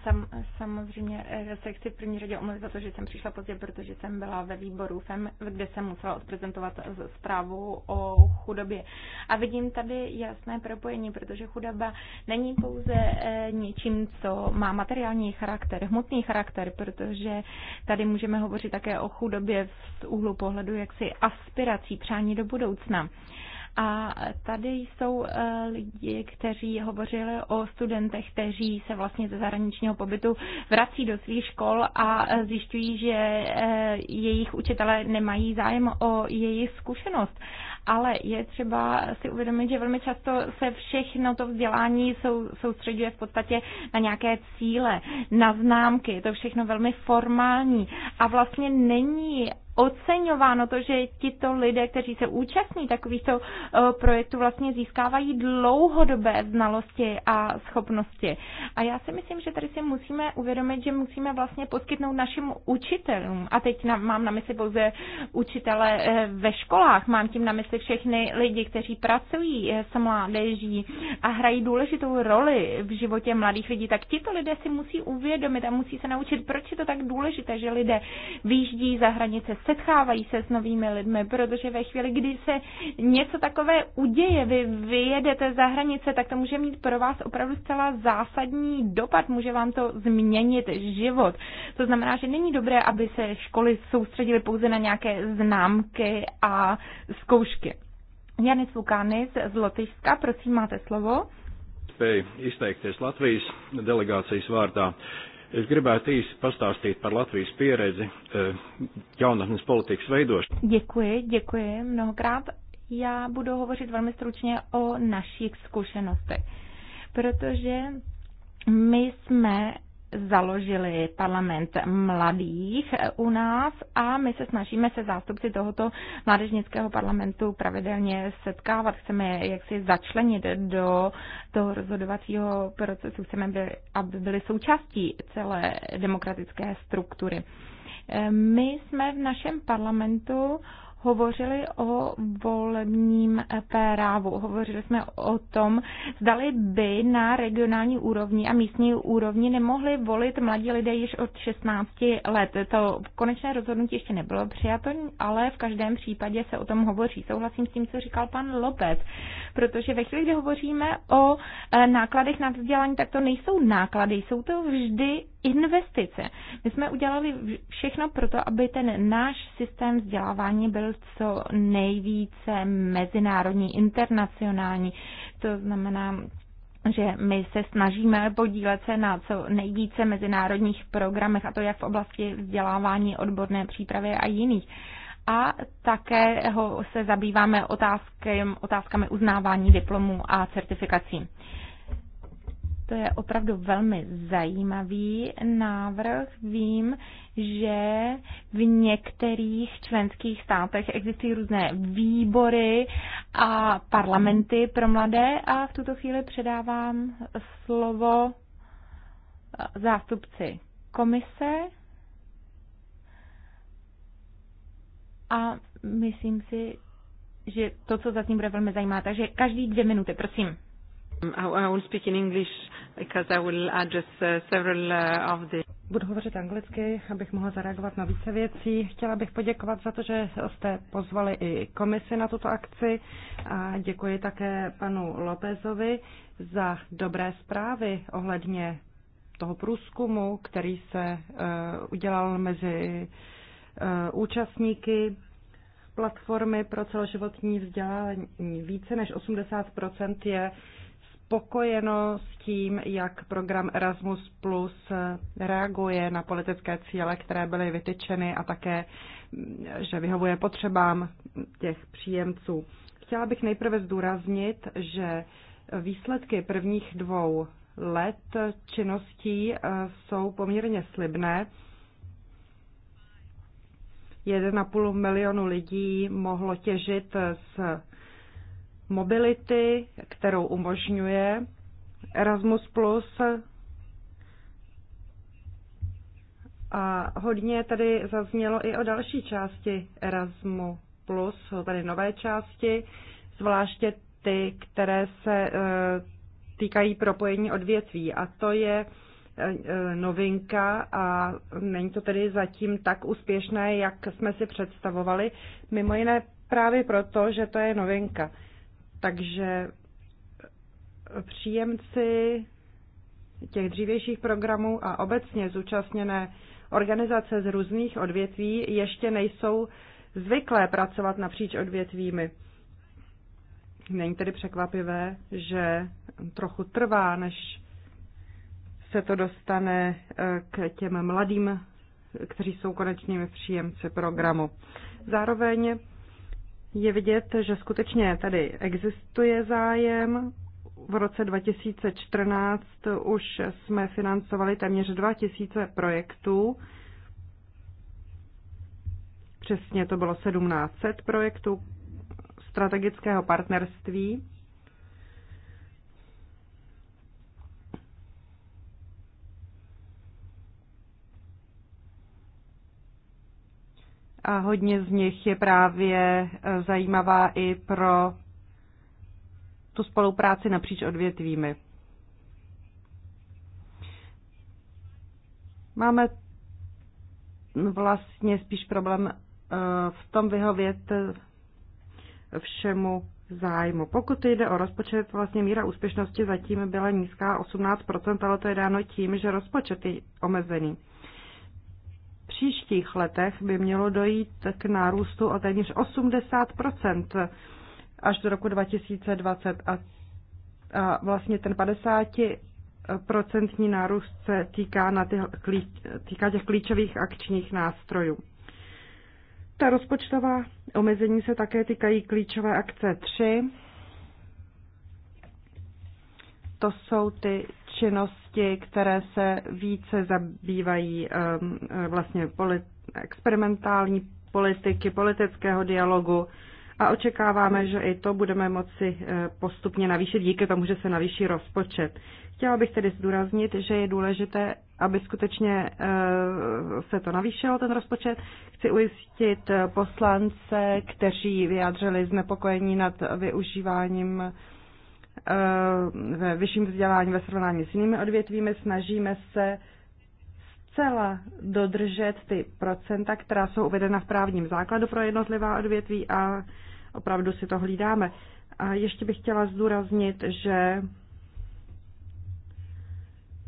Sam, samozřejmě eh, se chci v první řadě omluvit za to, že jsem přišla pozdě, protože jsem byla ve výboru FEM, kde jsem musela odprezentovat eh, zprávu o chudobě. A vidím tady jasné propojení, protože chudoba není pouze eh, něčím, co má materiální charakter, hmotný charakter, protože tady můžeme hovořit také o chudobě z úhlu pohledu jaksi aspirací, přání do budoucna. A tady jsou eh, lidi, kteří hovořili o studentech, kteří se vlastně ze zahraničního pobytu vrací do svých škol a eh, zjišťují, že eh, jejich učitelé nemají zájem o jejich zkušenost. Ale je třeba si uvědomit, že velmi často se všechno to vzdělání sou, soustředuje v podstatě na nějaké cíle, na známky, je to všechno velmi formální a vlastně není oceňováno to, že tito lidé, kteří se účastní takovýchto eh, projektů, vlastně získávají dlouhodobé znalosti a schopnosti. A já si myslím, že tady si musíme uvědomit, že musíme vlastně poskytnout našim učitelům, a teď mám na mysli pouze učitele eh, ve školách, mám tím na mysli všechny lidi, kteří pracují eh, s mládeží a hrají důležitou roli v životě mladých lidí, tak tito lidé si musí uvědomit a musí se naučit, proč je to tak důležité, že lidé výjíždí za hranice setkávají se s novými lidmi, protože ve chvíli, kdy se něco takové uděje, vy vyjedete za hranice, tak to může mít pro vás opravdu zcela zásadní dopad, může vám to změnit život. To znamená, že není dobré, aby se školy soustředily pouze na nějaké známky a zkoušky. Janis Lukánis z Lotyšska, prosím, máte slovo. Spēju izteikties Latvijas delegācijas vārdā. Es gribētu īsi pastāstīt par Latvijas pieredzi eh, jaunatnes politikas veidošanā. Děkuji, děkuji mnohokrát. Já budu hovořit velmi stručně o našich zkušenostech, protože my jsme založili parlament mladých u nás a my se snažíme se zástupci tohoto mládežnického parlamentu pravidelně setkávat. Chceme jaksi začlenit do toho rozhodovacího procesu, chceme, by, aby byli součástí celé demokratické struktury. My jsme v našem parlamentu hovořili o volebním právu. Hovořili jsme o tom, zdali by na regionální úrovni a místní úrovni nemohli volit mladí lidé již od 16 let. To konečné rozhodnutí ještě nebylo přijato, ale v každém případě se o tom hovoří. Souhlasím s tím, co říkal pan López, protože ve chvíli, kdy hovoříme o eh, nákladech na vzdělání, tak to nejsou náklady, jsou to vždy investice. My jsme udělali všechno pro to, aby ten náš systém vzdělávání byl co nejvíce mezinárodní, internacionální. To znamená, že my se snažíme podílet se na co nejvíce mezinárodních programech, a to jak v oblasti vzdělávání, odborné přípravy a jiných. A také ho se zabýváme otázky, otázkami uznávání diplomů a certifikací. To je opravdu velmi zajímavý návrh. Vím, že v některých členských státech existují různé výbory a parlamenty pro mladé a v tuto chvíli předávám slovo eh, zástupci komise. A myslím si, že to, co zatím bude velmi zajímavé, takže každý dvě minuty, prosím. Um, uh, uh, Budu hovořit anglicky, abych mohla zareagovat na více věcí. Chtěla bych poděkovat za to, že jste pozvali i komisi na tuto akci a děkuji také panu Lopezovi za dobré zprávy ohledně toho průzkumu, který se uh, udělal mezi účastníky platformy pro celoživotní vzdělání. Více než 80 je spokojeno s tím, jak program Erasmus Plus reaguje na politické cíle, které byly vytyčeny a také, že vyhovuje potřebám těch příjemců. Chtěla bych nejprve zdůraznit, že výsledky prvních dvou let činností eh, jsou poměrně slibné. 1,5 milionu lidí mohlo těžit z mobility, kterou umožňuje Erasmus+, a hodně tady zaznělo i o další části Erasmu+, plus, tady nové části, zvláště ty, které se eh, týkají propojení odvětví. A to je eh, novinka a není to tedy zatím tak úspěšné, jak jsme si představovali, mimo jiné právě proto, že to je novinka. Takže e, příjemci těch dřívějších programů a obecně zúčastněné organizace z různých odvětví ještě nejsou zvyklé pracovat napříč odvětvími. Není tedy překvapivé, že trochu trvá, než se to dostane e, k těm mladým, kteří jsou konečnými příjemci programu. Zároveň je vidět, že skutečně tady existuje zájem. V roce 2014 už jsme financovali téměř 2000 projektů. Přesně to bylo 1700 projektů strategického partnerství a hodně z nich je právě e, zajímavá i pro tu spolupráci napříč odvětvími. Máme vlastně spíš problém e, v tom vyhovět všemu zájmu. Pokud jde o rozpočet, vlastně míra úspěšnosti zatím byla nízká 18%, ale to je dáno tím, že rozpočet je omezený příštích letech by mělo dojít k nárůstu o téměř 80 až do roku 2020 a, a vlastně ten 50 procentní nárůst se týká, na ty, týká těch klíčových akčních nástrojů. Ta rozpočtová omezení se také týkají klíčové akce 3. To jsou ty činnosti, které se více zabývají um, vlastně experimentální politiky, politického dialogu a očekáváme, že i to budeme moci eh, postupně navýšit díky tomu, že se navýší rozpočet. Chtěla bych tedy zdůraznit, že je důležité, aby skutečně eh, se to navýšilo, ten rozpočet. Chci ujistit eh, poslance, kteří vyjádřili znepokojení nad využíváním Eh, ve vyšším vzdělání ve srovnání s jinými odvětvími. Snažíme se zcela dodržet ty procenta, která jsou uvedena v právním základu pro jednotlivá odvětví a opravdu si to hlídáme. A ještě bych chtěla zdůraznit, že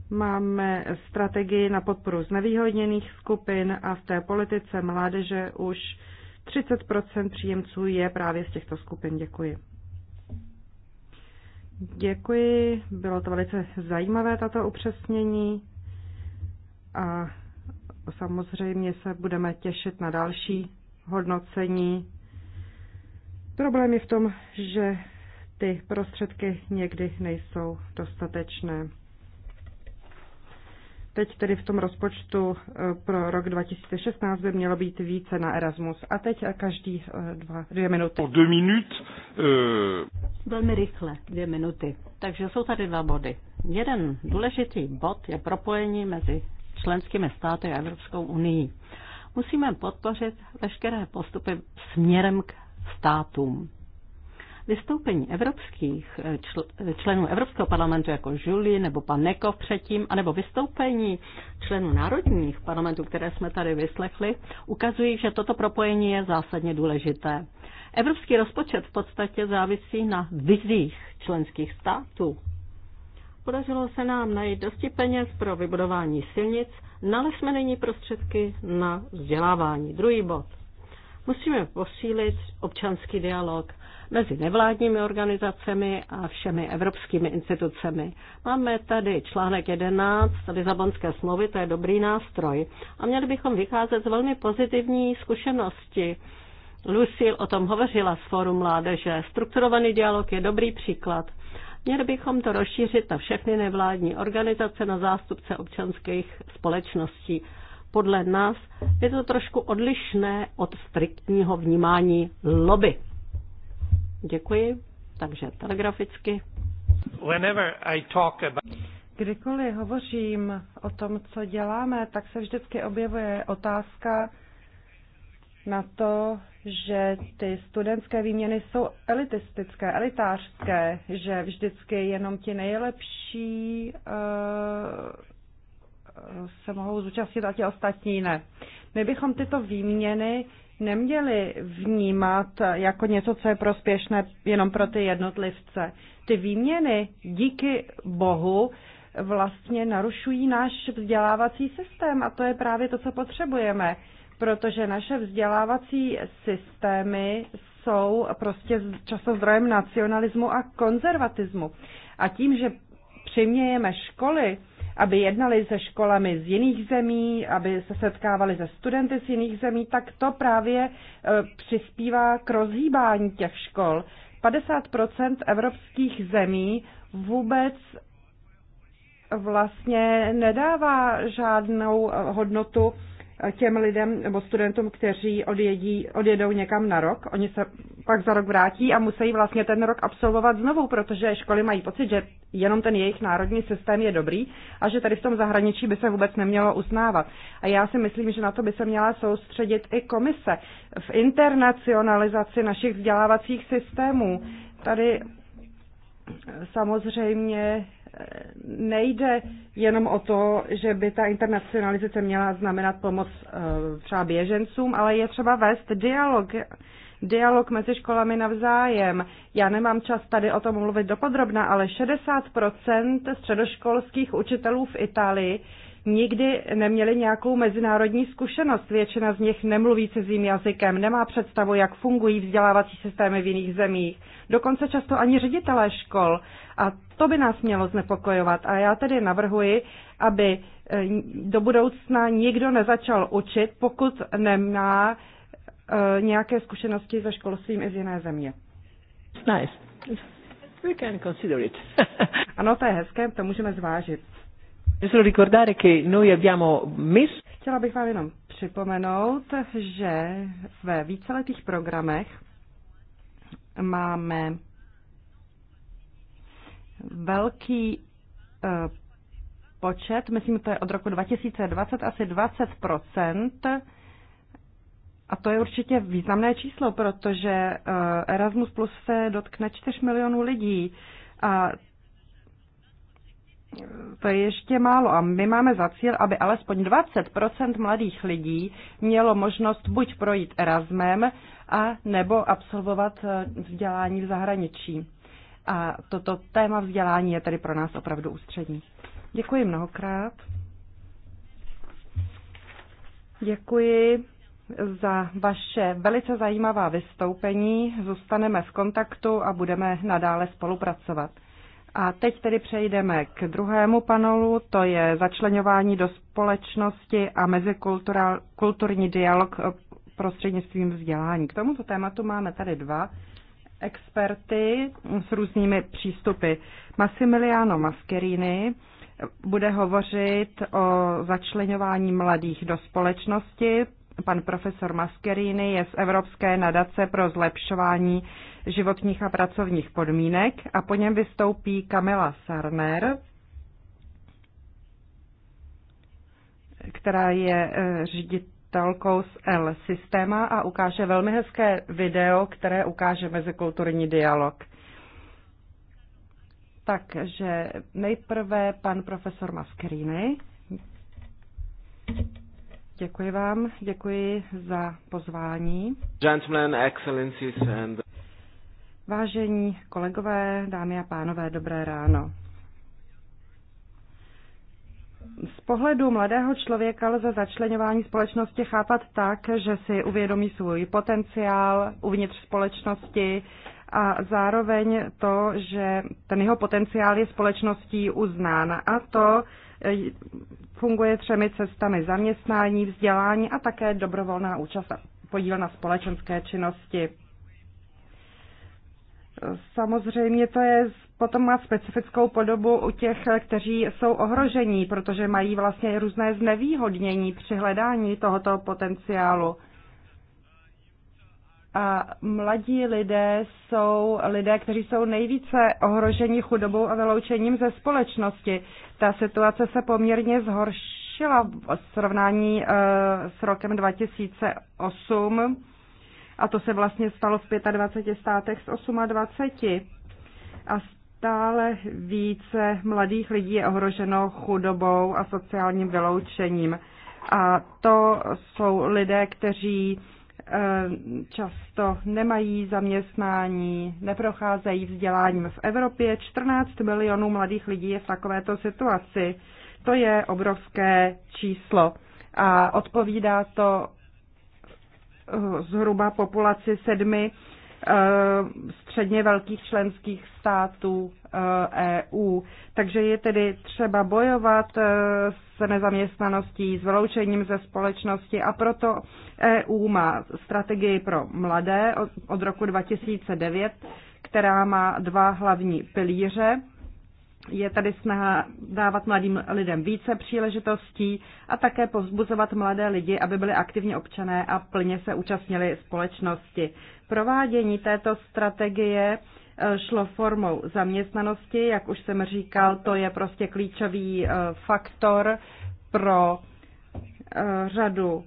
máme strategii na podporu znevýhodněných skupin a v té politice mládeže už 30 příjemců je právě z těchto skupin. Děkuji. Děkuji, bylo to velice zajímavé, tato upřesnění. A samozřejmě se budeme těšit na další hodnocení. Problém je v tom, že ty prostředky někdy nejsou dostatečné. Teď tedy v tom rozpočtu eh, pro rok 2016 by mělo být více na Erasmus. A teď eh, každý eh, dva, dvě minuty. Po dvě minut, Velmi rychle, dvě minuty. Takže jsou tady dva body. Jeden důležitý bod je propojení mezi členskými státy a Evropskou unii. Musíme podpořit veškeré postupy směrem k státům. Vystoupení evropských eh, čl, členů Evropského parlamentu jako Julie nebo pan Nekov předtím, anebo vystoupení členů národních parlamentů, které jsme tady vyslechli, ukazují, že toto propojení je zásadně důležité. Evropský rozpočet v podstatě závisí na vizích členských států. Podařilo se nám najít dosti peněz pro vybudování silnic, nalezme nyní prostředky na vzdělávání. Druhý bod. Musíme posílit občanský dialog mezi nevládními organizacemi a všemi evropskými institucemi. Máme tady článek 11 Lisabonské smlouvy, to je dobrý nástroj. A měli bychom vycházet z velmi pozitivní zkušenosti. Lucille o tom hovořila z Fórum mládeže. Strukturovaný dialog je dobrý příklad. Měli bychom to rozšířit na všechny nevládní organizace, na zástupce občanských společností. Podle nás je to trošku odlišné od striktního vnímání lobby. Děkuji. Takže telegraficky. Kdykoliv hovořím o tom, co děláme, tak se vždycky objevuje otázka na to, že ty studentské výměny jsou elitistické, elitářské, že vždycky jenom ti nejlepší uh, se mohou zúčastnit a ti ostatní ne. My bychom tyto výměny neměli vnímat jako něco, co je prospěšné jenom pro ty jednotlivce. Ty výměny díky Bohu vlastně narušují náš vzdělávací systém a to je právě to, co potřebujeme, protože naše vzdělávací systémy jsou prostě často zdrojem nacionalismu a konzervatismu. A tím, že přimějeme školy, aby jednali se školami z jiných zemí, aby se setkávali se studenty z jiných zemí, tak to právě e, přispívá k rozhýbání těch škol. 50 evropských zemí vůbec vlastně nedává žádnou e, hodnotu těm lidem nebo studentům, kteří odjedí, odjedou někam na rok. Oni se pak za rok vrátí a musí vlastně ten rok absolvovat znovu, protože školy mají pocit, že jenom ten jejich národní systém je dobrý a že tady v tom zahraničí by se vůbec nemělo uznávat. A já si myslím, že na to by se měla soustředit i komise v internacionalizaci našich vzdělávacích systémů. Tady samozřejmě nejde jenom o to, že by ta internacionalizace měla znamenat pomoc eh, třeba běžencům, ale je třeba vést dialog, dialog mezi školami navzájem. Já nemám čas tady o tom mluvit dopodrobna, ale 60% středoškolských učitelů v Itálii nikdy neměli nějakou mezinárodní zkušenost. Většina z nich nemluví cizím jazykem, nemá představu, jak fungují vzdělávací systémy v jiných zemích. Dokonce často ani ředitelé škol. A to by nás mělo znepokojovat. A já tedy navrhuji, aby e, do budoucna nikdo nezačal učit, pokud nemá e, nějaké zkušenosti ze školstvím i z jiné země. Nice. We can consider it. [laughs] ano, to je hezké, to můžeme zvážit. Chtěla bych vám jenom připomenout, že ve víceletých programech máme velký eh, počet, myslím, to je od roku 2020 asi 20 a to je určitě významné číslo, protože eh, Erasmus Plus se dotkne 4 milionů lidí a to je ještě málo a my máme za cíl, aby alespoň 20% mladých lidí mělo možnost buď projít Erasmem a nebo absolvovat eh, vzdělání v zahraničí. A toto téma vzdělání je tedy pro nás opravdu ústřední. Děkuji mnohokrát. Děkuji za vaše velice zajímavá vystoupení. Zůstaneme v kontaktu a budeme nadále spolupracovat. A teď tedy přejdeme k druhému panelu, to je začlenování do společnosti a mezikulturní dialog eh, prostřednictvím vzdělání. K tomuto tématu máme tady dva experty s různými přístupy. Massimiliano Mascherini eh, bude hovořit o začlenování mladých do společnosti, Pan profesor Mascherini je z Evropské nadace pro zlepšování životních a pracovních podmínek a po něm vystoupí Kamila Sarner, která je e, ředitelkou z L Systema a ukáže velmi hezké video, které ukáže mezikulturní dialog. Takže nejprve pan profesor Mascherini. Děkuji vám, děkuji za pozvání. Gentlemen, excellencies and... Vážení kolegové, dámy a pánové, dobré ráno. Z pohledu mladého člověka lze začlenování společnosti chápat tak, že si uvědomí svůj potenciál uvnitř společnosti a zároveň to, že ten jeho potenciál je společností uznán. A to E, funguje třemi cestami zaměstnání, vzdělání a také dobrovolná účast a podíl na společenské činnosti. Samozřejmě to je potom má specifickou podobu u těch, kteří jsou ohrožení, protože mají vlastně různé znevýhodnění při hledání tohoto potenciálu. A mladí lidé jsou lidé, kteří jsou nejvíce ohroženi chudobou a vyloučením ze společnosti. Ta situace se poměrně zhoršila v srovnání eh, s rokem 2008 a to se vlastně stalo v 25 státech z 28. A stále více mladých lidí je ohroženo chudobou a sociálním vyloučením. A to jsou lidé, kteří Eh, často nemají zaměstnání, neprocházejí vzděláním. V Evropě 14 milionů mladých lidí je v takovéto situaci. To je obrovské číslo a odpovídá to zhruba populaci sedmi eh, středně velkých členských států EU. E Takže je tedy třeba bojovat e, s nezaměstnaností, s vyloučením ze společnosti a proto EU má strategii pro mladé od roku 2009, která má dva hlavní pilíře. Je tady snaha dávat mladým lidem více příležitostí a také povzbuzovat mladé lidi, aby byli aktivně občané a plně se účastnili společnosti. Provádění této strategie šlo formou zaměstnanosti. Jak už jsem říkal, to je prostě klíčový eh, faktor pro eh, řadu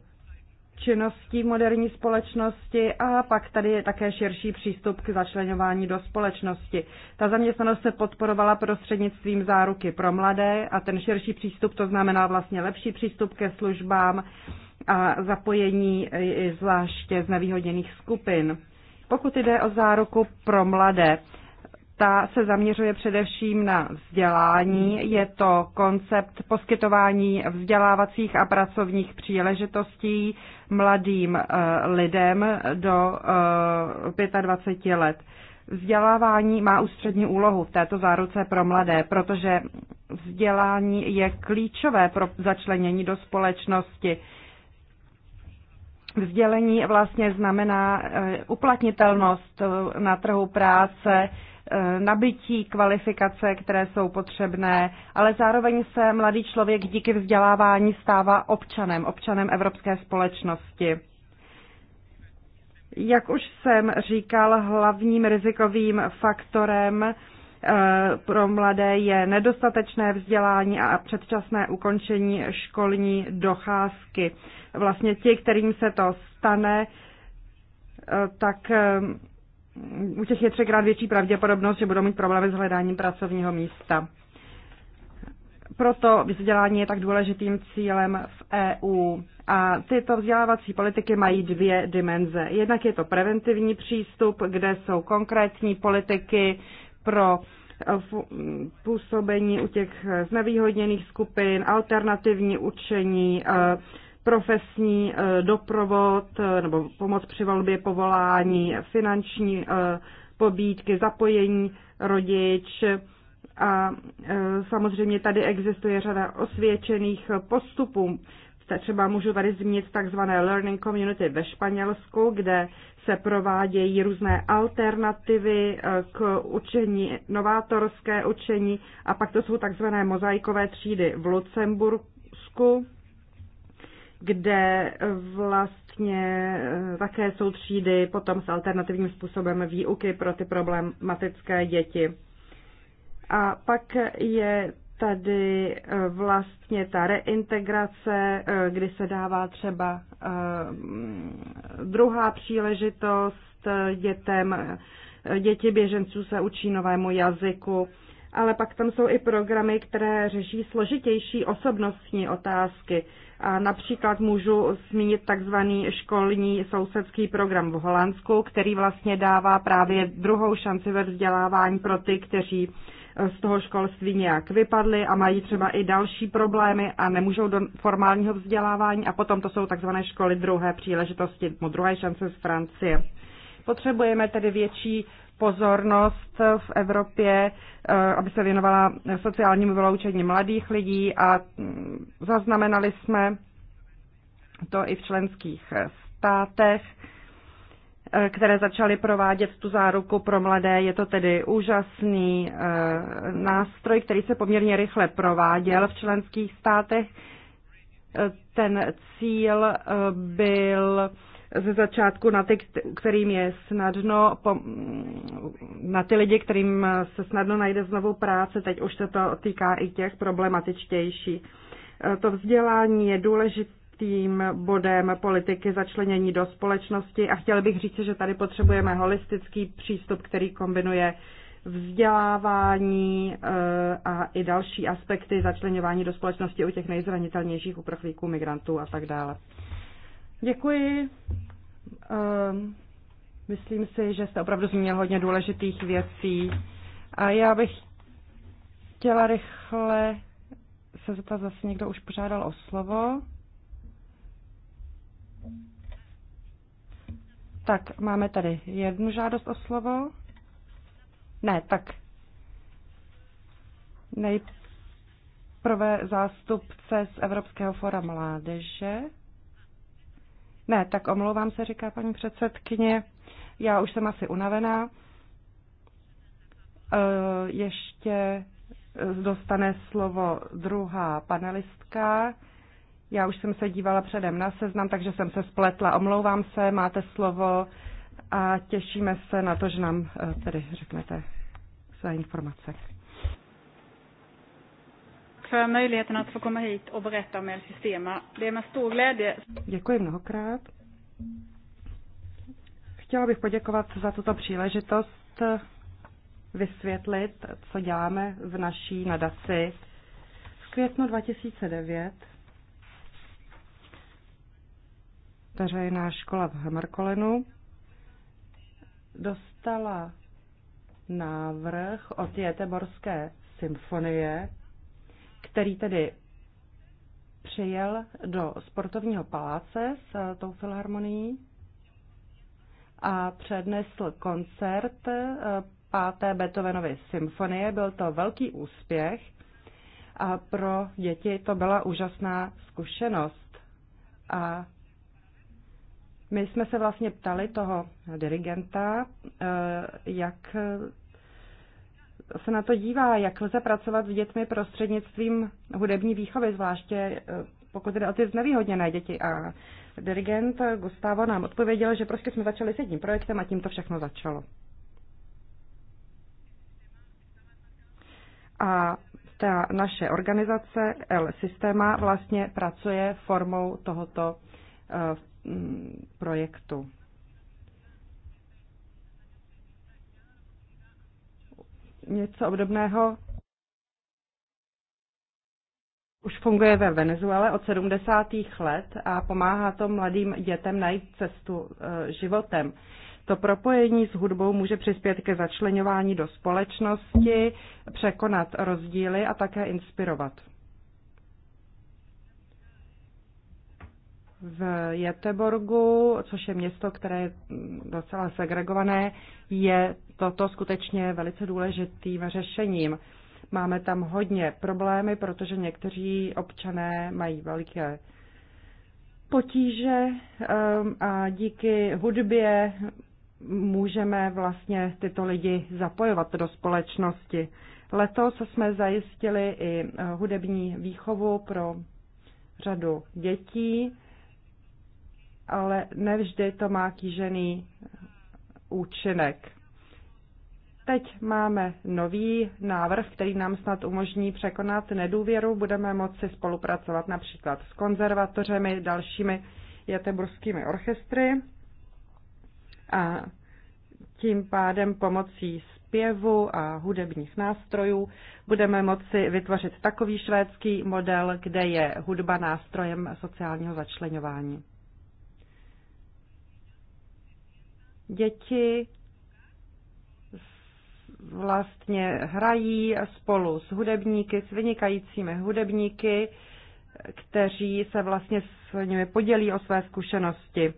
činností v moderní společnosti a pak tady je také širší přístup k začlenování do společnosti. Ta zaměstnanost se podporovala prostřednictvím záruky pro mladé a ten širší přístup to znamená vlastně lepší přístup ke službám a zapojení zvláště z nevýhodněných skupin. Pokud jde o záruku pro mladé, ta se zaměřuje především na vzdělání. Je to koncept poskytování vzdělávacích a pracovních příležitostí mladým eh, lidem do 25 eh, let. Vzdělávání má ústřední úlohu v této záruce pro mladé, protože vzdělání je klíčové pro začlenění do společnosti. Vzdělení vlastně znamená eh, uplatnitelnost eh, na trhu práce, eh, nabití kvalifikace, které jsou potřebné, ale zároveň se mladý člověk díky vzdělávání stává občanem, občanem evropské společnosti. Jak už jsem říkal, hlavním rizikovým faktorem Eh, pro mladé je nedostatečné vzdělání a předčasné ukončení školní docházky. Vlastně ti, kterým se to stane, eh, tak eh, u těch je třikrát větší pravděpodobnost, že budou mít problémy s hledáním pracovního místa. Proto vzdělání je tak důležitým cílem v EU. A tyto vzdělávací politiky mají dvě dimenze. Jednak je to preventivní přístup, kde jsou konkrétní politiky, pro eh, mm, působení u těch eh, znevýhodněných skupin, alternativní učení, eh, profesní doprovod nebo pomoc při volbě povolání, finanční pobídky, zapojení rodič. A samozřejmě tady existuje řada osvědčených postupů. Třeba můžu tady zmínit takzvané learning community ve Španělsku, kde se provádějí různé alternativy eh, k učení, novátorské učení a pak to jsou takzvané mozaikové třídy v Lucembursku, kde eh, vlastně eh, také jsou třídy potom s alternativním způsobem výuky pro ty problematické děti. A pak je tady eh, vlastně ta reintegrace, eh, kdy se dává třeba eh, druhá příležitost dětem, děti běženců se učí novému jazyku, ale pak tam jsou i programy, které řeší složitější osobnostní otázky. A například můžu zmínit takzvaný školní sousedský program v Holandsku, který vlastně dává právě druhou šanci ve vzdělávání pro ty, kteří z toho školství nějak vypadly a mají třeba i další problémy a nemůžou do formálního vzdělávání a potom to jsou takzvané školy druhé příležitosti, druhé šance z Francie. Potřebujeme tedy větší pozornost v Evropě, eh, aby se věnovala sociálnímu vyloučení mladých lidí a mm, zaznamenali jsme to i v členských státech. Eh, které začaly provádět tu záruku pro mladé. Je to tedy úžasný eh, nástroj, který se poměrně rychle prováděl v členských státech. Eh, ten cíl byl ze začátku na ty, kterým je snadno, na ty lidi, kterým se snadno najde znovu práce, teď už se to týká i těch problematičtější. To vzdělání je důležité tím bodem politiky začlenění do společnosti a chtěl bych říct, že tady potřebujeme holistický přístup, který kombinuje vzdělávání eh, a i další aspekty začlenování do společnosti u těch nejzranitelnějších uprchlíků, migrantů a tak dále. Děkuji. Eh, myslím si, že jste opravdu zmínil hodně důležitých věcí a já bych chtěla rychle se zeptat, zase někdo už požádal o slovo. Tak, máme tady jednu žádost o slovo. Ne, tak nejprve zástupce z Evropského fora mládeže. Ne, tak omlouvám se, říká paní předsedkyně. Já už jsem asi unavená. E, ještě e, dostane slovo druhá panelistka, já už jsem se dívala předem na seznam, takže jsem se spletla. Omlouvám se, máte slovo a těšíme se na to, že nám eh, tedy řeknete své informace. Er Děkuji mnohokrát. Chtěla bych poděkovat za tuto příležitost eh, vysvětlit, co děláme v naší nadaci. V květnu 2009 veřejná škola v Hmrkolenu dostala návrh od Jeteborské symfonie, který tedy přijel do sportovního paláce s eh, tou filharmonií a přednesl koncert eh, páté Beethovenovy symfonie. Byl to velký úspěch a pro děti to byla úžasná zkušenost. A my jsme se vlastně ptali toho dirigenta, eh, jak eh, se na to dívá, jak lze pracovat s dětmi prostřednictvím hudební výchovy, zvláště eh, pokud jde o ty znevýhodněné děti. A dirigent Gustavo nám odpověděl, že prostě jsme začali s jedním projektem a tím to všechno začalo. A ta naše organizace El Systema vlastně pracuje formou tohoto projektu. Něco obdobného už funguje ve Venezuele od 70. let a pomáhá to mladým dětem najít cestu e, životem. To propojení s hudbou může přispět ke začlenování do společnosti, překonat rozdíly a také inspirovat. v Jeteborgu, což je město, které je docela segregované, je toto skutečně velice důležitým řešením. Máme tam hodně problémy, protože někteří občané mají veliké potíže ehm, a díky hudbě můžeme vlastně tyto lidi zapojovat do společnosti. Letos jsme zajistili i eh, hudební výchovu pro řadu dětí ale nevždy to má kýžený účinek. Teď máme nový návrh, který nám snad umožní překonat nedůvěru. Budeme moci spolupracovat například s konzervatořemi, dalšími jateburskými orchestry a tím pádem pomocí zpěvu a hudebních nástrojů budeme moci vytvořit takový švédský model, kde je hudba nástrojem sociálního začlenování. Děti vlastně hrají spolu s hudebníky, s vynikajícími hudebníky, kteří se vlastně s nimi podělí o své zkušenosti.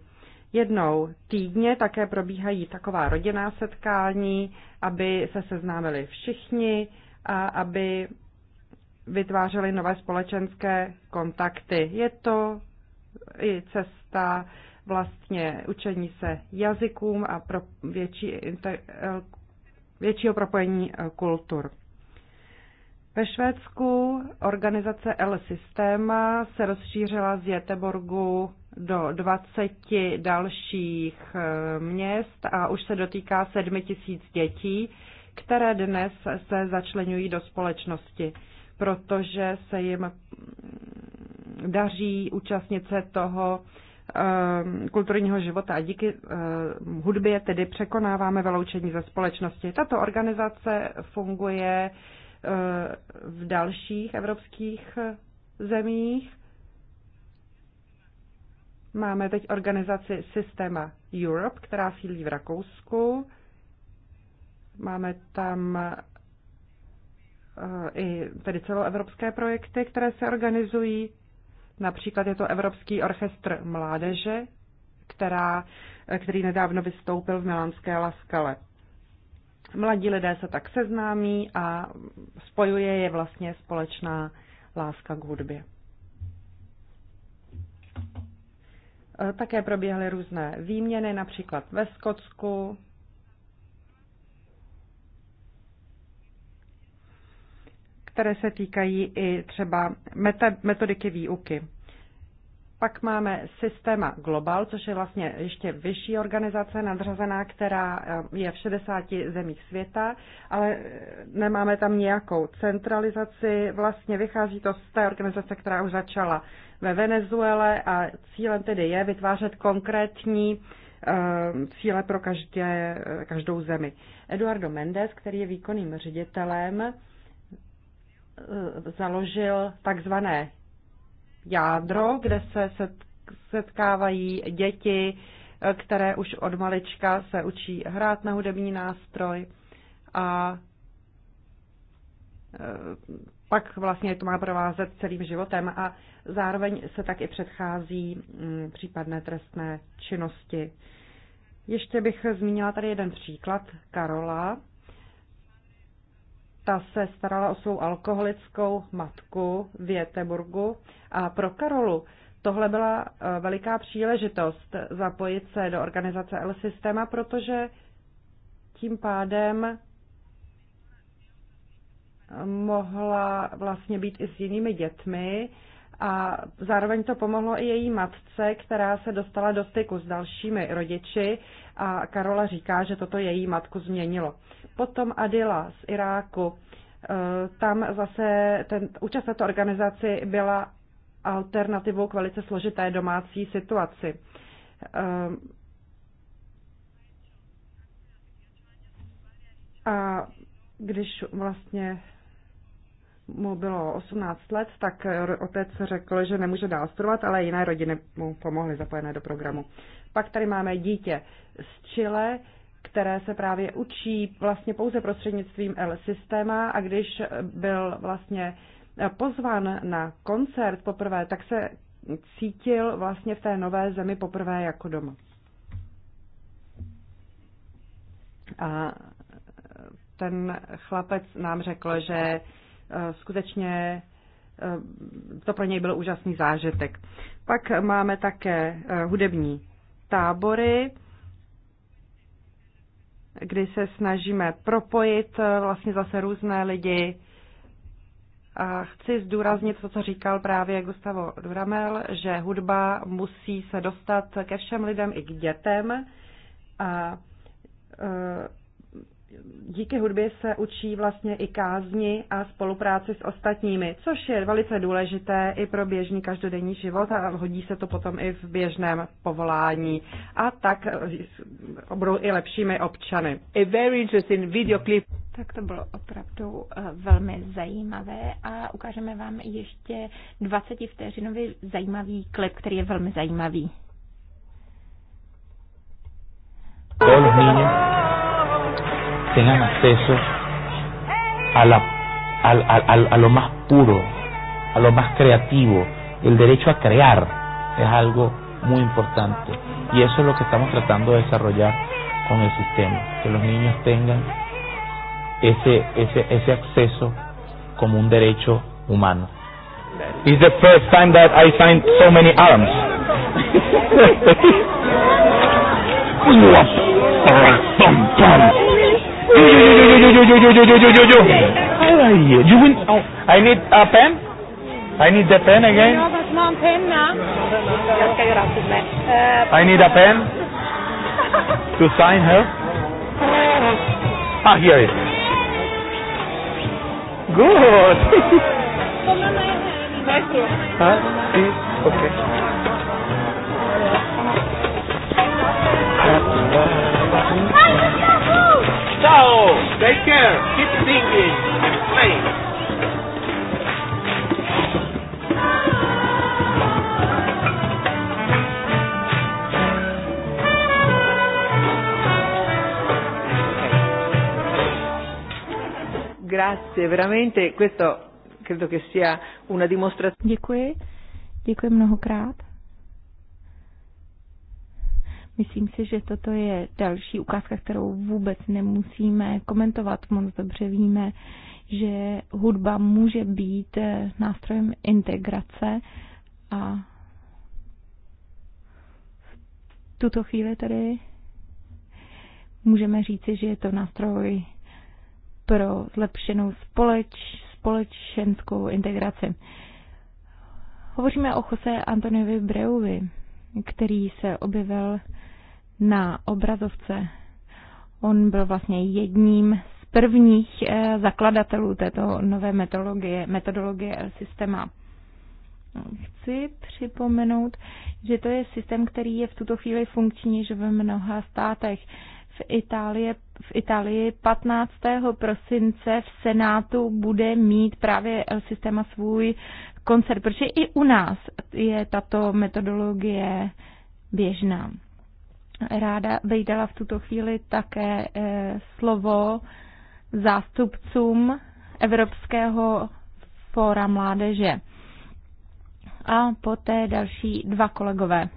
Jednou týdně také probíhají taková rodinná setkání, aby se seznámili všichni a aby vytvářeli nové společenské kontakty. Je to i cesta vlastně učení se jazykům a pro větší, eh, většího propojení eh, kultur. Ve Švédsku organizace L Systema se rozšířila z Jeteborgu do 20 dalších eh, měst a už se dotýká 7 tisíc dětí, které dnes se začlenují do společnosti, protože se jim mm, daří účastnit se toho Eh, kulturního života a díky eh, hudbě tedy překonáváme vyloučení ze společnosti. Tato organizace funguje eh, v dalších evropských zemích. Máme teď organizaci Systema Europe, která sídlí v Rakousku. Máme tam i tedy celoevropské projekty, které se organizují Například je to Evropský orchestr mládeže, která, který nedávno vystoupil v Milánské Laskale. Mladí lidé se tak seznámí a spojuje je vlastně společná láska k hudbě. Také proběhly různé výměny, například ve Skotsku, které se týkají i třeba metodiky výuky. Pak máme systéma Global, což je vlastně ještě vyšší organizace nadřazená, která eh, je v 60 zemích světa, ale eh, nemáme tam nějakou centralizaci. Vlastně vychází to z té organizace, která už začala ve Venezuele a cílem tedy je vytvářet konkrétní eh, cíle pro každé, každou zemi. Eduardo Mendes, který je výkonným ředitelem, Eh, založil takzvané jádro, kde se setkávají děti, eh, které už od malička se učí hrát na hudební nástroj a eh, pak vlastně to má provázet celým životem a zároveň se tak i předchází mm, případné trestné činnosti. Ještě bych zmínila tady jeden příklad Karola, ta se starala o svou alkoholickou matku v Jeteburgu a pro Karolu tohle byla e, veliká příležitost zapojit se do organizace El Systema, protože tím pádem mohla vlastně být i s jinými dětmi a zároveň to pomohlo i její matce, která se dostala do styku s dalšími rodiči a Karola říká, že toto její matku změnilo. Potom Adila z Iráku. Eh, tam zase ten, účast této organizaci byla alternativou k velice složité domácí situaci. Eh, a když vlastně mu bylo 18 let, tak otec řekl, že nemůže dál studovat, ale jiné rodiny mu pomohly zapojené do programu. Pak tady máme dítě z Chile, které se právě učí vlastně pouze prostřednictvím L systéma a když byl vlastně pozvan na koncert poprvé, tak se cítil vlastně v té nové zemi poprvé jako doma. A ten chlapec nám řekl, že eh, skutečně eh, to pro něj byl úžasný zážitek. Pak máme také eh, hudební tábory, kdy se snažíme propojit eh, vlastně zase různé lidi. A chci zdůraznit to, co říkal právě Gustavo Duramel, že hudba musí se dostat ke všem lidem i k dětem. A eh, díky hudbě se učí vlastně i kázni a spolupráci s ostatními, což je velice důležité i pro běžný každodenní život a hodí se to potom i v běžném povolání. A tak budou i lepšími občany. A very interesting video clip. Tak to bylo opravdu eh, velmi zajímavé a ukážeme vám ještě 20 vteřinový zajímavý klip, který je velmi zajímavý tengan acceso a, la, a, a, a, a lo más puro, a lo más creativo. El derecho a crear es algo muy importante y eso es lo que estamos tratando de desarrollar con el sistema, que los niños tengan ese, ese, ese acceso como un derecho humano. It's the first time that I signed so many arms. [laughs] [laughs] yo yo yo yo yo yo yo yo yo yo yo yo yo yo yo yo yo yo yo I need the pen again. No, that's not pen now. Okay, gracias, man. Uh, I need a pen to sign her. Ah, here it is. Good. huh? See? Okay. Take care. Keep singing and playing. Grazie, veramente questo credo che sia una dimostrazione. Děkuji. Děkuji mnohokrát. Myslím si, že toto je další ukázka, kterou vůbec nemusíme komentovat. Moc dobře víme, že hudba může být nástrojem integrace a v tuto chvíli tedy můžeme říci, že je to nástroj pro zlepšenou společ, společenskou integraci. Hovoříme o Jose Antoniovi Breuvi, který se objevil na obrazovce. On byl vlastně jedním z prvních eh, zakladatelů této nové metodologie, metodologie systema. Chci připomenout, že to je systém, který je v tuto chvíli funkční, že ve mnoha státech v Itálii, v Itálii 15. prosince v Senátu bude mít právě El Sistema svůj koncert, protože i u nás je tato metodologie běžná ráda bych dala v tuto chvíli také eh, slovo zástupcům Evropského fóra mládeže a poté další dva kolegové.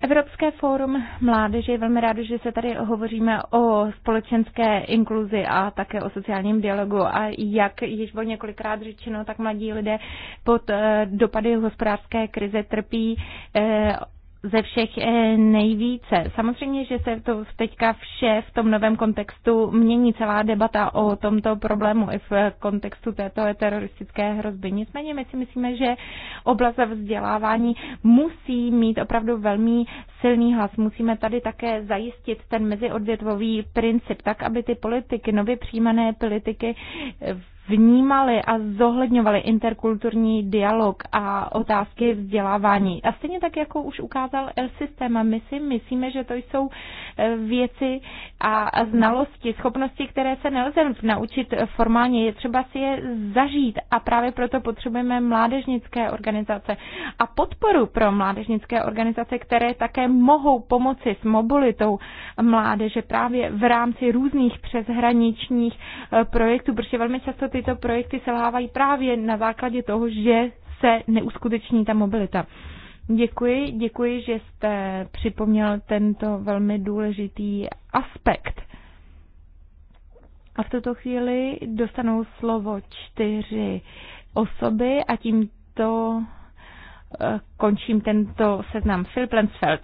Evropské fórum mládeže je velmi rádo, že se tady hovoříme o společenské inkluzi a také o sociálním dialogu. A jak již bylo několikrát řečeno, tak mladí lidé pod eh, dopady hospodářské krize trpí eh, ze všech eh, nejvíce. Samozřejmě, že se to teďka vše v tom novém kontextu mění celá debata o tomto problému i v kontextu této teroristické hrozby. Nicméně my si myslíme, že oblast vzdělávání musí mít opravdu velmi silný hlas. Musíme tady také zajistit ten meziodvětvový princip, tak aby ty politiky, nově přijímané politiky vnímali a zohledňovali interkulturní dialog a otázky vzdělávání. A stejně tak, jako už ukázal El System, a my si myslíme, že to jsou e, věci a znalosti, schopnosti, které se nelze naučit formálně, je třeba si je zažít a právě proto potřebujeme mládežnické organizace a podporu pro mládežnické organizace, které také mohou pomoci s mobilitou mládeže právě v rámci různých přeshraničních e, projektů, protože velmi často ty tyto projekty selhávají právě na základě toho, že se neuskuteční ta mobilita. Děkuji, děkuji, že jste připomněl tento velmi důležitý aspekt. A v tuto chvíli dostanou slovo čtyři osoby a tímto eh, končím tento seznam. Filip Lensfeld.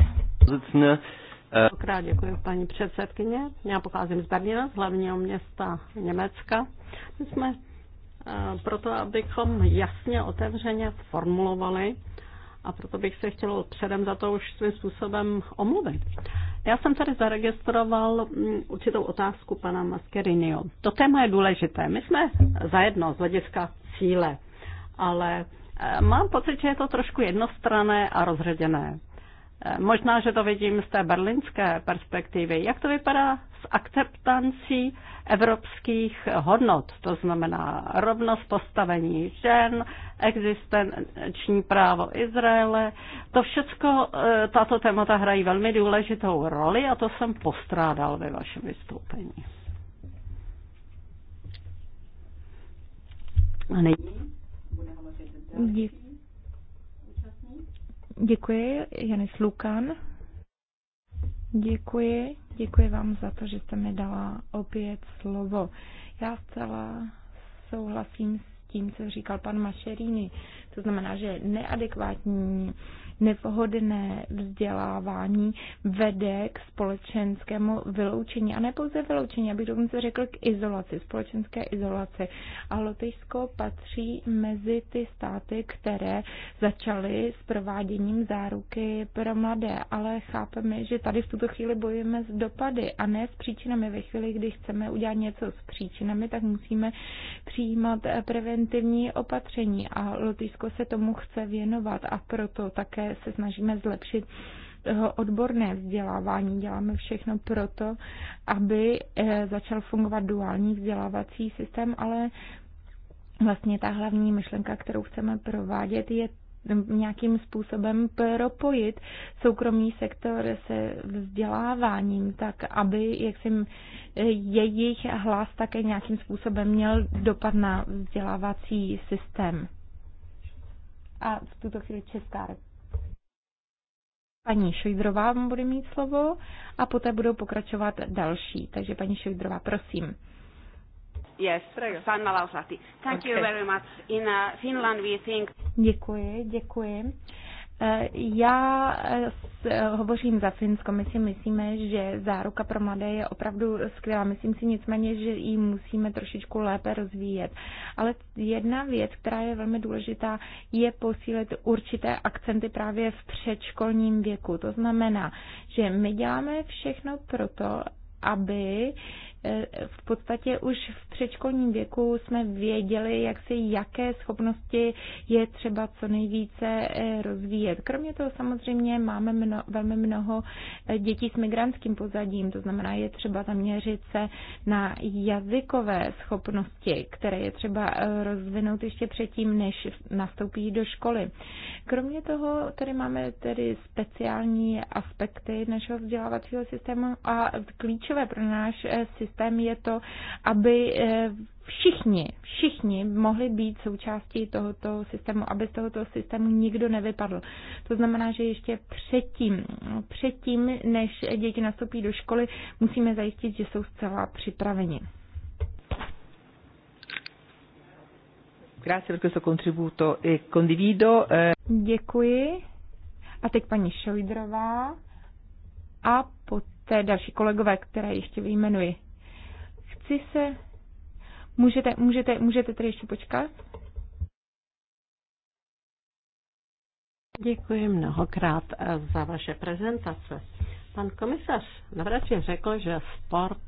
Krát děkuji, paní předsedkyně. Já pocházím z Berlína, z hlavního města Německa. My jsme eh, proto, abychom jasně otevřeně formulovali a proto bych se chtěl předem za to už svým způsobem omluvit. Já jsem tady zaregistroval mm, určitou otázku pana Mascherinio. To téma je důležité. My jsme zajedno z hlediska cíle, ale eh, mám pocit, že je to trošku jednostrané a rozředěné. Eh, možná, že to vidím z té berlínské perspektivy. Jak to vypadá s akceptancí evropských hodnot, to znamená rovnost postavení žen, existenční právo Izraele. To všechno, eh, tato témata hrají velmi důležitou roli a to jsem postrádal ve vašem vystoupení. A nyní Děkuji, Janis Lukan. Děkuji, děkuji vám za to, že jste mi dala opět slovo. Já zcela souhlasím s tím, co říkal pan Mašerini. To znamená, že neadekvátní nepohodné vzdělávání vede k společenskému vyloučení. A ne pouze vyloučení, abych dokonce řekl k izolaci, společenské izolaci. A Lotyšsko patří mezi ty státy, které začaly s prováděním záruky pro mladé, ale chápeme, že tady v tuto chvíli bojujeme s dopady a ne s příčinami. Ve chvíli, kdy chceme udělat něco s příčinami, tak musíme přijímat preventivní opatření a Lotyšsko se tomu chce věnovat a proto také že se snažíme zlepšit odborné vzdělávání. Děláme všechno proto, aby eh, začal fungovat duální vzdělávací systém, ale vlastně ta hlavní myšlenka, kterou chceme provádět, je nějakým způsobem propojit soukromý sektor se vzděláváním, tak aby jak jsem, eh, jejich hlas také nějakým způsobem měl dopad na vzdělávací systém. A v tuto chvíli Česká republika Paní Šojdrová bude mít slovo a poté budou pokračovat další. Takže paní Šojdrová, prosím. Yes, Sanna Lausati. Thank okay. you very much. In uh, Finland we think... Děkuji, děkuji. Eh, já eh, eh, hovořím za Finsko, my si myslíme, že záruka pro mladé je opravdu skvělá. Myslím si nicméně, že ji musíme trošičku lépe rozvíjet. Ale jedna věc, která je velmi důležitá, je posílit určité akcenty právě v předškolním věku. To znamená, že my děláme všechno proto, aby Eh, v podstatě už v předškolním věku jsme věděli, jak si jaké schopnosti je třeba co nejvíce eh, rozvíjet. Kromě toho samozřejmě máme mno, velmi mnoho eh, dětí s migrantským pozadím, to znamená, je třeba zaměřit se na jazykové schopnosti, které je třeba rozvinout ještě předtím, než nastoupí do školy. Kromě toho tady máme tedy speciální aspekty našeho vzdělávacího systému a klíčové pro náš systém systém je to, aby eh, všichni, všichni mohli být součástí tohoto systému, aby z tohoto systému nikdo nevypadl. To znamená, že ještě předtím, předtím, než děti nastoupí do školy, musíme zajistit, že jsou zcela připraveni. Grazie per questo contributo e condivido. Eh. Děkuji. A teď paní Šojdrová a poté další kolegové, které ještě vyjmenuji. Chci se... Můžete, můžete, můžete tady ještě počkat? Děkuji mnohokrát eh, za vaše prezentace. Pan komisař Navratil řekl, že sport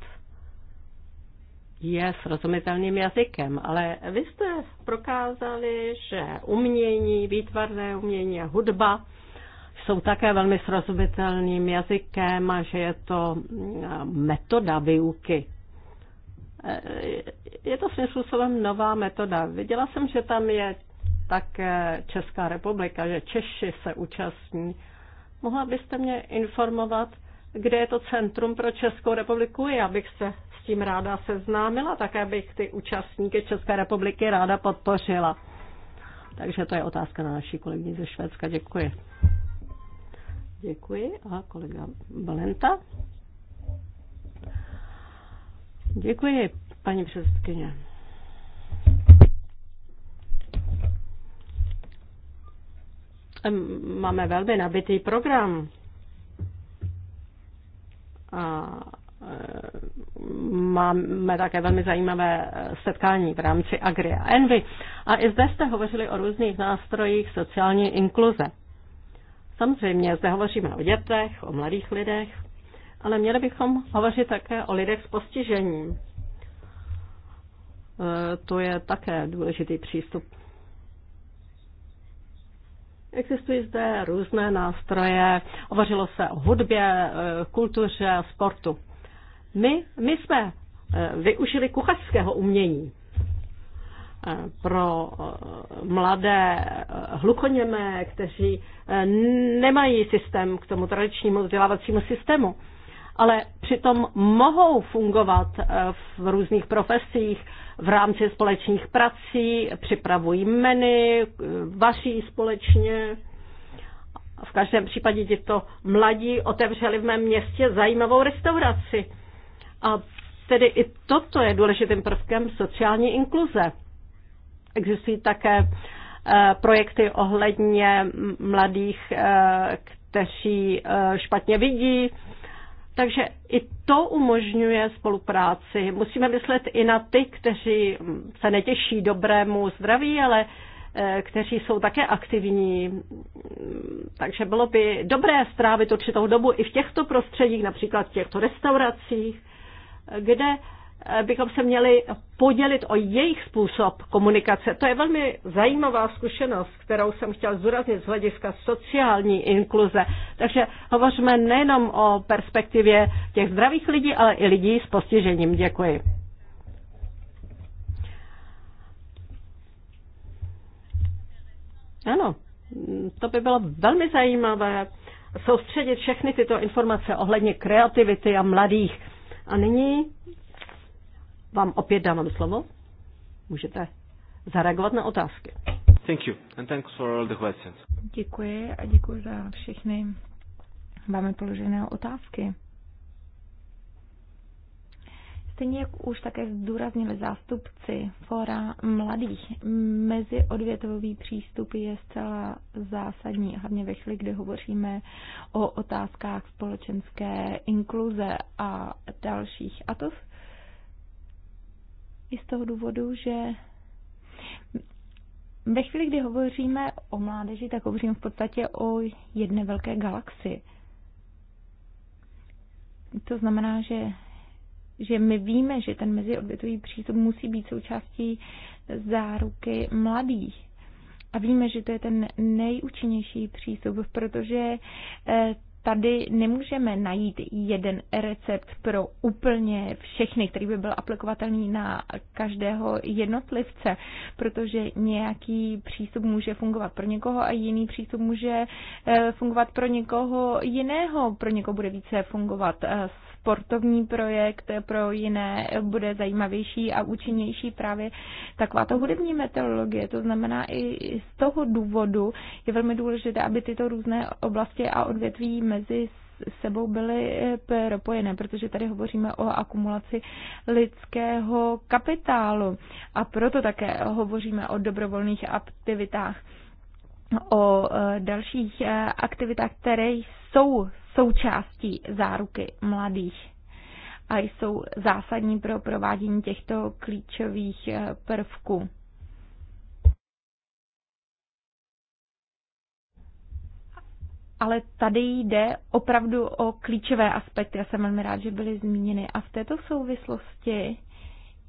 je srozumitelným jazykem, ale vy jste prokázali, že umění, výtvarné umění a hudba jsou také velmi srozumitelným jazykem a že je to mm, metoda výuky. Eh, je to svým způsobem nová metoda. Viděla jsem, že tam je také Česká republika, že Češi se účastní. Mohla byste mě informovat, kde je to Centrum pro Českou republiku? Já bych se s tím ráda seznámila, také bych ty účastníky České republiky ráda podpořila. Takže to je otázka na naší kolegyni ze Švédska. Děkuji. Děkuji. A kolega Valenta. Děkuji, paní předsedkyně. Máme velmi nabitý program. A e, máme také velmi zajímavé setkání v rámci Agri a Envy. A i zde jste hovořili o různých nástrojích sociální inkluze. Samozřejmě zde hovoříme o dětech, o mladých lidech, ale měli bychom hovořit také o lidech s postižením. E, to je také důležitý přístup. Existují zde různé nástroje, hovořilo se o hudbě, e, kultuře, sportu. My, my jsme e, využili kuchařského umění pro mladé hlukoněmé, kteří nemají systém k tomu tradičnímu vzdělávacímu systému ale přitom mohou fungovat eh, v různých profesích, v rámci společných prací, připravují meny, eh, vaří společně. V každém případě těto mladí otevřeli v mém městě zajímavou restauraci. A tedy i toto je důležitým prvkem sociální inkluze. Existují také eh, projekty ohledně mladých, kteří špatně vidí, takže i to umožňuje spolupráci. Musíme myslet i na ty, kteří se netěší dobrému zdraví, ale eh, kteří jsou také aktivní. Takže bylo by dobré strávit určitou dobu i v těchto prostředích, například v těchto restauracích, kde Eh, bychom se měli podělit o jejich způsob komunikace. To je velmi zajímavá zkušenost, kterou jsem chtěl zúraznit z hlediska sociální inkluze. Takže hovoříme nejenom o perspektivě těch zdravých lidí, ale i lidí s postižením. Děkuji. Ano, to by bylo velmi zajímavé soustředit všechny tyto informace ohledně kreativity a mladých. A nyní vám opět dávám slovo. Můžete zareagovat na otázky. Thank you and thanks for all the questions. Děkuji a děkuji za všechny vámi položené otázky. Stejně jak už také zdůraznili zástupci fora mladých, meziodvětový přístup je zcela zásadní, hlavně ve chvíli, kdy hovoříme o otázkách společenské inkluze a dalších. A to i z toho důvodu, že ve chvíli, kdy hovoříme o mládeži, tak hovoříme v podstatě o jedné velké galaxii. To znamená, že, že my víme, že ten meziodvětový přístup musí být součástí záruky mladých. A víme, že to je ten nejúčinnější přístup, protože eh, tady nemůžeme najít jeden recept pro úplně všechny, který by byl aplikovatelný na každého jednotlivce, protože nějaký přístup může fungovat pro někoho a jiný přístup může eh, fungovat pro někoho jiného. Pro někoho bude více fungovat eh, sportovní projekt pro jiné bude zajímavější a účinnější právě taková to hudební meteorologie. To znamená i z toho důvodu je velmi důležité, aby tyto různé oblasti a odvětví mezi sebou byly eh, propojené, protože tady hovoříme o akumulaci lidského kapitálu a proto také hovoříme o dobrovolných aktivitách, o eh, dalších eh, aktivitách, které jsou součástí záruky mladých a jsou zásadní pro provádění těchto klíčových eh, prvků. ale tady jde opravdu o klíčové aspekty. Já jsem velmi rád, že byly zmíněny. A v této souvislosti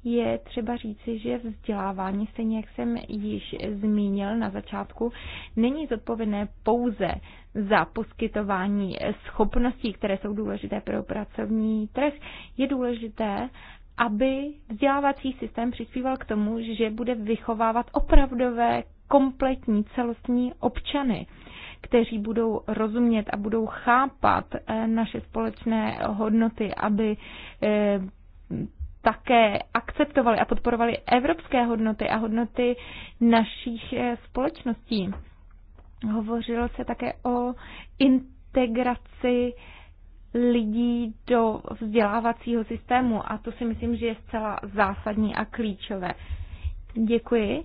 je třeba říci, že vzdělávání, stejně jak jsem již zmínil na začátku, není zodpovědné pouze za poskytování schopností, které jsou důležité pro pracovní trh. Je důležité, aby vzdělávací systém přispíval k tomu, že bude vychovávat opravdové, kompletní, celostní občany kteří budou rozumět a budou chápat eh, naše společné hodnoty, aby eh, také akceptovali a podporovali evropské hodnoty a hodnoty našich eh, společností. Hovořilo se také o integraci lidí do vzdělávacího systému a to si myslím, že je zcela zásadní a klíčové. Děkuji,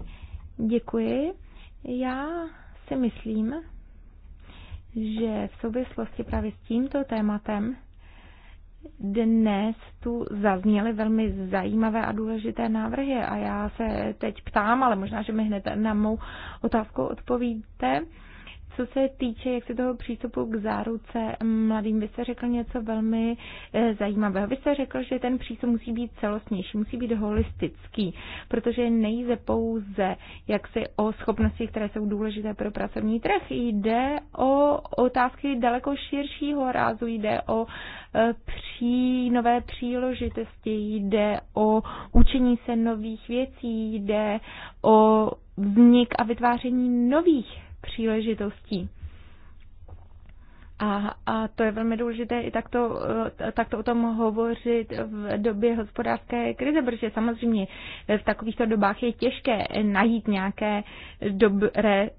děkuji. Já si myslím, že v souvislosti právě s tímto tématem dnes tu zazněly velmi zajímavé a důležité návrhy a já se teď ptám, ale možná, že mi hned na mou otázku odpovíte. Co se týče jak se toho přístupu k záruce mladým, vy jste řekl něco velmi eh, zajímavého. Vy jste řekl, že ten přístup musí být celostnější, musí být holistický, protože nejde pouze jaksi o schopnosti, které jsou důležité pro pracovní trh, jde o otázky daleko širšího rázu, jde o eh, pří, nové příležitosti, jde o učení se nových věcí, jde o vznik a vytváření nových příležitostí. A, a to je velmi důležité i takto, e, takto o tom hovořit v době hospodářské krize, protože samozřejmě v takovýchto dobách je těžké najít nějaké dobré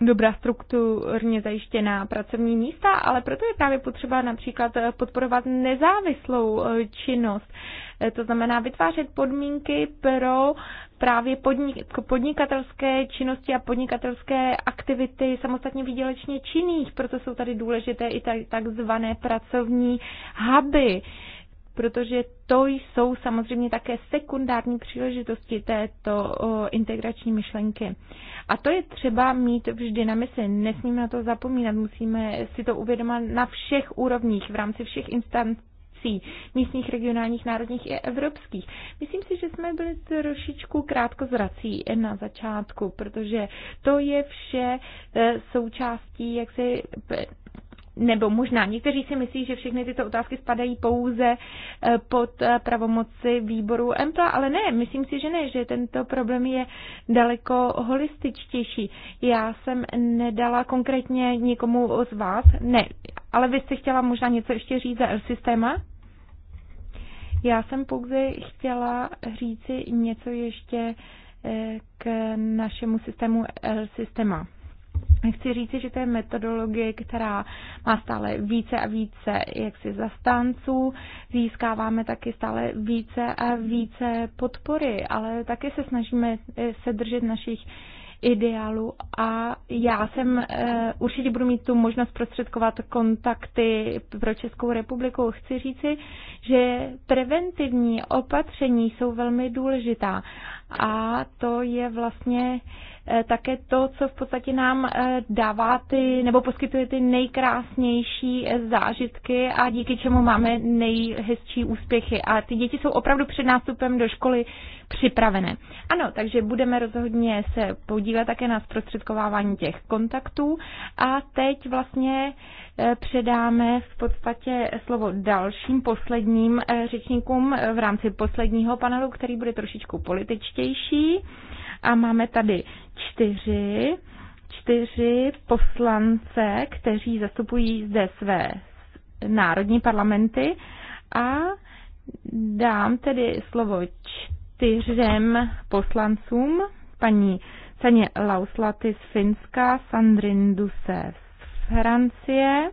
dobrá strukturně zajištěná pracovní místa, ale proto je právě potřeba například podporovat nezávislou e, činnost. E, to znamená vytvářet podmínky pro právě podnik, podnikatelské činnosti a podnikatelské aktivity samostatně výdělečně činných, proto jsou tady důležité i takzvané pracovní huby, protože to jsou samozřejmě také sekundární příležitosti této integrační myšlenky. A to je třeba mít vždy na mysli. Nesmíme na to zapomínat, musíme si to uvědomit na všech úrovních, v rámci všech instancí akcí místních, regionálních, národních i evropských. Myslím si, že jsme byli trošičku krátkozrací na začátku, protože to je vše e, součástí jak si e, nebo možná někteří si myslí, že všechny tyto otázky spadají pouze e, pod pravomoci výboru EMPLA, ale ne, myslím si, že ne, že tento problém je daleko holističtější. Já jsem nedala konkrétně někomu z vás, ne, ale vy jste chtěla možná něco ještě říct za systéma? Já jsem pouze chtěla říci něco ještě eh, k našemu systému L systéma. Chci říci, že to je metodologie, která má stále více a více jaksi zastánců. Získáváme taky stále více a více podpory, ale taky se snažíme eh, se držet našich ideálu a já jsem eh, určitě budu mít tu možnost prostředkovat kontakty pro Českou republiku. Chci říci, že preventivní opatření jsou velmi důležitá a to je vlastně Eh, také to, co v podstatě nám eh, dává ty, nebo poskytuje ty nejkrásnější eh, zážitky a díky čemu máme nejhezčí úspěchy. A ty děti jsou opravdu před nástupem do školy připravené. Ano, takže budeme rozhodně se podílet také na zprostředkovávání těch kontaktů a teď vlastně předáme v podstatě slovo dalším posledním řečníkům v rámci posledního panelu, který bude trošičku političtější. A máme tady čtyři, čtyři poslance, kteří zastupují zde své národní parlamenty a dám tedy slovo čtyřem poslancům, paní Saně Lauslaty z Finska, Sandrin Duse z Francie.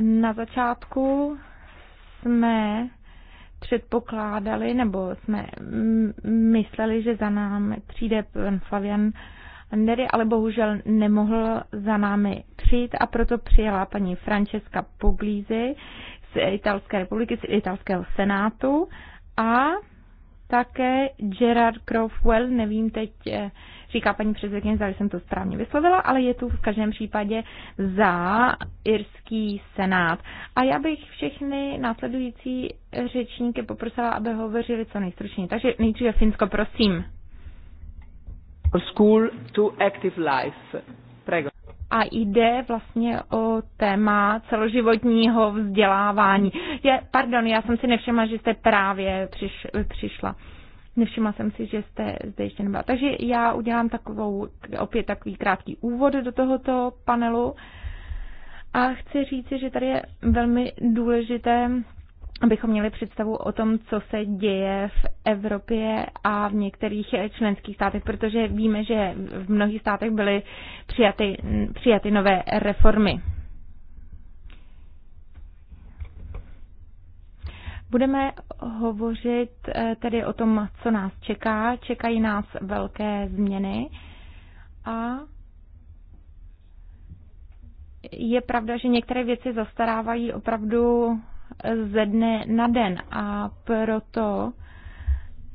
Na začátku jsme předpokládali nebo jsme mysleli, že za námi přijde pan Flavian Andery, ale bohužel nemohl za námi přijít a proto přijela paní Francesca Puglisi z Italské republiky, z italského senátu a také Gerard Crowell, nevím teď eh, říká paní předsedkyně, zda jsem to správně vyslovila, ale je tu v každém případě za irský senát. A já bych všechny následující řečníky poprosila, aby hovořili co nejstručněji. Takže nejdříve Finsko, prosím. School to active life. a jde vlastně o téma celoživotního vzdělávání. Je, pardon, já jsem si nevšimla, že jste právě přiš, přišla. Nevšimla jsem si, že jste zde ještě nebyla. Takže já udělám takovou, opět takový krátký úvod do tohoto panelu. A chci říci, že tady je velmi důležité abychom měli představu o tom, co se děje v Evropě a v některých členských státech, protože víme, že v mnohých státech byly přijaty, přijaty nové reformy. Budeme hovořit eh, tedy o tom, co nás čeká. Čekají nás velké změny a je pravda, že některé věci zastarávají opravdu eh, ze dne na den a proto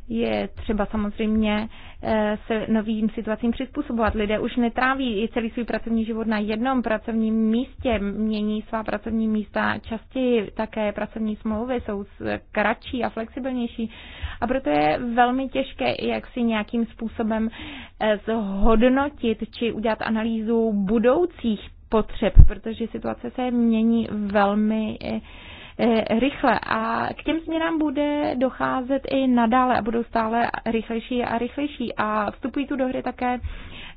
je třeba samozřejmě Eh, se novým situacím přizpůsobovat. Lidé už netráví celý svůj pracovní život na jednom pracovním místě, mění svá pracovní místa častěji, také pracovní smlouvy jsou kratší a flexibilnější. A proto je velmi těžké, jak si nějakým způsobem eh, zhodnotit či udělat analýzu budoucích potřeb, protože situace se mění velmi eh, Eh, rychle a k těm změnám bude docházet i nadále a budou stále rychlejší a rychlejší a vstupují tu do hry také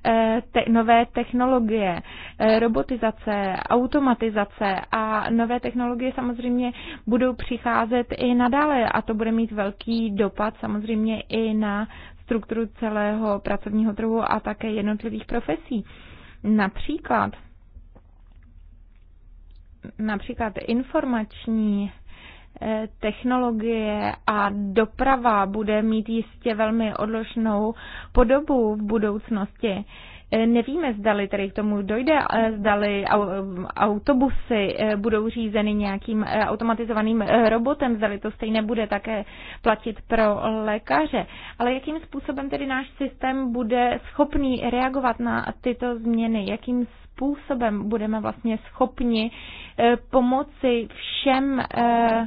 eh, te- nové technologie, eh, robotizace, automatizace a nové technologie samozřejmě budou přicházet i nadále a to bude mít velký dopad samozřejmě i na strukturu celého pracovního trhu a také jednotlivých profesí. Například například informační eh, technologie a doprava bude mít jistě velmi odložnou podobu v budoucnosti. Eh, nevíme, zdali tedy k tomu dojde, eh, zdali autobusy budou řízeny nějakým automatizovaným robotem, zdali to stejně bude také platit pro lékaře. Ale jakým způsobem tedy náš systém bude schopný reagovat na tyto změny, jakým způsobem budeme vlastně schopni eh, pomoci všem eh,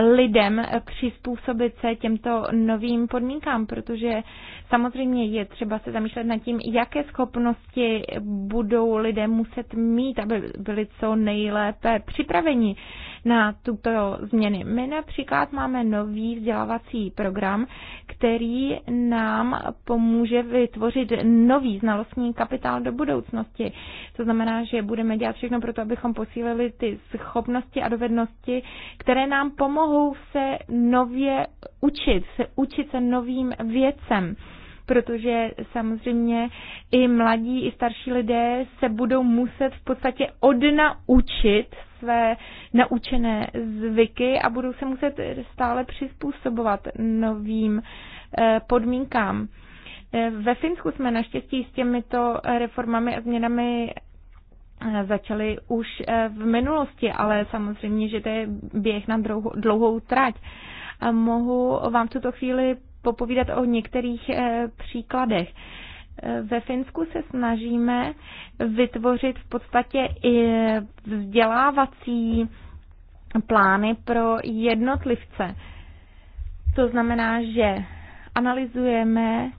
lidem přizpůsobit se těmto novým podmínkám, protože samozřejmě je třeba se zamýšlet nad tím, jaké schopnosti budou lidé muset mít, aby byli co nejlépe připraveni na tuto změny. My například máme nový vzdělávací program, který nám pomůže vytvořit nový znalostní kapitál do budoucnosti. To znamená, že budeme dělat všechno pro to, abychom posílili ty schopnosti a dovednosti, které nám pomohou mohou se nově učit, se učit se novým věcem protože samozřejmě i mladí, i starší lidé se budou muset v podstatě odnaučit své naučené zvyky a budou se muset stále přizpůsobovat novým eh, podmínkám. Eh, ve Finsku jsme naštěstí s těmito reformami a změnami začaly už eh, v minulosti, ale samozřejmě, že to je běh na dlouhou, dlouhou trať. A mohu vám v tuto chvíli popovídat o některých eh, příkladech. Eh, ve Finsku se snažíme vytvořit v podstatě i vzdělávací plány pro jednotlivce. To znamená, že analyzujeme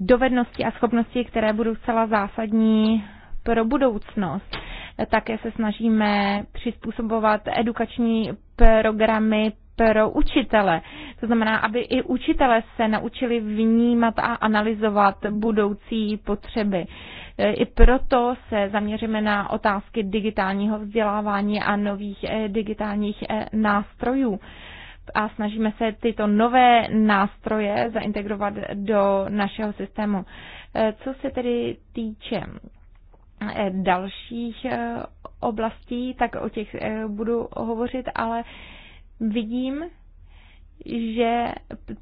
dovednosti a schopnosti, které budou zcela zásadní pro budoucnost. Také se snažíme přizpůsobovat edukační programy pro učitele. To znamená, aby i učitele se naučili vnímat a analyzovat budoucí potřeby. I proto se zaměříme na otázky digitálního vzdělávání a nových eh, digitálních eh, nástrojů a snažíme se tyto nové nástroje zaintegrovat do našeho systému. Eh, co se tedy týče Eh, dalších eh, oblastí, tak o těch eh, budu hovořit, ale vidím, že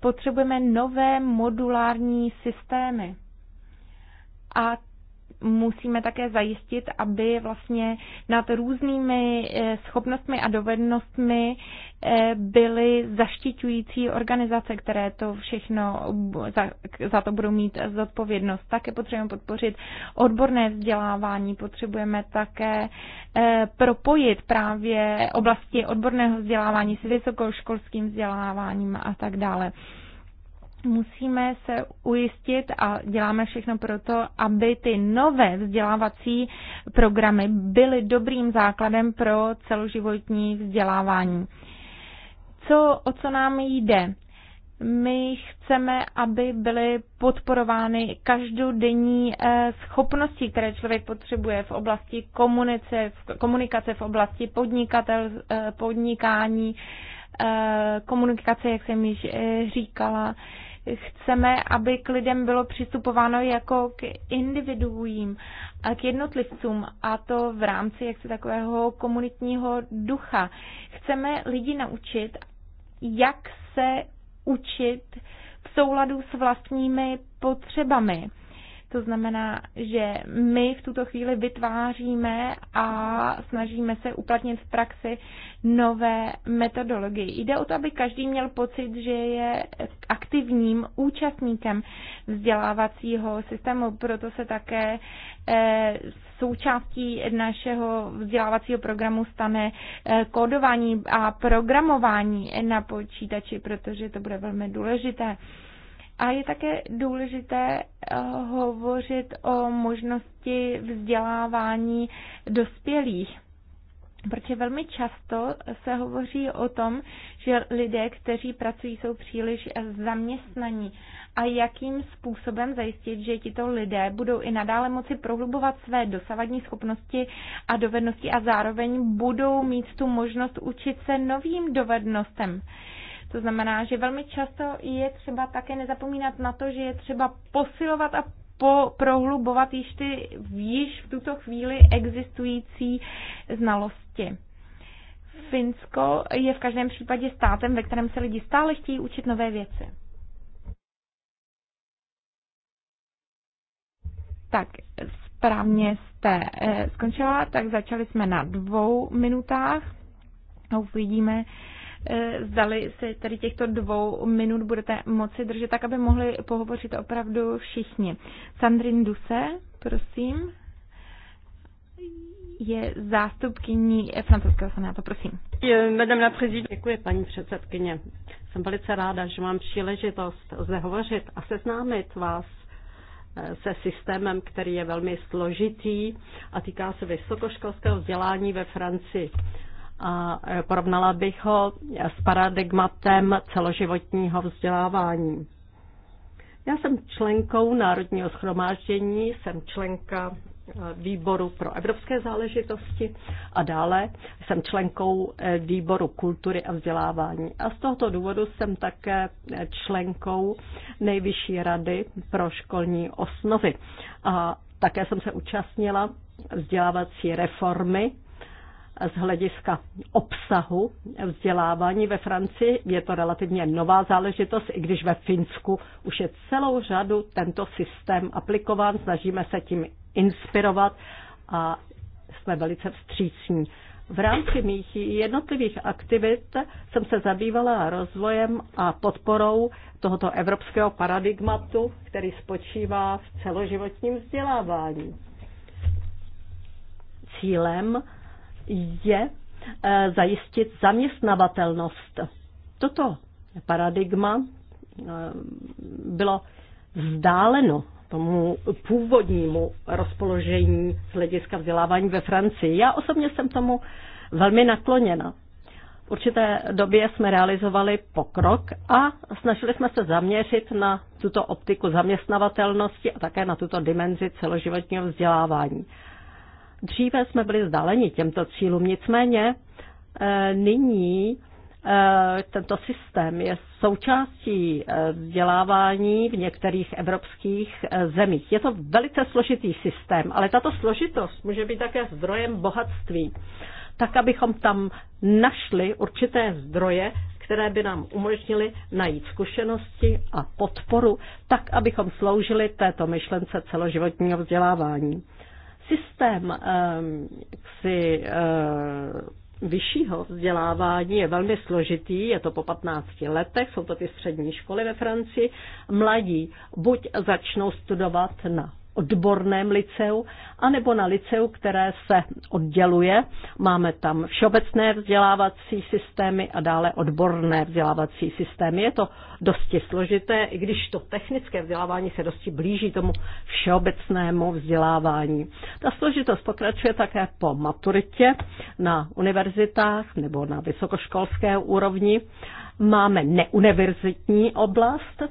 potřebujeme nové modulární systémy. A musíme také zajistit, aby vlastně nad různými eh, schopnostmi a dovednostmi eh, byly zaštiťující organizace, které to všechno za, za to budou mít zodpovědnost. Také potřebujeme podpořit odborné vzdělávání, potřebujeme také eh, propojit právě oblasti odborného vzdělávání s vysokoškolským vzděláváním a tak dále musíme se ujistit a děláme všechno proto, aby ty nové vzdělávací programy byly dobrým základem pro celoživotní vzdělávání. Co, o co nám jde? My chceme, aby byly podporovány každodenní eh, schopnosti, které člověk potřebuje v oblasti komunice, v komunikace, v oblasti podnikatel, eh, podnikání, eh, komunikace, jak jsem již říkala, chceme, aby k lidem bylo přistupováno jako k individuím k jednotlivcům a to v rámci jaksi takového komunitního ducha. Chceme lidi naučit, jak se učit v souladu s vlastními potřebami. To znamená, že my v tuto chvíli vytváříme a snažíme se uplatnit v praxi nové metodologie. Jde o to, aby každý měl pocit, že je aktivním účastníkem vzdělávacího systému. Proto se také eh, součástí našeho vzdělávacího programu stane eh, kódování a programování na počítači, protože to bude velmi důležité. A je také důležité eh, hovořit o možnosti vzdělávání dospělých. Protože velmi často se hovoří o tom, že lidé, kteří pracují, jsou příliš zaměstnaní. A jakým způsobem zajistit, že tito lidé budou i nadále moci prohlubovat své dosavadní schopnosti a dovednosti a zároveň budou mít tu možnost učit se novým dovednostem. To znamená, že velmi často je třeba také nezapomínat na to, že je třeba posilovat a po, prohlubovat již ty již v tuto chvíli existující znalosti. Finsko je v každém případě státem, ve kterém se lidi stále chtějí učit nové věci. Tak, správně jste eh, skončila, tak začali jsme na dvou minutách. Uvidíme, Eh, zdali se tady těchto dvou minut budete moci držet, tak aby mohli pohovořit opravdu všichni. Sandrine Duse, prosím, je zástupkyní francouzského senátu, prosím. Madame la présidente. Děkuji, paní předsedkyně. Jsem velice ráda, že mám příležitost zde hovořit a seznámit vás eh, se systémem, který je velmi složitý a týká se vysokoškolského vzdělání ve Francii a e, porovnala bych ho s paradigmatem celoživotního vzdělávání. Já jsem členkou Národního schromáždění, jsem členka e, výboru pro evropské záležitosti a dále jsem členkou e, výboru kultury a vzdělávání. A z tohoto důvodu jsem také členkou Nejvyšší rady pro školní osnovy. A také jsem se účastnila vzdělávací reformy z hlediska obsahu vzdělávání ve Francii. Je to relativně nová záležitost, i když ve Finsku už je celou řadu tento systém aplikován. Snažíme se tím inspirovat a jsme velice vstřícní. V rámci mých jednotlivých aktivit jsem se zabývala rozvojem a podporou tohoto evropského paradigmatu, který spočívá v celoživotním vzdělávání. Cílem je eh, zajistit zaměstnavatelnost. Toto paradigma eh, bylo vzdáleno tomu původnímu rozpoložení z hlediska vzdělávání ve Francii. Já osobně jsem tomu velmi nakloněna. V určité době jsme realizovali pokrok a snažili jsme se zaměřit na tuto optiku zaměstnavatelnosti a také na tuto dimenzi celoživotního vzdělávání. Dříve jsme byli vzdáleni těmto cílům, nicméně eh, nyní eh, tento systém je součástí eh, vzdělávání v některých evropských zemích. Je to velice složitý systém, ale tato složitost může být také zdrojem bohatství, tak abychom tam našli určité zdroje, které by nám umožnily najít zkušenosti a podporu, tak abychom sloužili této myšlence celoživotního vzdělávání. Systém eh, si eh, vyššího vzdělávání je velmi složitý, je to po 15 letech, jsou to ty střední školy ve Francii. Mladí buď začnou studovat na odborném liceu, anebo na liceu, které se odděluje. Máme tam všeobecné vzdělávací systémy a dále odborné vzdělávací systémy. Je to dosti složité, i když to technické vzdělávání se dosti blíží tomu všeobecnému vzdělávání. Ta složitost pokračuje také po maturitě na univerzitách nebo na vysokoškolské úrovni Máme neuniverzitní oblast,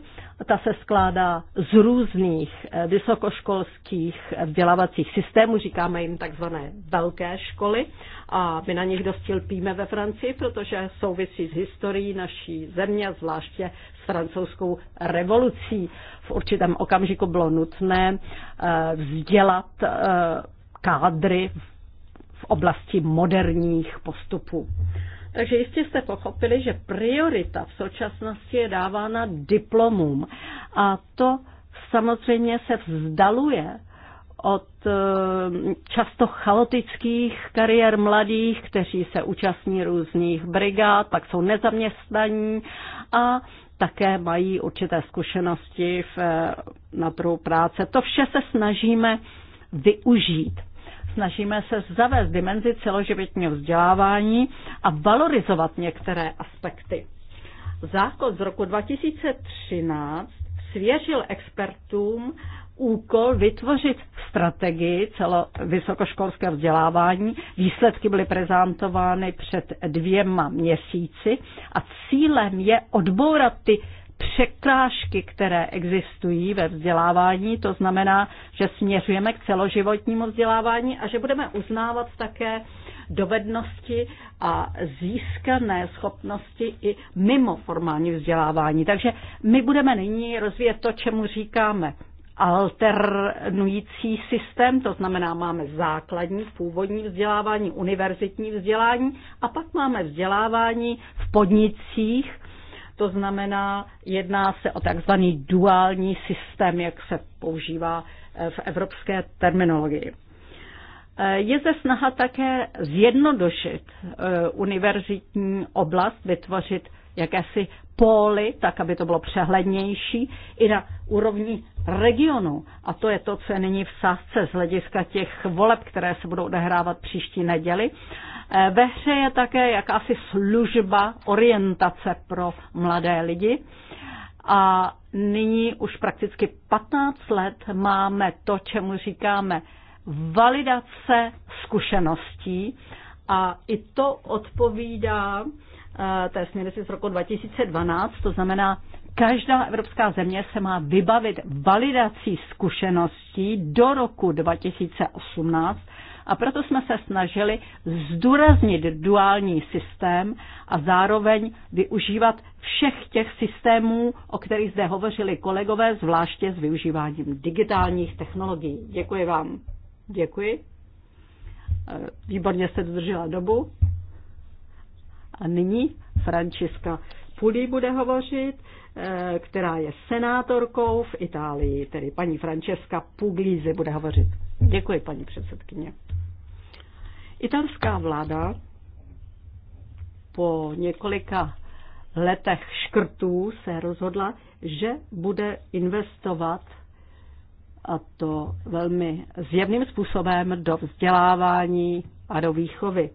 ta se skládá z různých eh, vysokoškolských eh, vzdělávacích systémů, říkáme jim takzvané velké školy a my na nich dost lpíme ve Francii, protože souvisí s historií naší země, zvláště s francouzskou revolucí. V určitém okamžiku bylo nutné eh, vzdělat kádry v oblasti moderních postupů. Takže jistě jste pochopili, že priorita v současnosti je dávána diplomům. A to samozřejmě se vzdaluje od eh, často chaotických kariér mladých, kteří se účastní různých brigád, pak jsou nezaměstnaní a také mají určité zkušenosti v, eh, na trhu práce. To vše se snažíme využít. Snažíme se zavést dimenzi celoživotního vzdělávání a valorizovat některé aspekty. Zákon z roku 2013 svěřil expertům úkol vytvořit strategii celo vysokoškolského vzdělávání. Výsledky byly prezentovány před dvěma měsíci a cílem je odbourat ty překrážky, které existují ve vzdělávání, to znamená, že směřujeme k celoživotnímu vzdělávání a že budeme uznávat také dovednosti a získané schopnosti i mimo formální vzdělávání. Takže my budeme nyní rozvíjet to, čemu říkáme alternující systém, to znamená máme základní původní vzdělávání, univerzitní vzdělání a pak máme vzdělávání v podnicích, to znamená, jedná se o takzvaný duální systém, jak se používá eh, v evropské terminologii. Eh, je zde snaha také zjednodušit eh, univerzitní oblast, vytvořit jakési póly, tak aby to bylo přehlednější i na úrovni regionu. A to je to, co je nyní v sázce z hlediska těch voleb, které se budou odehrávat příští neděli. Eh, ve hře je také jakási služba orientace pro mladé lidi. A nyní už prakticky 15 let máme to, čemu říkáme validace zkušeností. A i to odpovídá eh, té směrnici z roku 2012, to znamená Každá evropská země se má vybavit validací zkušeností do roku 2018 a proto jsme se snažili zdůraznit duální systém a zároveň využívat všech těch systémů, o kterých zde hovořili kolegové, zvláště s využíváním digitálních technologií. Děkuji vám. Děkuji. Eh, výborně se dodržela dobu. A nyní Franciska Pulí bude hovořit. Eh, která je senátorkou v Itálii, tedy paní Francesca Puglisi bude hovořit. Děkuji, paní předsedkyně. Italská vláda po několika letech škrtů se rozhodla, že bude investovat a to velmi zjevným způsobem do vzdělávání a do výchovy.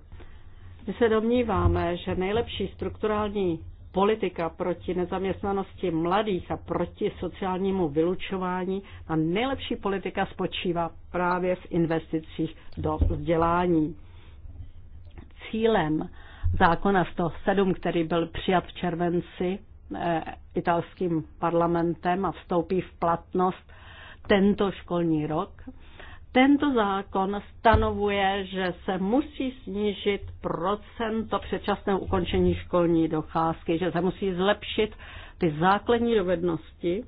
My se domníváme, že nejlepší strukturální politika proti nezaměstnanosti mladých a proti sociálnímu vylučování a nejlepší politika spočívá právě v investicích do vzdělání. Cílem zákona 107, který byl přijat v červenci eh, italským parlamentem a vstoupí v platnost tento školní rok, tento zákon stanovuje, že se musí snížit procento předčasného ukončení školní docházky, že se musí zlepšit ty základní dovednosti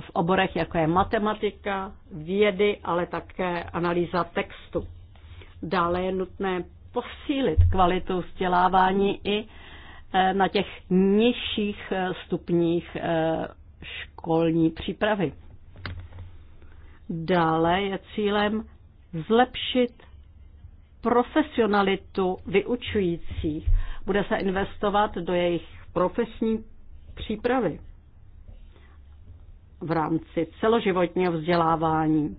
v oborech, jako je matematika, vědy, ale také analýza textu. Dále je nutné posílit kvalitu vzdělávání i eh, na těch nižších eh, stupních eh, školní přípravy. Dále je cílem zlepšit profesionalitu vyučujících. Bude se investovat do jejich profesní přípravy v rámci celoživotního vzdělávání.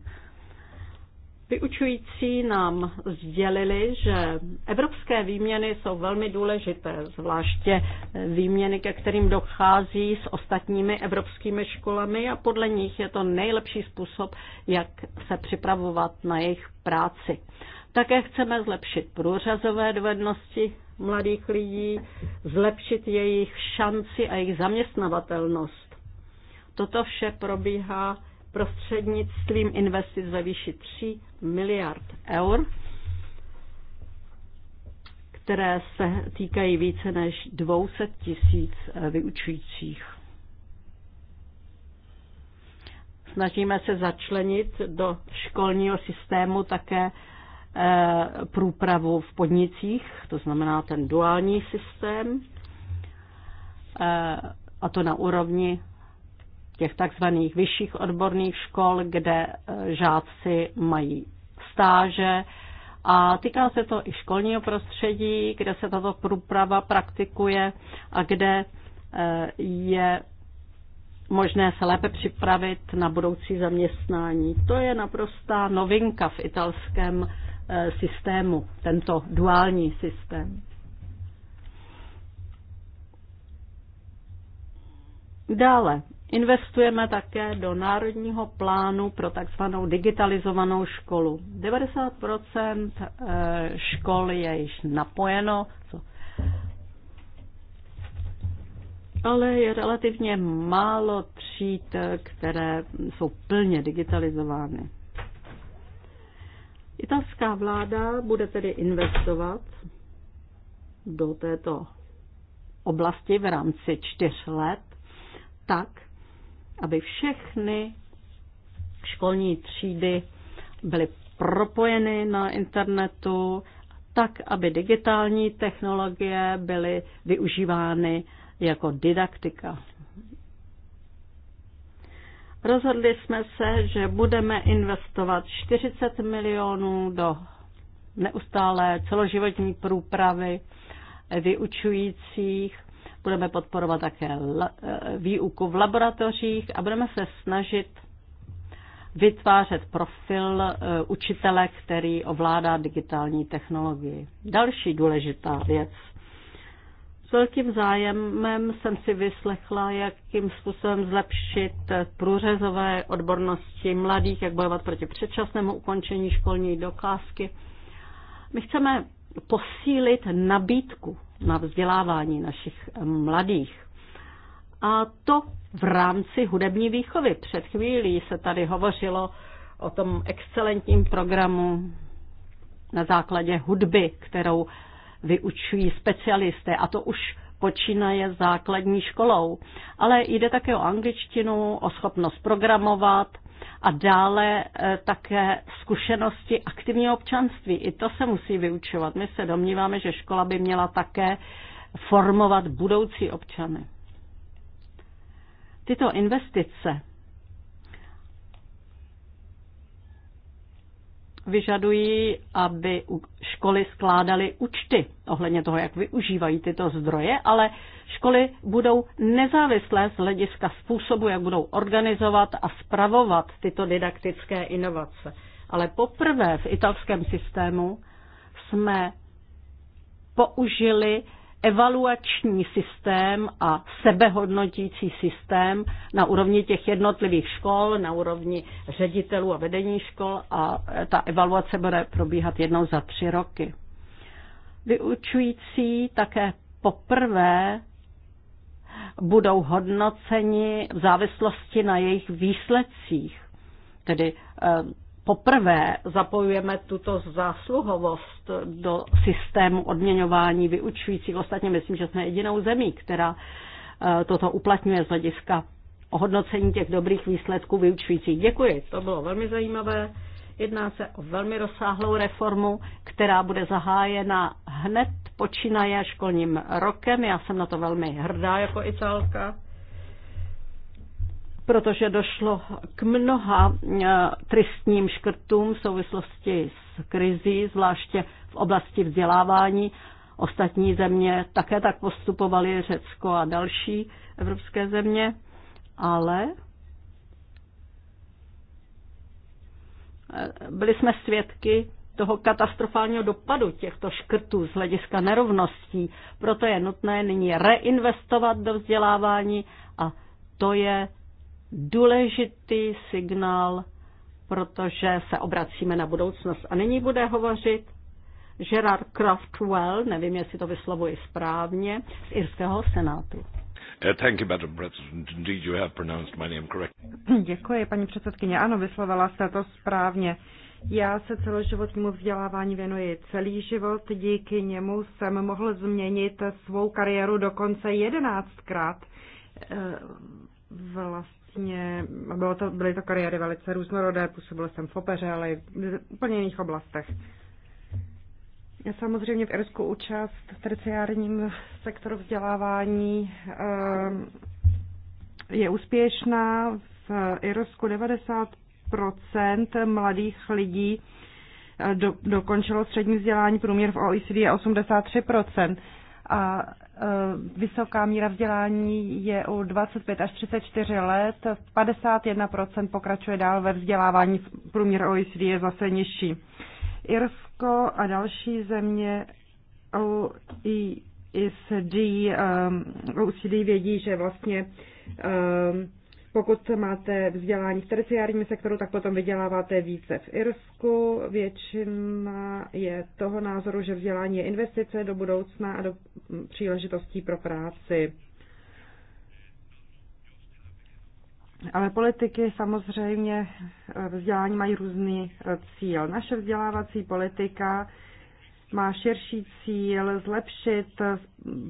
Vyučující nám sdělili, že evropské výměny jsou velmi důležité, zvláště výměny, ke kterým dochází s ostatními evropskými školami a podle nich je to nejlepší způsob, jak se připravovat na jejich práci. Také chceme zlepšit průřazové dovednosti mladých lidí, zlepšit jejich šanci a jejich zaměstnavatelnost. Toto vše probíhá prostřednictvím investic ve výši 3 miliard eur, které se týkají více než 200 tisíc vyučujících. Snažíme se začlenit do školního systému také eh, průpravu v podnicích, to znamená ten duální systém, eh, a to na úrovni těch takzvaných vyšších odborných škol, kde eh, žáci mají stáže. A týká se to i školního prostředí, kde se tato průprava praktikuje a kde eh, je možné se lépe připravit na budoucí zaměstnání. To je naprostá novinka v italském eh, systému, tento duální systém. Dále, Investujeme také do národního plánu pro takzvanou digitalizovanou školu. 90 eh, škol je již napojeno, ale je relativně málo tříd, které jsou plně digitalizovány. Italská vláda bude tedy investovat do této oblasti v rámci čtyř let tak, aby všechny školní třídy byly propojeny na internetu, tak, aby digitální technologie byly využívány jako didaktika. Rozhodli jsme se, že budeme investovat 40 milionů do neustálé celoživotní průpravy vyučujících budeme podporovat také eh, výuku v laboratořích a budeme se snažit vytvářet profil eh, učitele, který ovládá digitální technologii. Další důležitá věc. S velkým zájemem jsem si vyslechla, jakým způsobem zlepšit průřezové odbornosti mladých, jak bojovat proti předčasnému ukončení školní docházky. My chceme posílit nabídku na vzdělávání našich eh, mladých. A to v rámci hudební výchovy. Před chvílí se tady hovořilo o tom excelentním programu na základě hudby, kterou vyučují specialisté, a to už počínaje základní školou. Ale jde také o angličtinu, o schopnost programovat, a dále eh, také zkušenosti aktivního občanství. I to se musí vyučovat. My se domníváme, že škola by měla také formovat budoucí občany. Tyto investice vyžadují, aby školy skládaly účty ohledně toho, jak využívají tyto zdroje, ale školy budou nezávislé z hlediska způsobu, jak budou organizovat a spravovat tyto didaktické inovace. Ale poprvé v italském systému jsme použili evaluační systém a sebehodnotící systém na úrovni těch jednotlivých škol, na úrovni ředitelů a vedení škol a ta evaluace bude probíhat jednou za tři roky. Vyučující také poprvé budou hodnoceni v závislosti na jejich výsledcích. Tedy eh, poprvé zapojujeme tuto zásluhovost do systému odměňování vyučujících. Ostatně myslím, že jsme jedinou zemí, která eh, toto uplatňuje z hlediska ohodnocení těch dobrých výsledků vyučujících. Děkuji, to bylo velmi zajímavé. Jedná se o velmi rozsáhlou reformu, která bude zahájena hned počínaje školním rokem. Já jsem na to velmi hrdá jako italka protože došlo k mnoha e, tristním škrtům v souvislosti s krizí, zvláště v oblasti vzdělávání. Ostatní země také tak postupovaly, Řecko a další evropské země, ale e, byli jsme svědky toho katastrofálního dopadu těchto škrtů z hlediska nerovností. Proto je nutné nyní reinvestovat do vzdělávání a to je důležitý signál, protože se obracíme na budoucnost. A nyní bude hovořit Gerard Craftwell, nevím, jestli to vyslovuji správně, z Irského senátu. Děkuji, paní předsedkyně. Ano, vyslovila jste to správně. Já se celoživotnímu vzdělávání věnuji celý život, díky němu jsem mohl změnit svou kariéru dokonce jedenáctkrát. Eh, Vlast vlastně, bylo to, byly to kariéry velice různorodé, působil jsem v opeře, ale i v úplně jiných oblastech. Já samozřejmě v Irsku účast v terciárním sektoru vzdělávání ehm, je úspěšná. V Irsku 90% mladých lidí eh, do, dokončilo střední vzdělání, průměr v OECD je 83%. A Eh, vysoká míra vzdělání je u 25 až 34 let, 51% pokračuje dál ve vzdělávání, průměr OECD je zase nižší. Irsko a další země OECD, eh, OECD vědí, že vlastně eh, pokud máte vzdělání v terciárním sektoru, tak potom vyděláváte více v Irsku. Většina je toho názoru, že vzdělání je investice do budoucna a do příležitostí pro práci. Ale politiky samozřejmě eh, vzdělání mají různý eh, cíl. Naše vzdělávací politika má širší cíl zlepšit eh,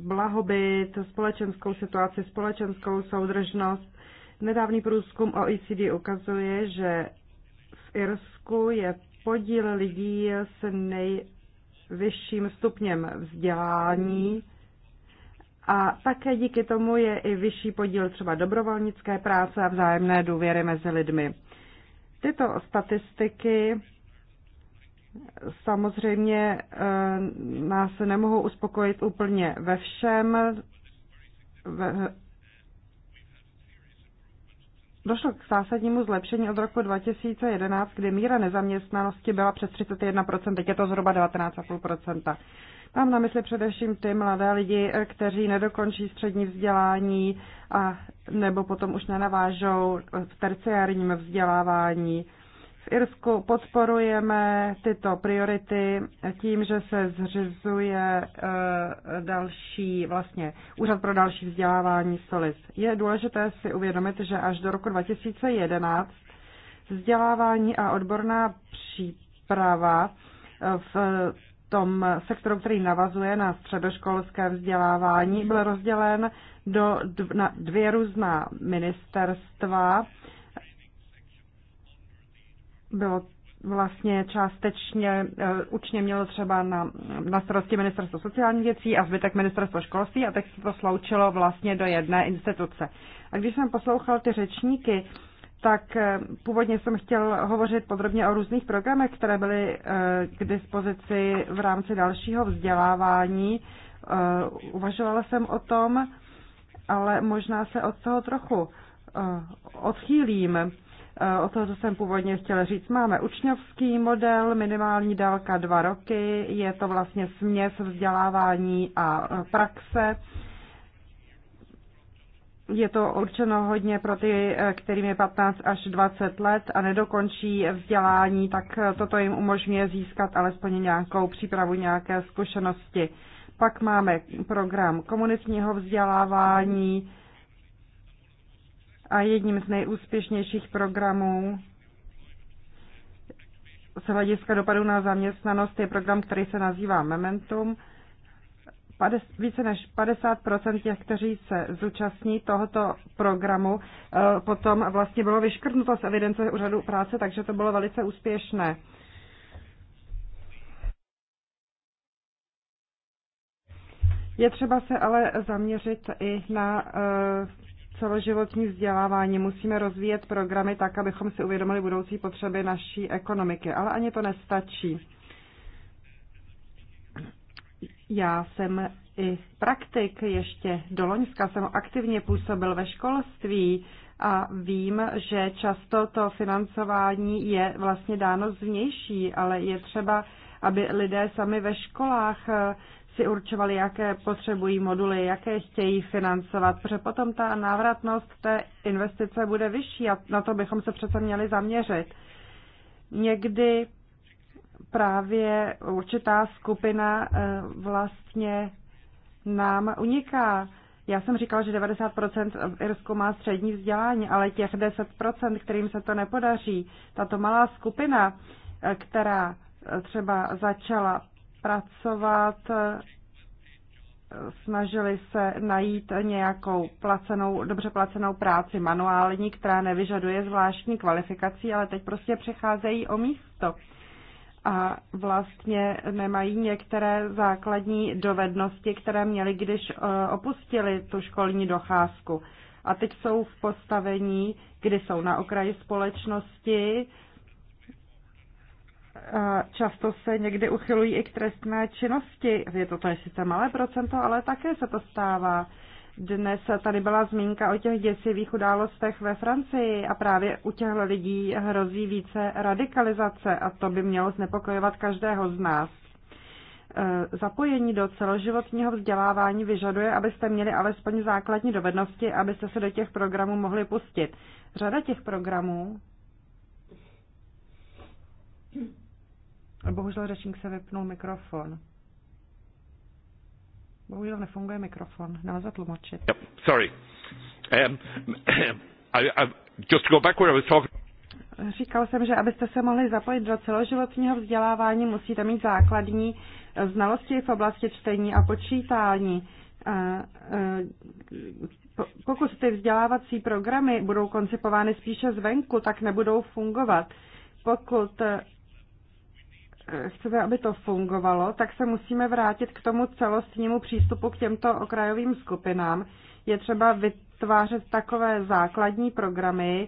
blahobyt, společenskou situaci, společenskou soudržnost Nedávný průzkum OECD ukazuje, že v Irsku je podíl lidí s nejvyšším stupněm vzdělání a také díky tomu je i vyšší podíl třeba dobrovolnické práce a vzájemné důvěry mezi lidmi. Tyto statistiky samozřejmě eh, nás nemohou uspokojit úplně ve všem, Došlo k zásadnímu zlepšení od roku 2011, kdy míra nezaměstnanosti byla přes 31%, teď je to zhruba 19,5%. Mám na mysli především ty mladé lidi, kteří nedokončí střední vzdělání a nebo potom už nenavážou v terciárním vzdělávání. V Irsku podporujeme tyto priority tím, že se zřizuje e, další, vlastně Úřad pro další vzdělávání SOLIS. Je důležité si uvědomit, že až do roku 2011 vzdělávání a odborná příprava e, v tom sektoru, který navazuje na středoškolské vzdělávání, byl rozdělen do dvě různá ministerstva bylo vlastně částečně eh, učně mělo třeba na, na starosti ministerstvo sociálních věcí a zbytek ministerstvo školství a tak se to sloučilo vlastně do jedné instituce. A když jsem poslouchal ty řečníky, tak eh, původně jsem chtěl hovořit podrobně o různých programech, které byly eh, k dispozici v rámci dalšího vzdělávání. Uvažovala jsem o tom, ale možná se od toho trochu odchýlím. Eh, o to, co jsem původně chtěla říct. Máme učňovský model, minimální délka dva roky, je to vlastně směs vzdělávání a eh, praxe. Je to určeno hodně pro ty, eh, kterým je 15 až 20 let a nedokončí vzdělání, tak toto jim umožňuje získat alespoň nějakou přípravu, nějaké zkušenosti. Pak máme program komunitního vzdělávání, a jedním z nejúspěšnějších programů z hlediska dopadu na zaměstnanost je program, který se nazývá Momentum. více než 50 těch, kteří se zúčastní tohoto programu, eh, potom vlastně bylo vyškrtnuto z evidence úřadu práce, takže to bylo velice úspěšné. Je třeba se ale zaměřit i na eh, celoživotní vzdělávání. Musíme rozvíjet programy tak, abychom si uvědomili budoucí potřeby naší ekonomiky, ale ani to nestačí. Já jsem i praktik ještě do Loňska, jsem aktivně působil ve školství a vím, že často to financování je vlastně dáno zvnější, ale je třeba, aby lidé sami ve školách si určovali, jaké potřebují moduly, jaké chtějí financovat, protože potom ta návratnost té investice bude vyšší a na to bychom se přece měli zaměřit. Někdy právě určitá skupina eh, vlastně nám uniká. Já jsem říkal, že 90% v Irsku má střední vzdělání, ale těch 10%, kterým se to nepodaří, tato malá skupina, eh, která eh, třeba začala pracovat, snažili se najít nějakou placenou, dobře placenou práci manuální, která nevyžaduje zvláštní kvalifikací, ale teď prostě přecházejí o místo a vlastně nemají některé základní dovednosti, které měli, když eh, opustili tu školní docházku. A teď jsou v postavení, kdy jsou na okraji společnosti, často se někdy uchylují i k trestné činnosti. Je to, to je sice malé procento, ale také se to stává. Dnes tady byla zmínka o těch děsivých událostech ve Francii a právě u těchto lidí hrozí více radikalizace a to by mělo znepokojovat každého z nás. E, zapojení do celoživotního vzdělávání vyžaduje, abyste měli alespoň základní dovednosti, abyste se do těch programů mohli pustit. Řada těch programů Bohužel řečník se vypnul mikrofon. Bohužel nefunguje mikrofon, nelze tlumočit. Yep, sorry. Um, [coughs] I, I, just to go back where I was talking. Říkal jsem, že abyste se mohli zapojit do celoživotního vzdělávání, musíte mít základní znalosti v oblasti čtení a počítání. Pokud ty vzdělávací programy budou koncipovány spíše zvenku, tak nebudou fungovat. Pokud chceme, aby to fungovalo, tak se musíme vrátit k tomu celostnímu přístupu k těmto okrajovým skupinám. Je třeba vytvářet takové základní programy,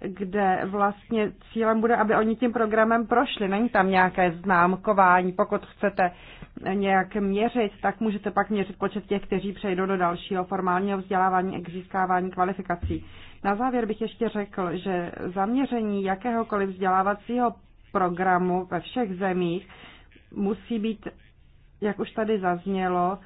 kde vlastně cílem bude, aby oni tím programem prošli. Není tam nějaké známkování. Pokud chcete nějak měřit, tak můžete pak měřit počet těch, kteří přejdou do dalšího formálního vzdělávání a získávání kvalifikací. Na závěr bych ještě řekl, že zaměření jakéhokoliv vzdělávacího programu ve všech zemích musí být, jak už tady zaznělo,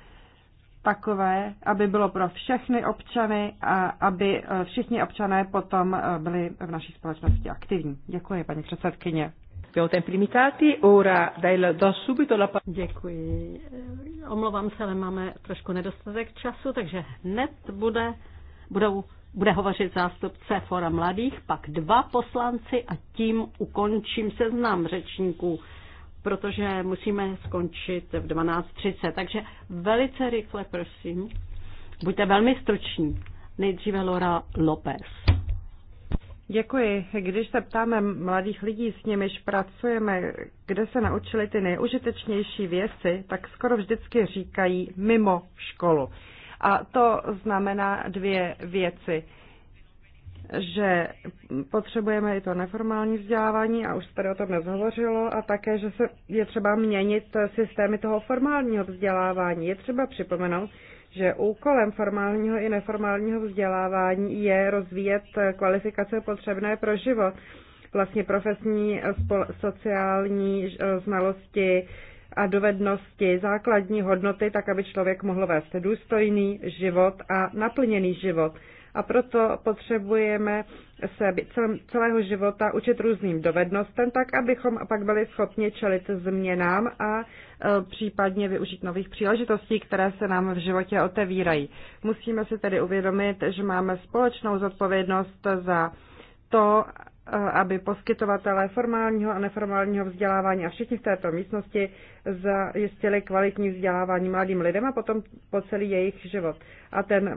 takové, aby bylo pro všechny občany a aby eh, všichni občané potom eh, byli v naší společnosti aktivní. Děkuji, paní předsedkyně. Děkuji. Omlouvám se, ale máme trošku nedostatek času, takže hned bude, budou bude hovořit zástupce Fora mladých, pak dva poslanci a tím ukončím seznam řečníků, protože musíme skončit v 12.30. Takže velice rychle, prosím. Buďte velmi struční. Nejdříve Laura López. Děkuji. Když se ptáme mladých lidí, s nimiž pracujeme, kde se naučili ty nejužitečnější věci, tak skoro vždycky říkají mimo školu. A to znamená dvě věci že potřebujeme i to neformální vzdělávání, a už se tady o tom nezhovořilo, a také, že se je třeba měnit systémy toho formálního vzdělávání. Je třeba připomenout, že úkolem formálního i neformálního vzdělávání je rozvíjet kvalifikace potřebné pro život. Vlastně profesní, sociální e, znalosti, a dovednosti, základní hodnoty, tak aby člověk mohl vést důstojný život a naplněný život. A proto potřebujeme se celého života učit různým dovednostem, tak abychom pak byli schopni čelit změnám a e, případně využít nových příležitostí, které se nám v životě otevírají. Musíme si tedy uvědomit, že máme společnou zodpovědnost za to, aby poskytovatelé formálního a neformálního vzdělávání a všichni v této místnosti zajistili kvalitní vzdělávání mladým lidem a potom po celý jejich život. A ten,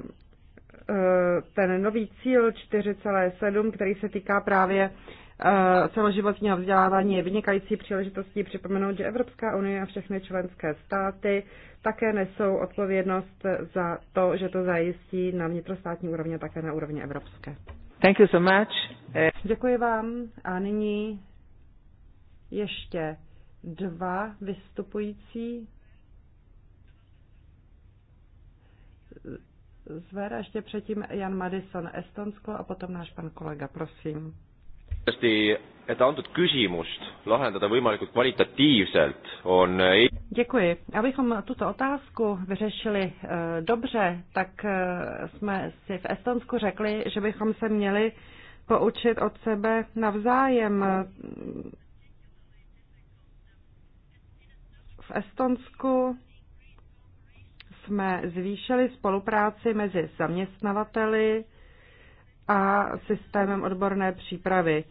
e, ten nový cíl 4,7, který se týká právě e, celoživotního vzdělávání je vynikající příležitostí připomenout, že Evropská unie a všechny členské státy také nesou odpovědnost za to, že to zajistí na vnitrostátní úrovni a také na úrovni evropské. Thank you so much. Děkuji vám. A nyní ještě dva vystupující. Zvera ještě předtím Jan Madison Estonsko a potom náš pan kolega, prosím. Děkuji. Abychom tuto otázku vyřešili eh, dobře, tak eh, jsme si v Estonsku řekli, že bychom se měli poučit od sebe navzájem. V Estonsku jsme zvýšili spolupráci mezi zaměstnavateli, a systémem odborné přípravy.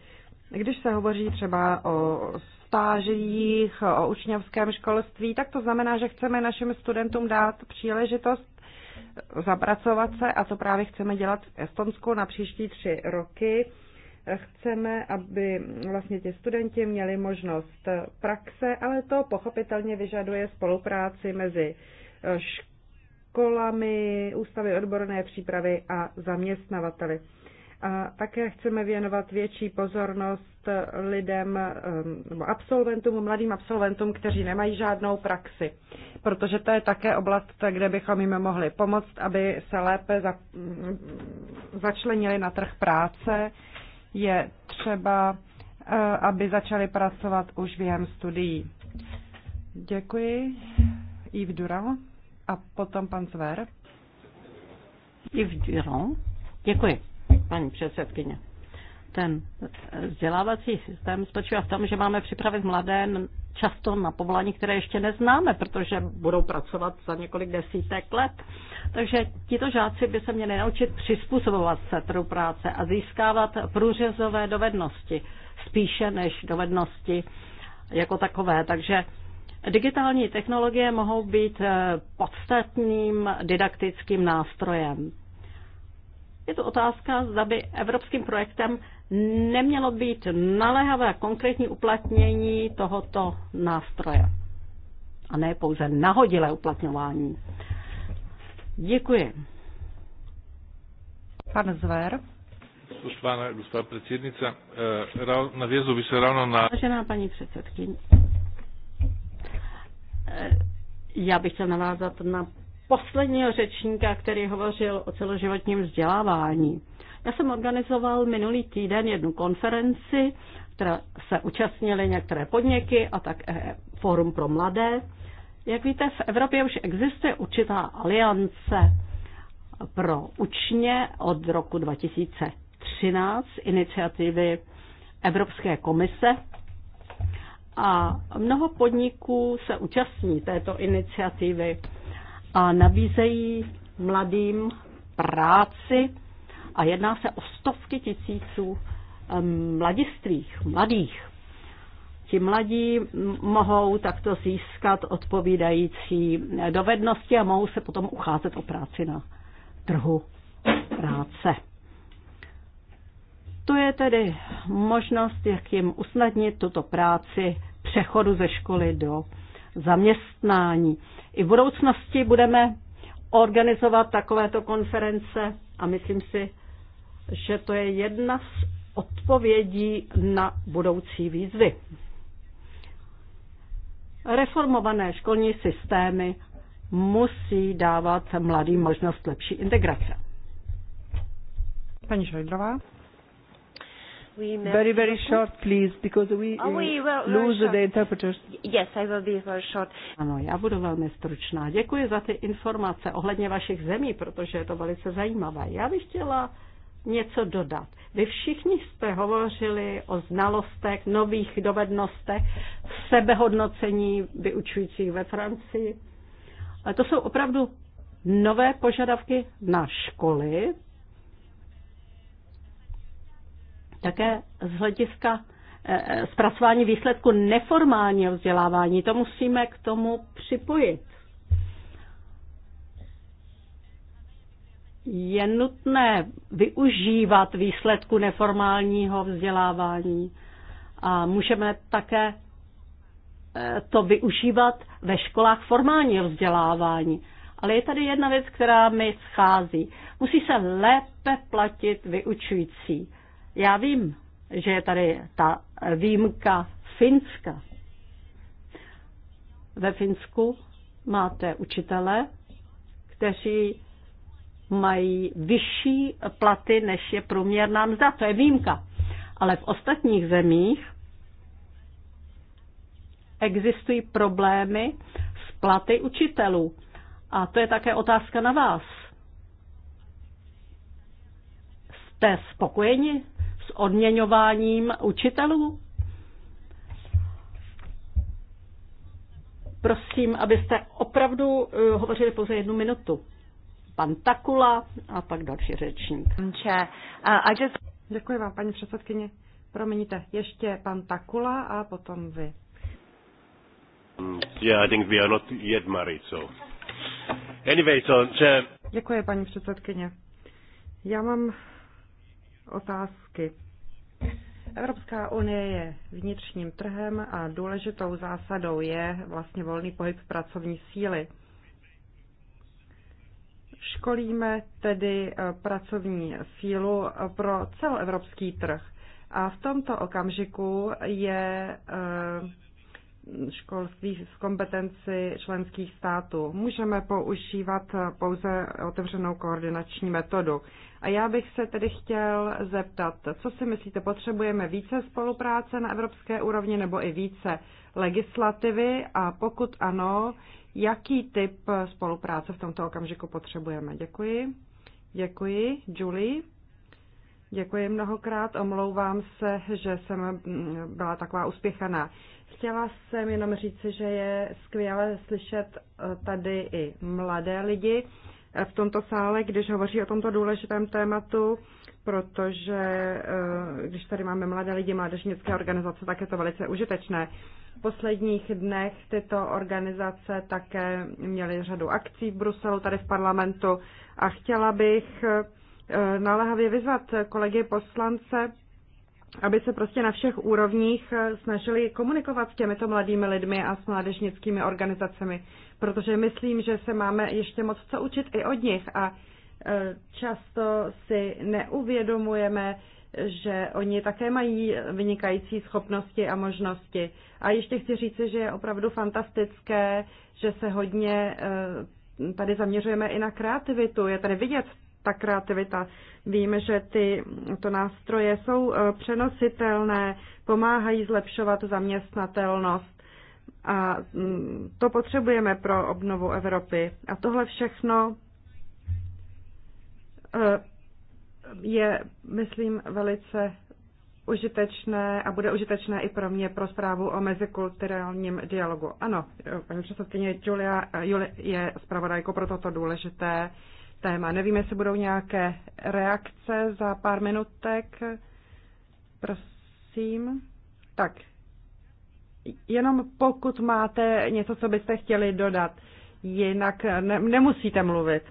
Když se hovoří třeba o stážích, o učňovském školství, tak to znamená, že chceme našim studentům dát příležitost zapracovat se a to právě chceme dělat v Estonsku na příští tři roky. Chceme, aby vlastně ti studenti měli možnost praxe, ale to pochopitelně vyžaduje spolupráci mezi školami, ústavy odborné přípravy a zaměstnavateli. A také chceme věnovat větší pozornost lidem, ehm, nebo absolventům, mladým absolventům, kteří nemají žádnou praxi, protože to je také oblast, kde bychom jim mohli pomoct, aby se lépe za, začlenili na trh práce. Je třeba, eh, aby začali pracovat už během studií. Děkuji. Yves Durand a potom pan Zver. Yves Durand. Děkuji paní předsedkyně. Ten vzdělávací systém spočívá v tom, že máme připravit mladé často na povolání, které ještě neznáme, protože budou pracovat za několik desítek let. Takže tito žáci by se měli naučit přizpůsobovat se trhu práce a získávat průřezové dovednosti spíše než dovednosti jako takové. Takže digitální technologie mohou být eh, podstatným didaktickým nástrojem. Je to otázka, zda by evropským projektem nemělo být naléhavé konkrétní uplatnění tohoto nástroje. A ne pouze nahodilé uplatňování. Děkuji. Pan Zver. Spoštovana gospa predsednica, eh, rav, navezal bi se ravno na. Vážená paní předsedkyně, eh, já bych chtěl navázat na posledního řečníka, který hovořil o celoživotním vzdělávání. Já jsem organizoval minulý týden jednu konferenci, která se účastnily některé podniky a tak eh, Fórum pro mladé. Jak víte, v Evropě už existuje určitá aliance pro učně od roku 2013 iniciativy Evropské komise a mnoho podniků se účastní této iniciativy a nabízejí mladým práci a jedná se o stovky tisíců mladistvých, mladých. Ti mladí mohou takto získat odpovídající eh, dovednosti a mohou se potom ucházet o práci na trhu práce. To je tedy možnost, jak jim usnadnit tuto práci přechodu ze školy do zaměstnání. I v budoucnosti budeme organizovat takovéto konference a myslím si, že to je jedna z odpovědí na budoucí výzvy. Reformované školní systémy musí dávat mladým možnost lepší integrace. Paní Švejdrová. Very, very short, please, because we oh, uh, we lose the interpreters. Yes, I will be very short. Ano, já budu velmi stručná. Děkuji za ty informace ohledně vašich zemí, protože je to velice zajímavé. Já bych chtěla něco dodat. Vy všichni jste hovořili o znalostech, nových dovednostech, sebehodnocení vyučujících ve Francii. Ale to jsou opravdu nové požadavky na školy, Také z hlediska eh, eh, zpracování výsledku neformálního vzdělávání. To musíme k tomu připojit. Je nutné využívat výsledku neformálního vzdělávání a můžeme také eh, to využívat ve školách formálního vzdělávání. Ale je tady jedna věc, která mi schází. Musí se lépe platit vyučující. Já vím, že je tady ta výjimka Finska. Ve Finsku máte učitele, kteří mají vyšší platy, než je průměrná mzda. To je výjimka. Ale v ostatních zemích existují problémy s platy učitelů. A to je také otázka na vás. Jste spokojeni s odměňováním učitelů? Prosím, abyste opravdu eh, hovořili pouze jednu minutu. Pan Takula a pak další řečník. Děkuji vám, paní předsedkyně. Promiňte, ještě pan Takula a potom vy. Mm, yeah, I think we are not yet married, so. Anyway, so, že... Děkuji, paní předsedkyně. Já mám otázky. Evropská unie je vnitřním trhem a důležitou zásadou je vlastně volný pohyb pracovní síly. Školíme tedy eh, pracovní sílu eh, pro celoevropský trh. A v tomto okamžiku je eh, školství v kompetenci členských států. Můžeme používat pouze otevřenou koordinační metodu. A já bych se tedy chtěl zeptat, co si myslíte, potřebujeme více spolupráce na evropské úrovni nebo i více legislativy a pokud ano, jaký typ spolupráce v tomto okamžiku potřebujeme? Děkuji. Děkuji. Julie? Děkuji mnohokrát, omlouvám se, že jsem byla taková uspěchaná. Chtěla jsem jenom říct, že je skvělé slyšet eh, tady i mladé lidi eh, v tomto sále, když hovoří o tomto důležitém tématu, protože eh, když tady máme mladé lidi, mládežnické organizace, tak je to velice užitečné. V posledních dnech tyto organizace také měly řadu akcí v Bruselu, tady v parlamentu a chtěla bych naléhavě vyzvat kolegy poslance, aby se prostě na všech úrovních eh, snažili komunikovat s těmito mladými lidmi a s mládežnickými organizacemi, protože myslím, že se máme ještě moc co učit i od nich a eh, často si neuvědomujeme, že oni také mají vynikající schopnosti a možnosti. A ještě chci říci, že je opravdu fantastické, že se hodně eh, tady zaměřujeme i na kreativitu. Je tady vidět ta kreativita. Víme, že ty to nástroje jsou eh, přenositelné, pomáhají zlepšovat zaměstnatelnost. A mm, to potřebujeme pro obnovu Evropy. A tohle všechno eh, je, myslím, velice užitečné a bude užitečné i pro mě pro zprávu o mezikulturálním dialogu. Ano, eh, paní předsedkyně Julia je zpravodajko pro toto důležité téma. Nevím, jestli budou nějaké reakce za pár minutek. Prosím. Tak, jenom pokud máte něco, co byste chtěli dodat, jinak ne, nemusíte mluvit,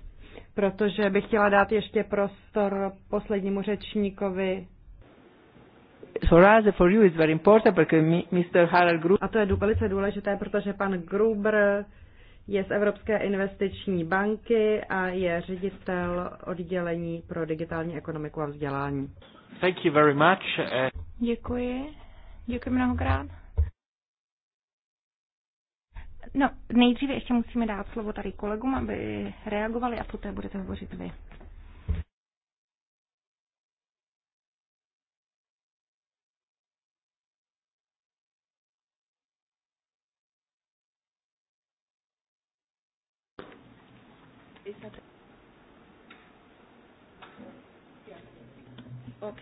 protože bych chtěla dát ještě prostor poslednímu řečníkovi. For us, for you is very important, because Mr. Harald Gruber... A to je velice důležité, protože pan Gruber je z Evropské investiční banky a je ředitel oddělení pro digitální ekonomiku a vzdělání. Thank you very much. Eh. Děkuji. Děkuji mnohokrát. No, nejdříve ještě musíme dát slovo tady kolegům, aby reagovali a poté budete hovořit vy.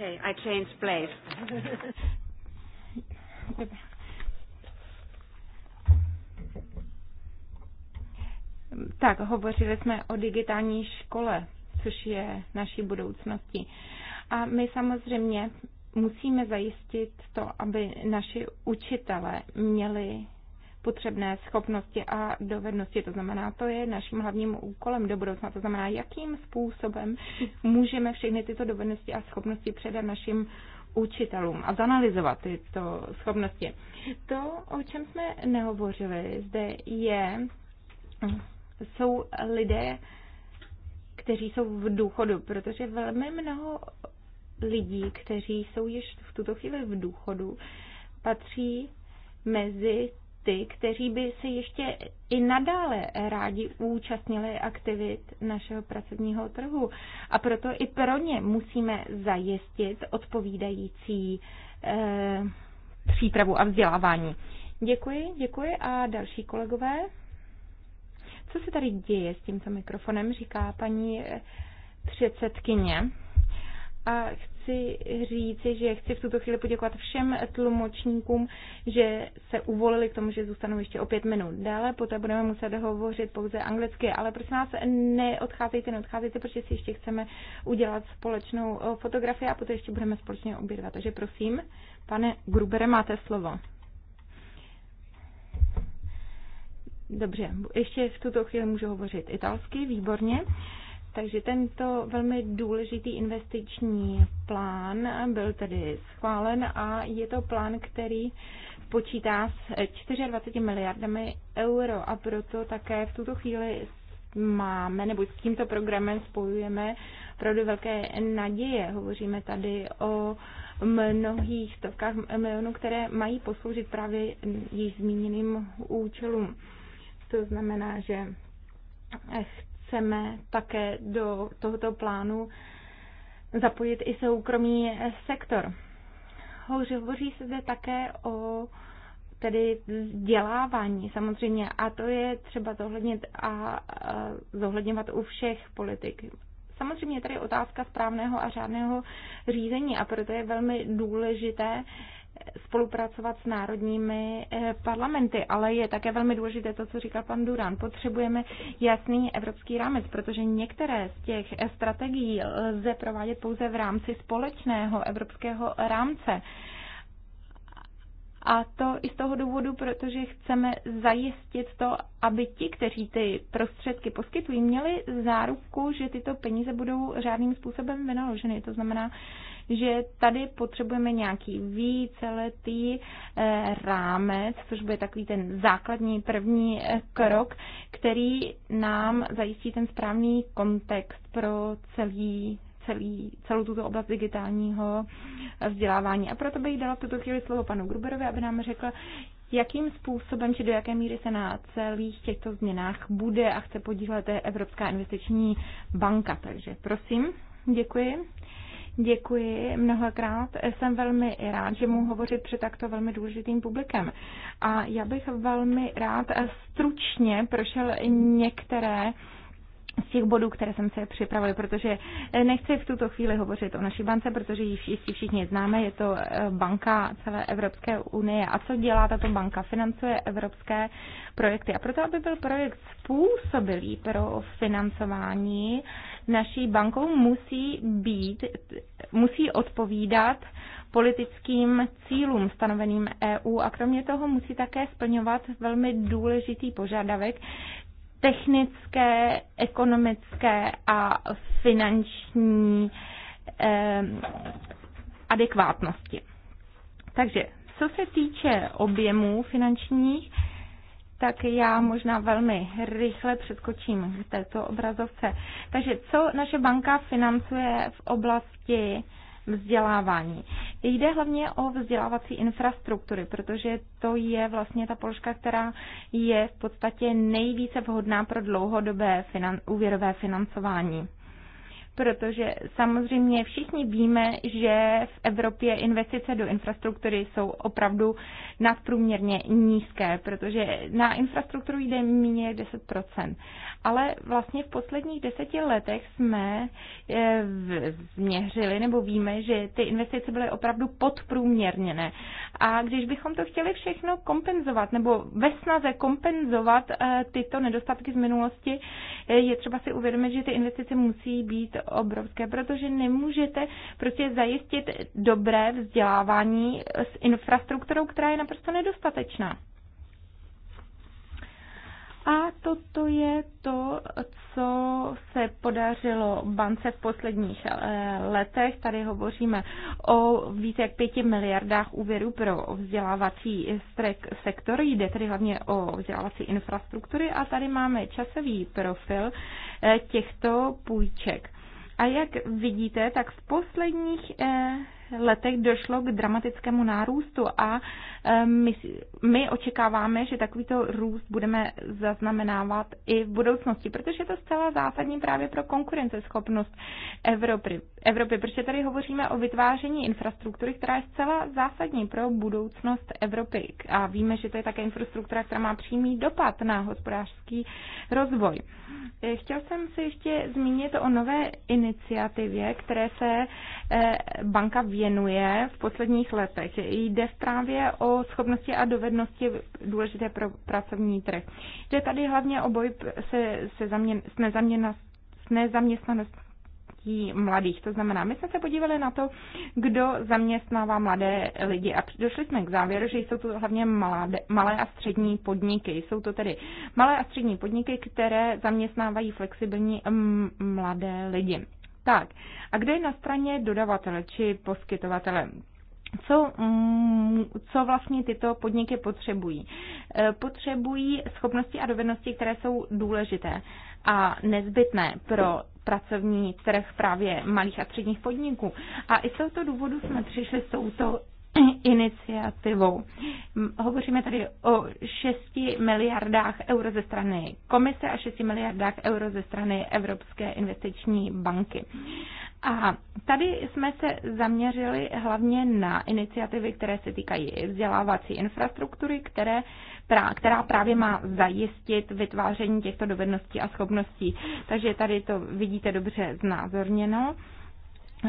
Okay, I changed place. tak, hovořili jsme o digitální škole, což je naší budoucnosti. A my samozřejmě musíme zajistit to, aby naši učitelé měli potřebné schopnosti a dovednosti. To znamená, to je naším hlavním úkolem do budoucna. To znamená, jakým způsobem můžeme všechny tyto dovednosti a schopnosti předat našim učitelům a zanalizovat tyto schopnosti. To, o čem jsme nehovořili, zde je, jsou lidé, kteří jsou v důchodu, protože velmi mnoho lidí, kteří jsou již v tuto chvíli v důchodu, patří mezi ty, kteří by se ještě i nadále rádi účastnili aktivit našeho pracovního trhu. A proto i pro ně musíme zajistit odpovídající eh, přípravu a vzdělávání. Děkuji, děkuji a další kolegové. Co se tady děje s tímto mikrofonem, říká paní eh, předsedkyně. A chci říci, že chci v tuto chvíli poděkovat všem tlumočníkům, že se uvolili k tomu, že zůstanou ještě o pět minut. Dále poté budeme muset hovořit pouze anglicky, ale prosím vás, neodcházejte, neodcházejte, protože si ještě chceme udělat společnou eh, fotografii a poté ještě budeme společně obědvat. Takže prosím, pane Grubere, máte slovo. Dobře, ještě v tuto chvíli můžu hovořit italsky, výborně. Uh, takže tento velmi důležitý investiční plán byl tedy schválen a je to plán, který počítá s 24 miliardami euro a proto také v tuto chvíli máme, nebo s tímto programem spojujeme opravdu velké naděje. Hovoříme tady o mnohých stovkách milionů, které mají posloužit právě již zmíněným účelům. To znamená, že chceme také do tohoto plánu zapojit i soukromý sektor. Hovoří se zde také o tedy vzdělávání samozřejmě a to je třeba zohlednit a, a zohledňovat u všech politik. Samozřejmě je tady otázka správného a řádného řízení a proto je velmi důležité, spolupracovat s národními eh, parlamenty, ale je také velmi důležité to, co říkal pan Durán. Potřebujeme jasný evropský rámec, protože některé z těch eh, strategií lze provádět pouze v rámci společného evropského rámce. A to i z toho důvodu, protože chceme zajistit to, aby ti, kteří ty prostředky poskytují, měli záruku, že tyto peníze budou řádným způsobem vynaloženy. To znamená, že tady potřebujeme nějaký víceletý eh, rámec, což bude takový ten základní první eh, krok, který nám zajistí ten správný kontext pro celý celý, celou tuto oblast digitálního eh, vzdělávání. A proto bych dala v tuto chvíli slovo panu Gruberovi, aby nám řekl, jakým způsobem či do jaké míry se na celých těchto změnách bude a chce podílet Evropská investiční banka. Takže prosím, děkuji. Děkuji mnohokrát. Jsem velmi rád, že mohu hovořit před takto velmi důležitým publikem. A já bych velmi rád stručně prošel některé z těch bodů, které jsem se připravili, protože nechci v tuto chvíli hovořit o naší bance, protože ji všichni, všichni známe, je to eh, banka celé Evropské unie. A co dělá tato banka? Financuje evropské projekty. A proto, aby byl projekt způsobilý pro financování, naší bankou musí být, musí odpovídat politickým cílům stanoveným EU a kromě toho musí také splňovat velmi důležitý požadavek technické, ekonomické a finanční eh, adekvátnosti. Takže co se týče objemů finančních, eh, tak já možná velmi rychle předkočím k této obrazovce. Takže co naše banka financuje v oblasti vzdělávání. Jde hlavně o vzdělávací infrastruktury, protože to je vlastně ta položka, která je v podstatě nejvíce vhodná pro dlouhodobé finan- úvěrové financování protože samozřejmě všichni víme, že v Evropě investice do infrastruktury jsou opravdu nadprůměrně nízké, protože na infrastrukturu jde méně 10%. Ale vlastně v posledních deseti letech jsme eh, změřili nebo víme, že ty investice byly opravdu podprůměrněné. A když bychom to chtěli všechno kompenzovat nebo ve snaze kompenzovat eh, tyto nedostatky z minulosti, eh, je třeba si uvědomit, že ty investice musí být obrovské, protože nemůžete prostě zajistit dobré vzdělávání s infrastrukturou, která je naprosto nedostatečná. A toto je to, co se podařilo bance v posledních eh, letech. Tady hovoříme o více jak pěti miliardách úvěrů pro vzdělávací sektor. Jde tedy hlavně o vzdělávací infrastruktury a tady máme časový profil eh, těchto půjček. A jak vidíte, tak v posledních eh, letech došlo k dramatickému nárůstu a eh, my, my očekáváme, že takovýto růst budeme zaznamenávat i v budoucnosti, protože je to zcela zásadní právě pro konkurenceschopnost Evropy, Evropy protože tady hovoříme o vytváření infrastruktury, která je zcela zásadní pro budoucnost Evropy a víme, že to je také infrastruktura, která má přímý dopad na hospodářský rozvoj. Eh, chtěl jsem se ještě zmínit o nové iniciativě, které se eh, banka v věnuje v posledních letech. Jde právě o schopnosti a dovednosti důležité pro pracovní trh. Jde tady hlavně o boj se, se zaměn, s, nezaměna, s nezaměstnaností mladých. To znamená, my jsme se podívali na to, kdo zaměstnává mladé lidi a došli jsme k závěru, že jsou to hlavně malé, malé a střední podniky. Jsou to tedy malé a střední podniky, které zaměstnávají flexibilní mladé lidi. Tak, a kde je na straně dodavatele či poskytovatele? co, mm, co vlastně tyto podniky potřebují. E, potřebují schopnosti a dovednosti, které jsou důležité a nezbytné pro pracovní trh právě malých a středních podniků. A i z tohoto důvodu jsme přišli s touto iniciativou. Hovoříme tady o 6 miliardách euro ze strany komise a 6 miliardách euro ze strany Evropské investiční banky. A tady jsme se zaměřili hlavně na iniciativy, které se týkají vzdělávací infrastruktury, které, která právě má zajistit vytváření těchto dovedností a schopností. Takže tady to vidíte dobře znázorněno.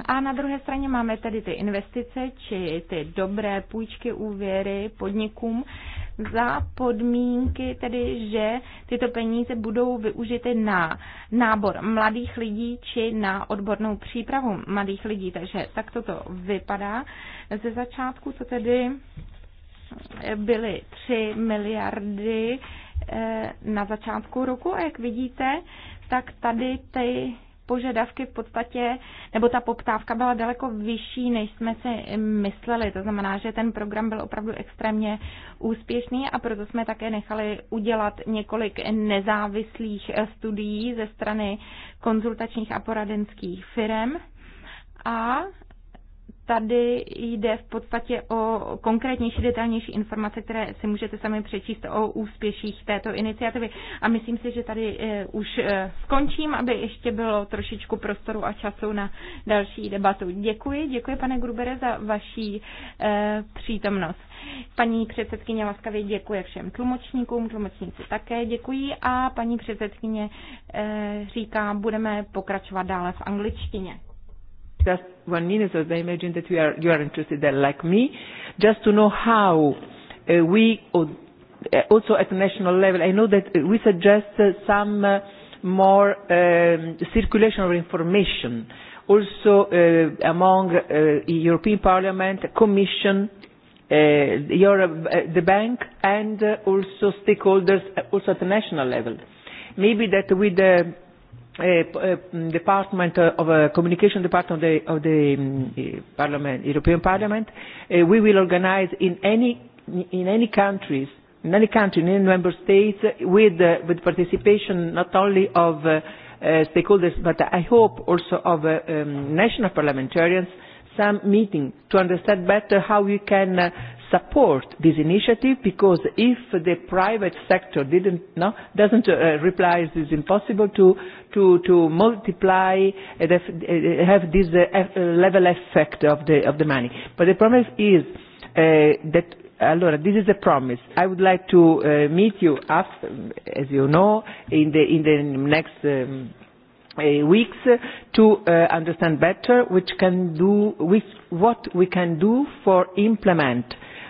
A na druhé straně máme tedy ty investice, či ty dobré půjčky, úvěry podnikům za podmínky, tedy že tyto peníze budou využity na nábor mladých lidí či na odbornou přípravu mladých lidí. Takže tak toto vypadá. Ze začátku to tedy byly 3 miliardy eh, na začátku roku a jak vidíte, tak tady ty požadavky v podstatě, nebo ta poptávka byla daleko vyšší, než jsme si mysleli. To znamená, že ten program byl opravdu extrémně úspěšný a proto jsme také nechali udělat několik nezávislých studií ze strany konzultačních a poradenských firm. A tady jde v podstatě o konkrétnější, detailnější informace, které si můžete sami přečíst o úspěších této iniciativy. A myslím si, že tady eh, už eh, skončím, aby ještě bylo trošičku prostoru a času na další debatu. Děkuji, děkuji pane Grubere za vaší eh, přítomnost. Paní předsedkyně laskavě děkuje všem tlumočníkům, tlumočníci také děkuji a paní předsedkyně říká, budeme pokračovat dále v angličtině. Just one minute, as I imagine that you are, you are interested there, like me, just to know how uh, we, uh, also at the national level, I know that we suggest uh, some uh, more um, circulation of information, also uh, among uh, European Parliament, Commission, uh, your, uh, the bank, and uh, also stakeholders, uh, also at the national level. Maybe that with the Eh, eh, mm, department of uh, communication department of the, of the um, parliament, European Parliament, uh, we will organize in any in any countries, in any country, in any member states, with uh, with participation not only of uh, uh, stakeholders, but I hope also of uh, um, national parliamentarians, some meeting to understand better how we can. Uh, support this initiative because if the private sector didn't no doesn't uh, reply it is impossible to to to multiply and uh, uh, have this uh, uh, level effect of the of the money but the promise is uh, that Allora, this is a promise. I would like to uh, meet you, after, as you know, in the, in the next um, uh, weeks to uh, understand better which can do, which, what we can do for implement uh,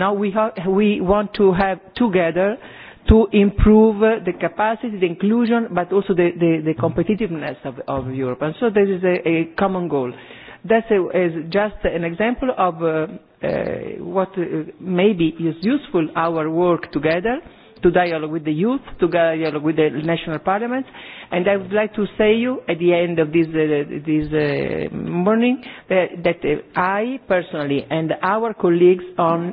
Now we, ha we want to have together to improve uh, the capacity, the inclusion, but also the, the, the competitiveness of, of Europe. And so this is a, a common goal. That is just an example of uh, uh, what uh, maybe is useful our work together to dialogue with the youth, to dialogue with the national parliaments. And I would like to say you at the end of this, uh, this uh, morning uh, that uh, I personally and our colleagues on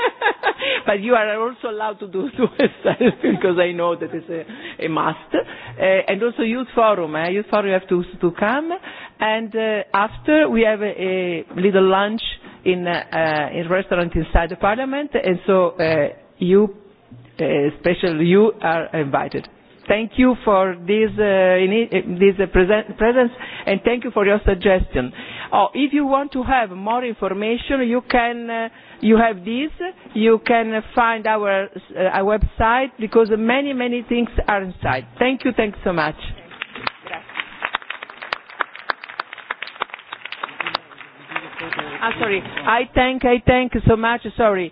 but you are also allowed to do to exercises because I know that it's a, a must. Uh, and also youth forum, eh? youth forum you have to, to come. And uh, after we have a, a little lunch in uh, in restaurant inside the parliament, and so uh, you, uh, especially you, are invited. Thank you for this, uh, in, uh, this uh, present, presence and thank you for your suggestion. Oh, if you want to have more information, you can uh, you have this. You can find our, uh, our website because many many things are inside. Thank you. Thanks so much. Ah, sorry. I thank, I thank so much. Sorry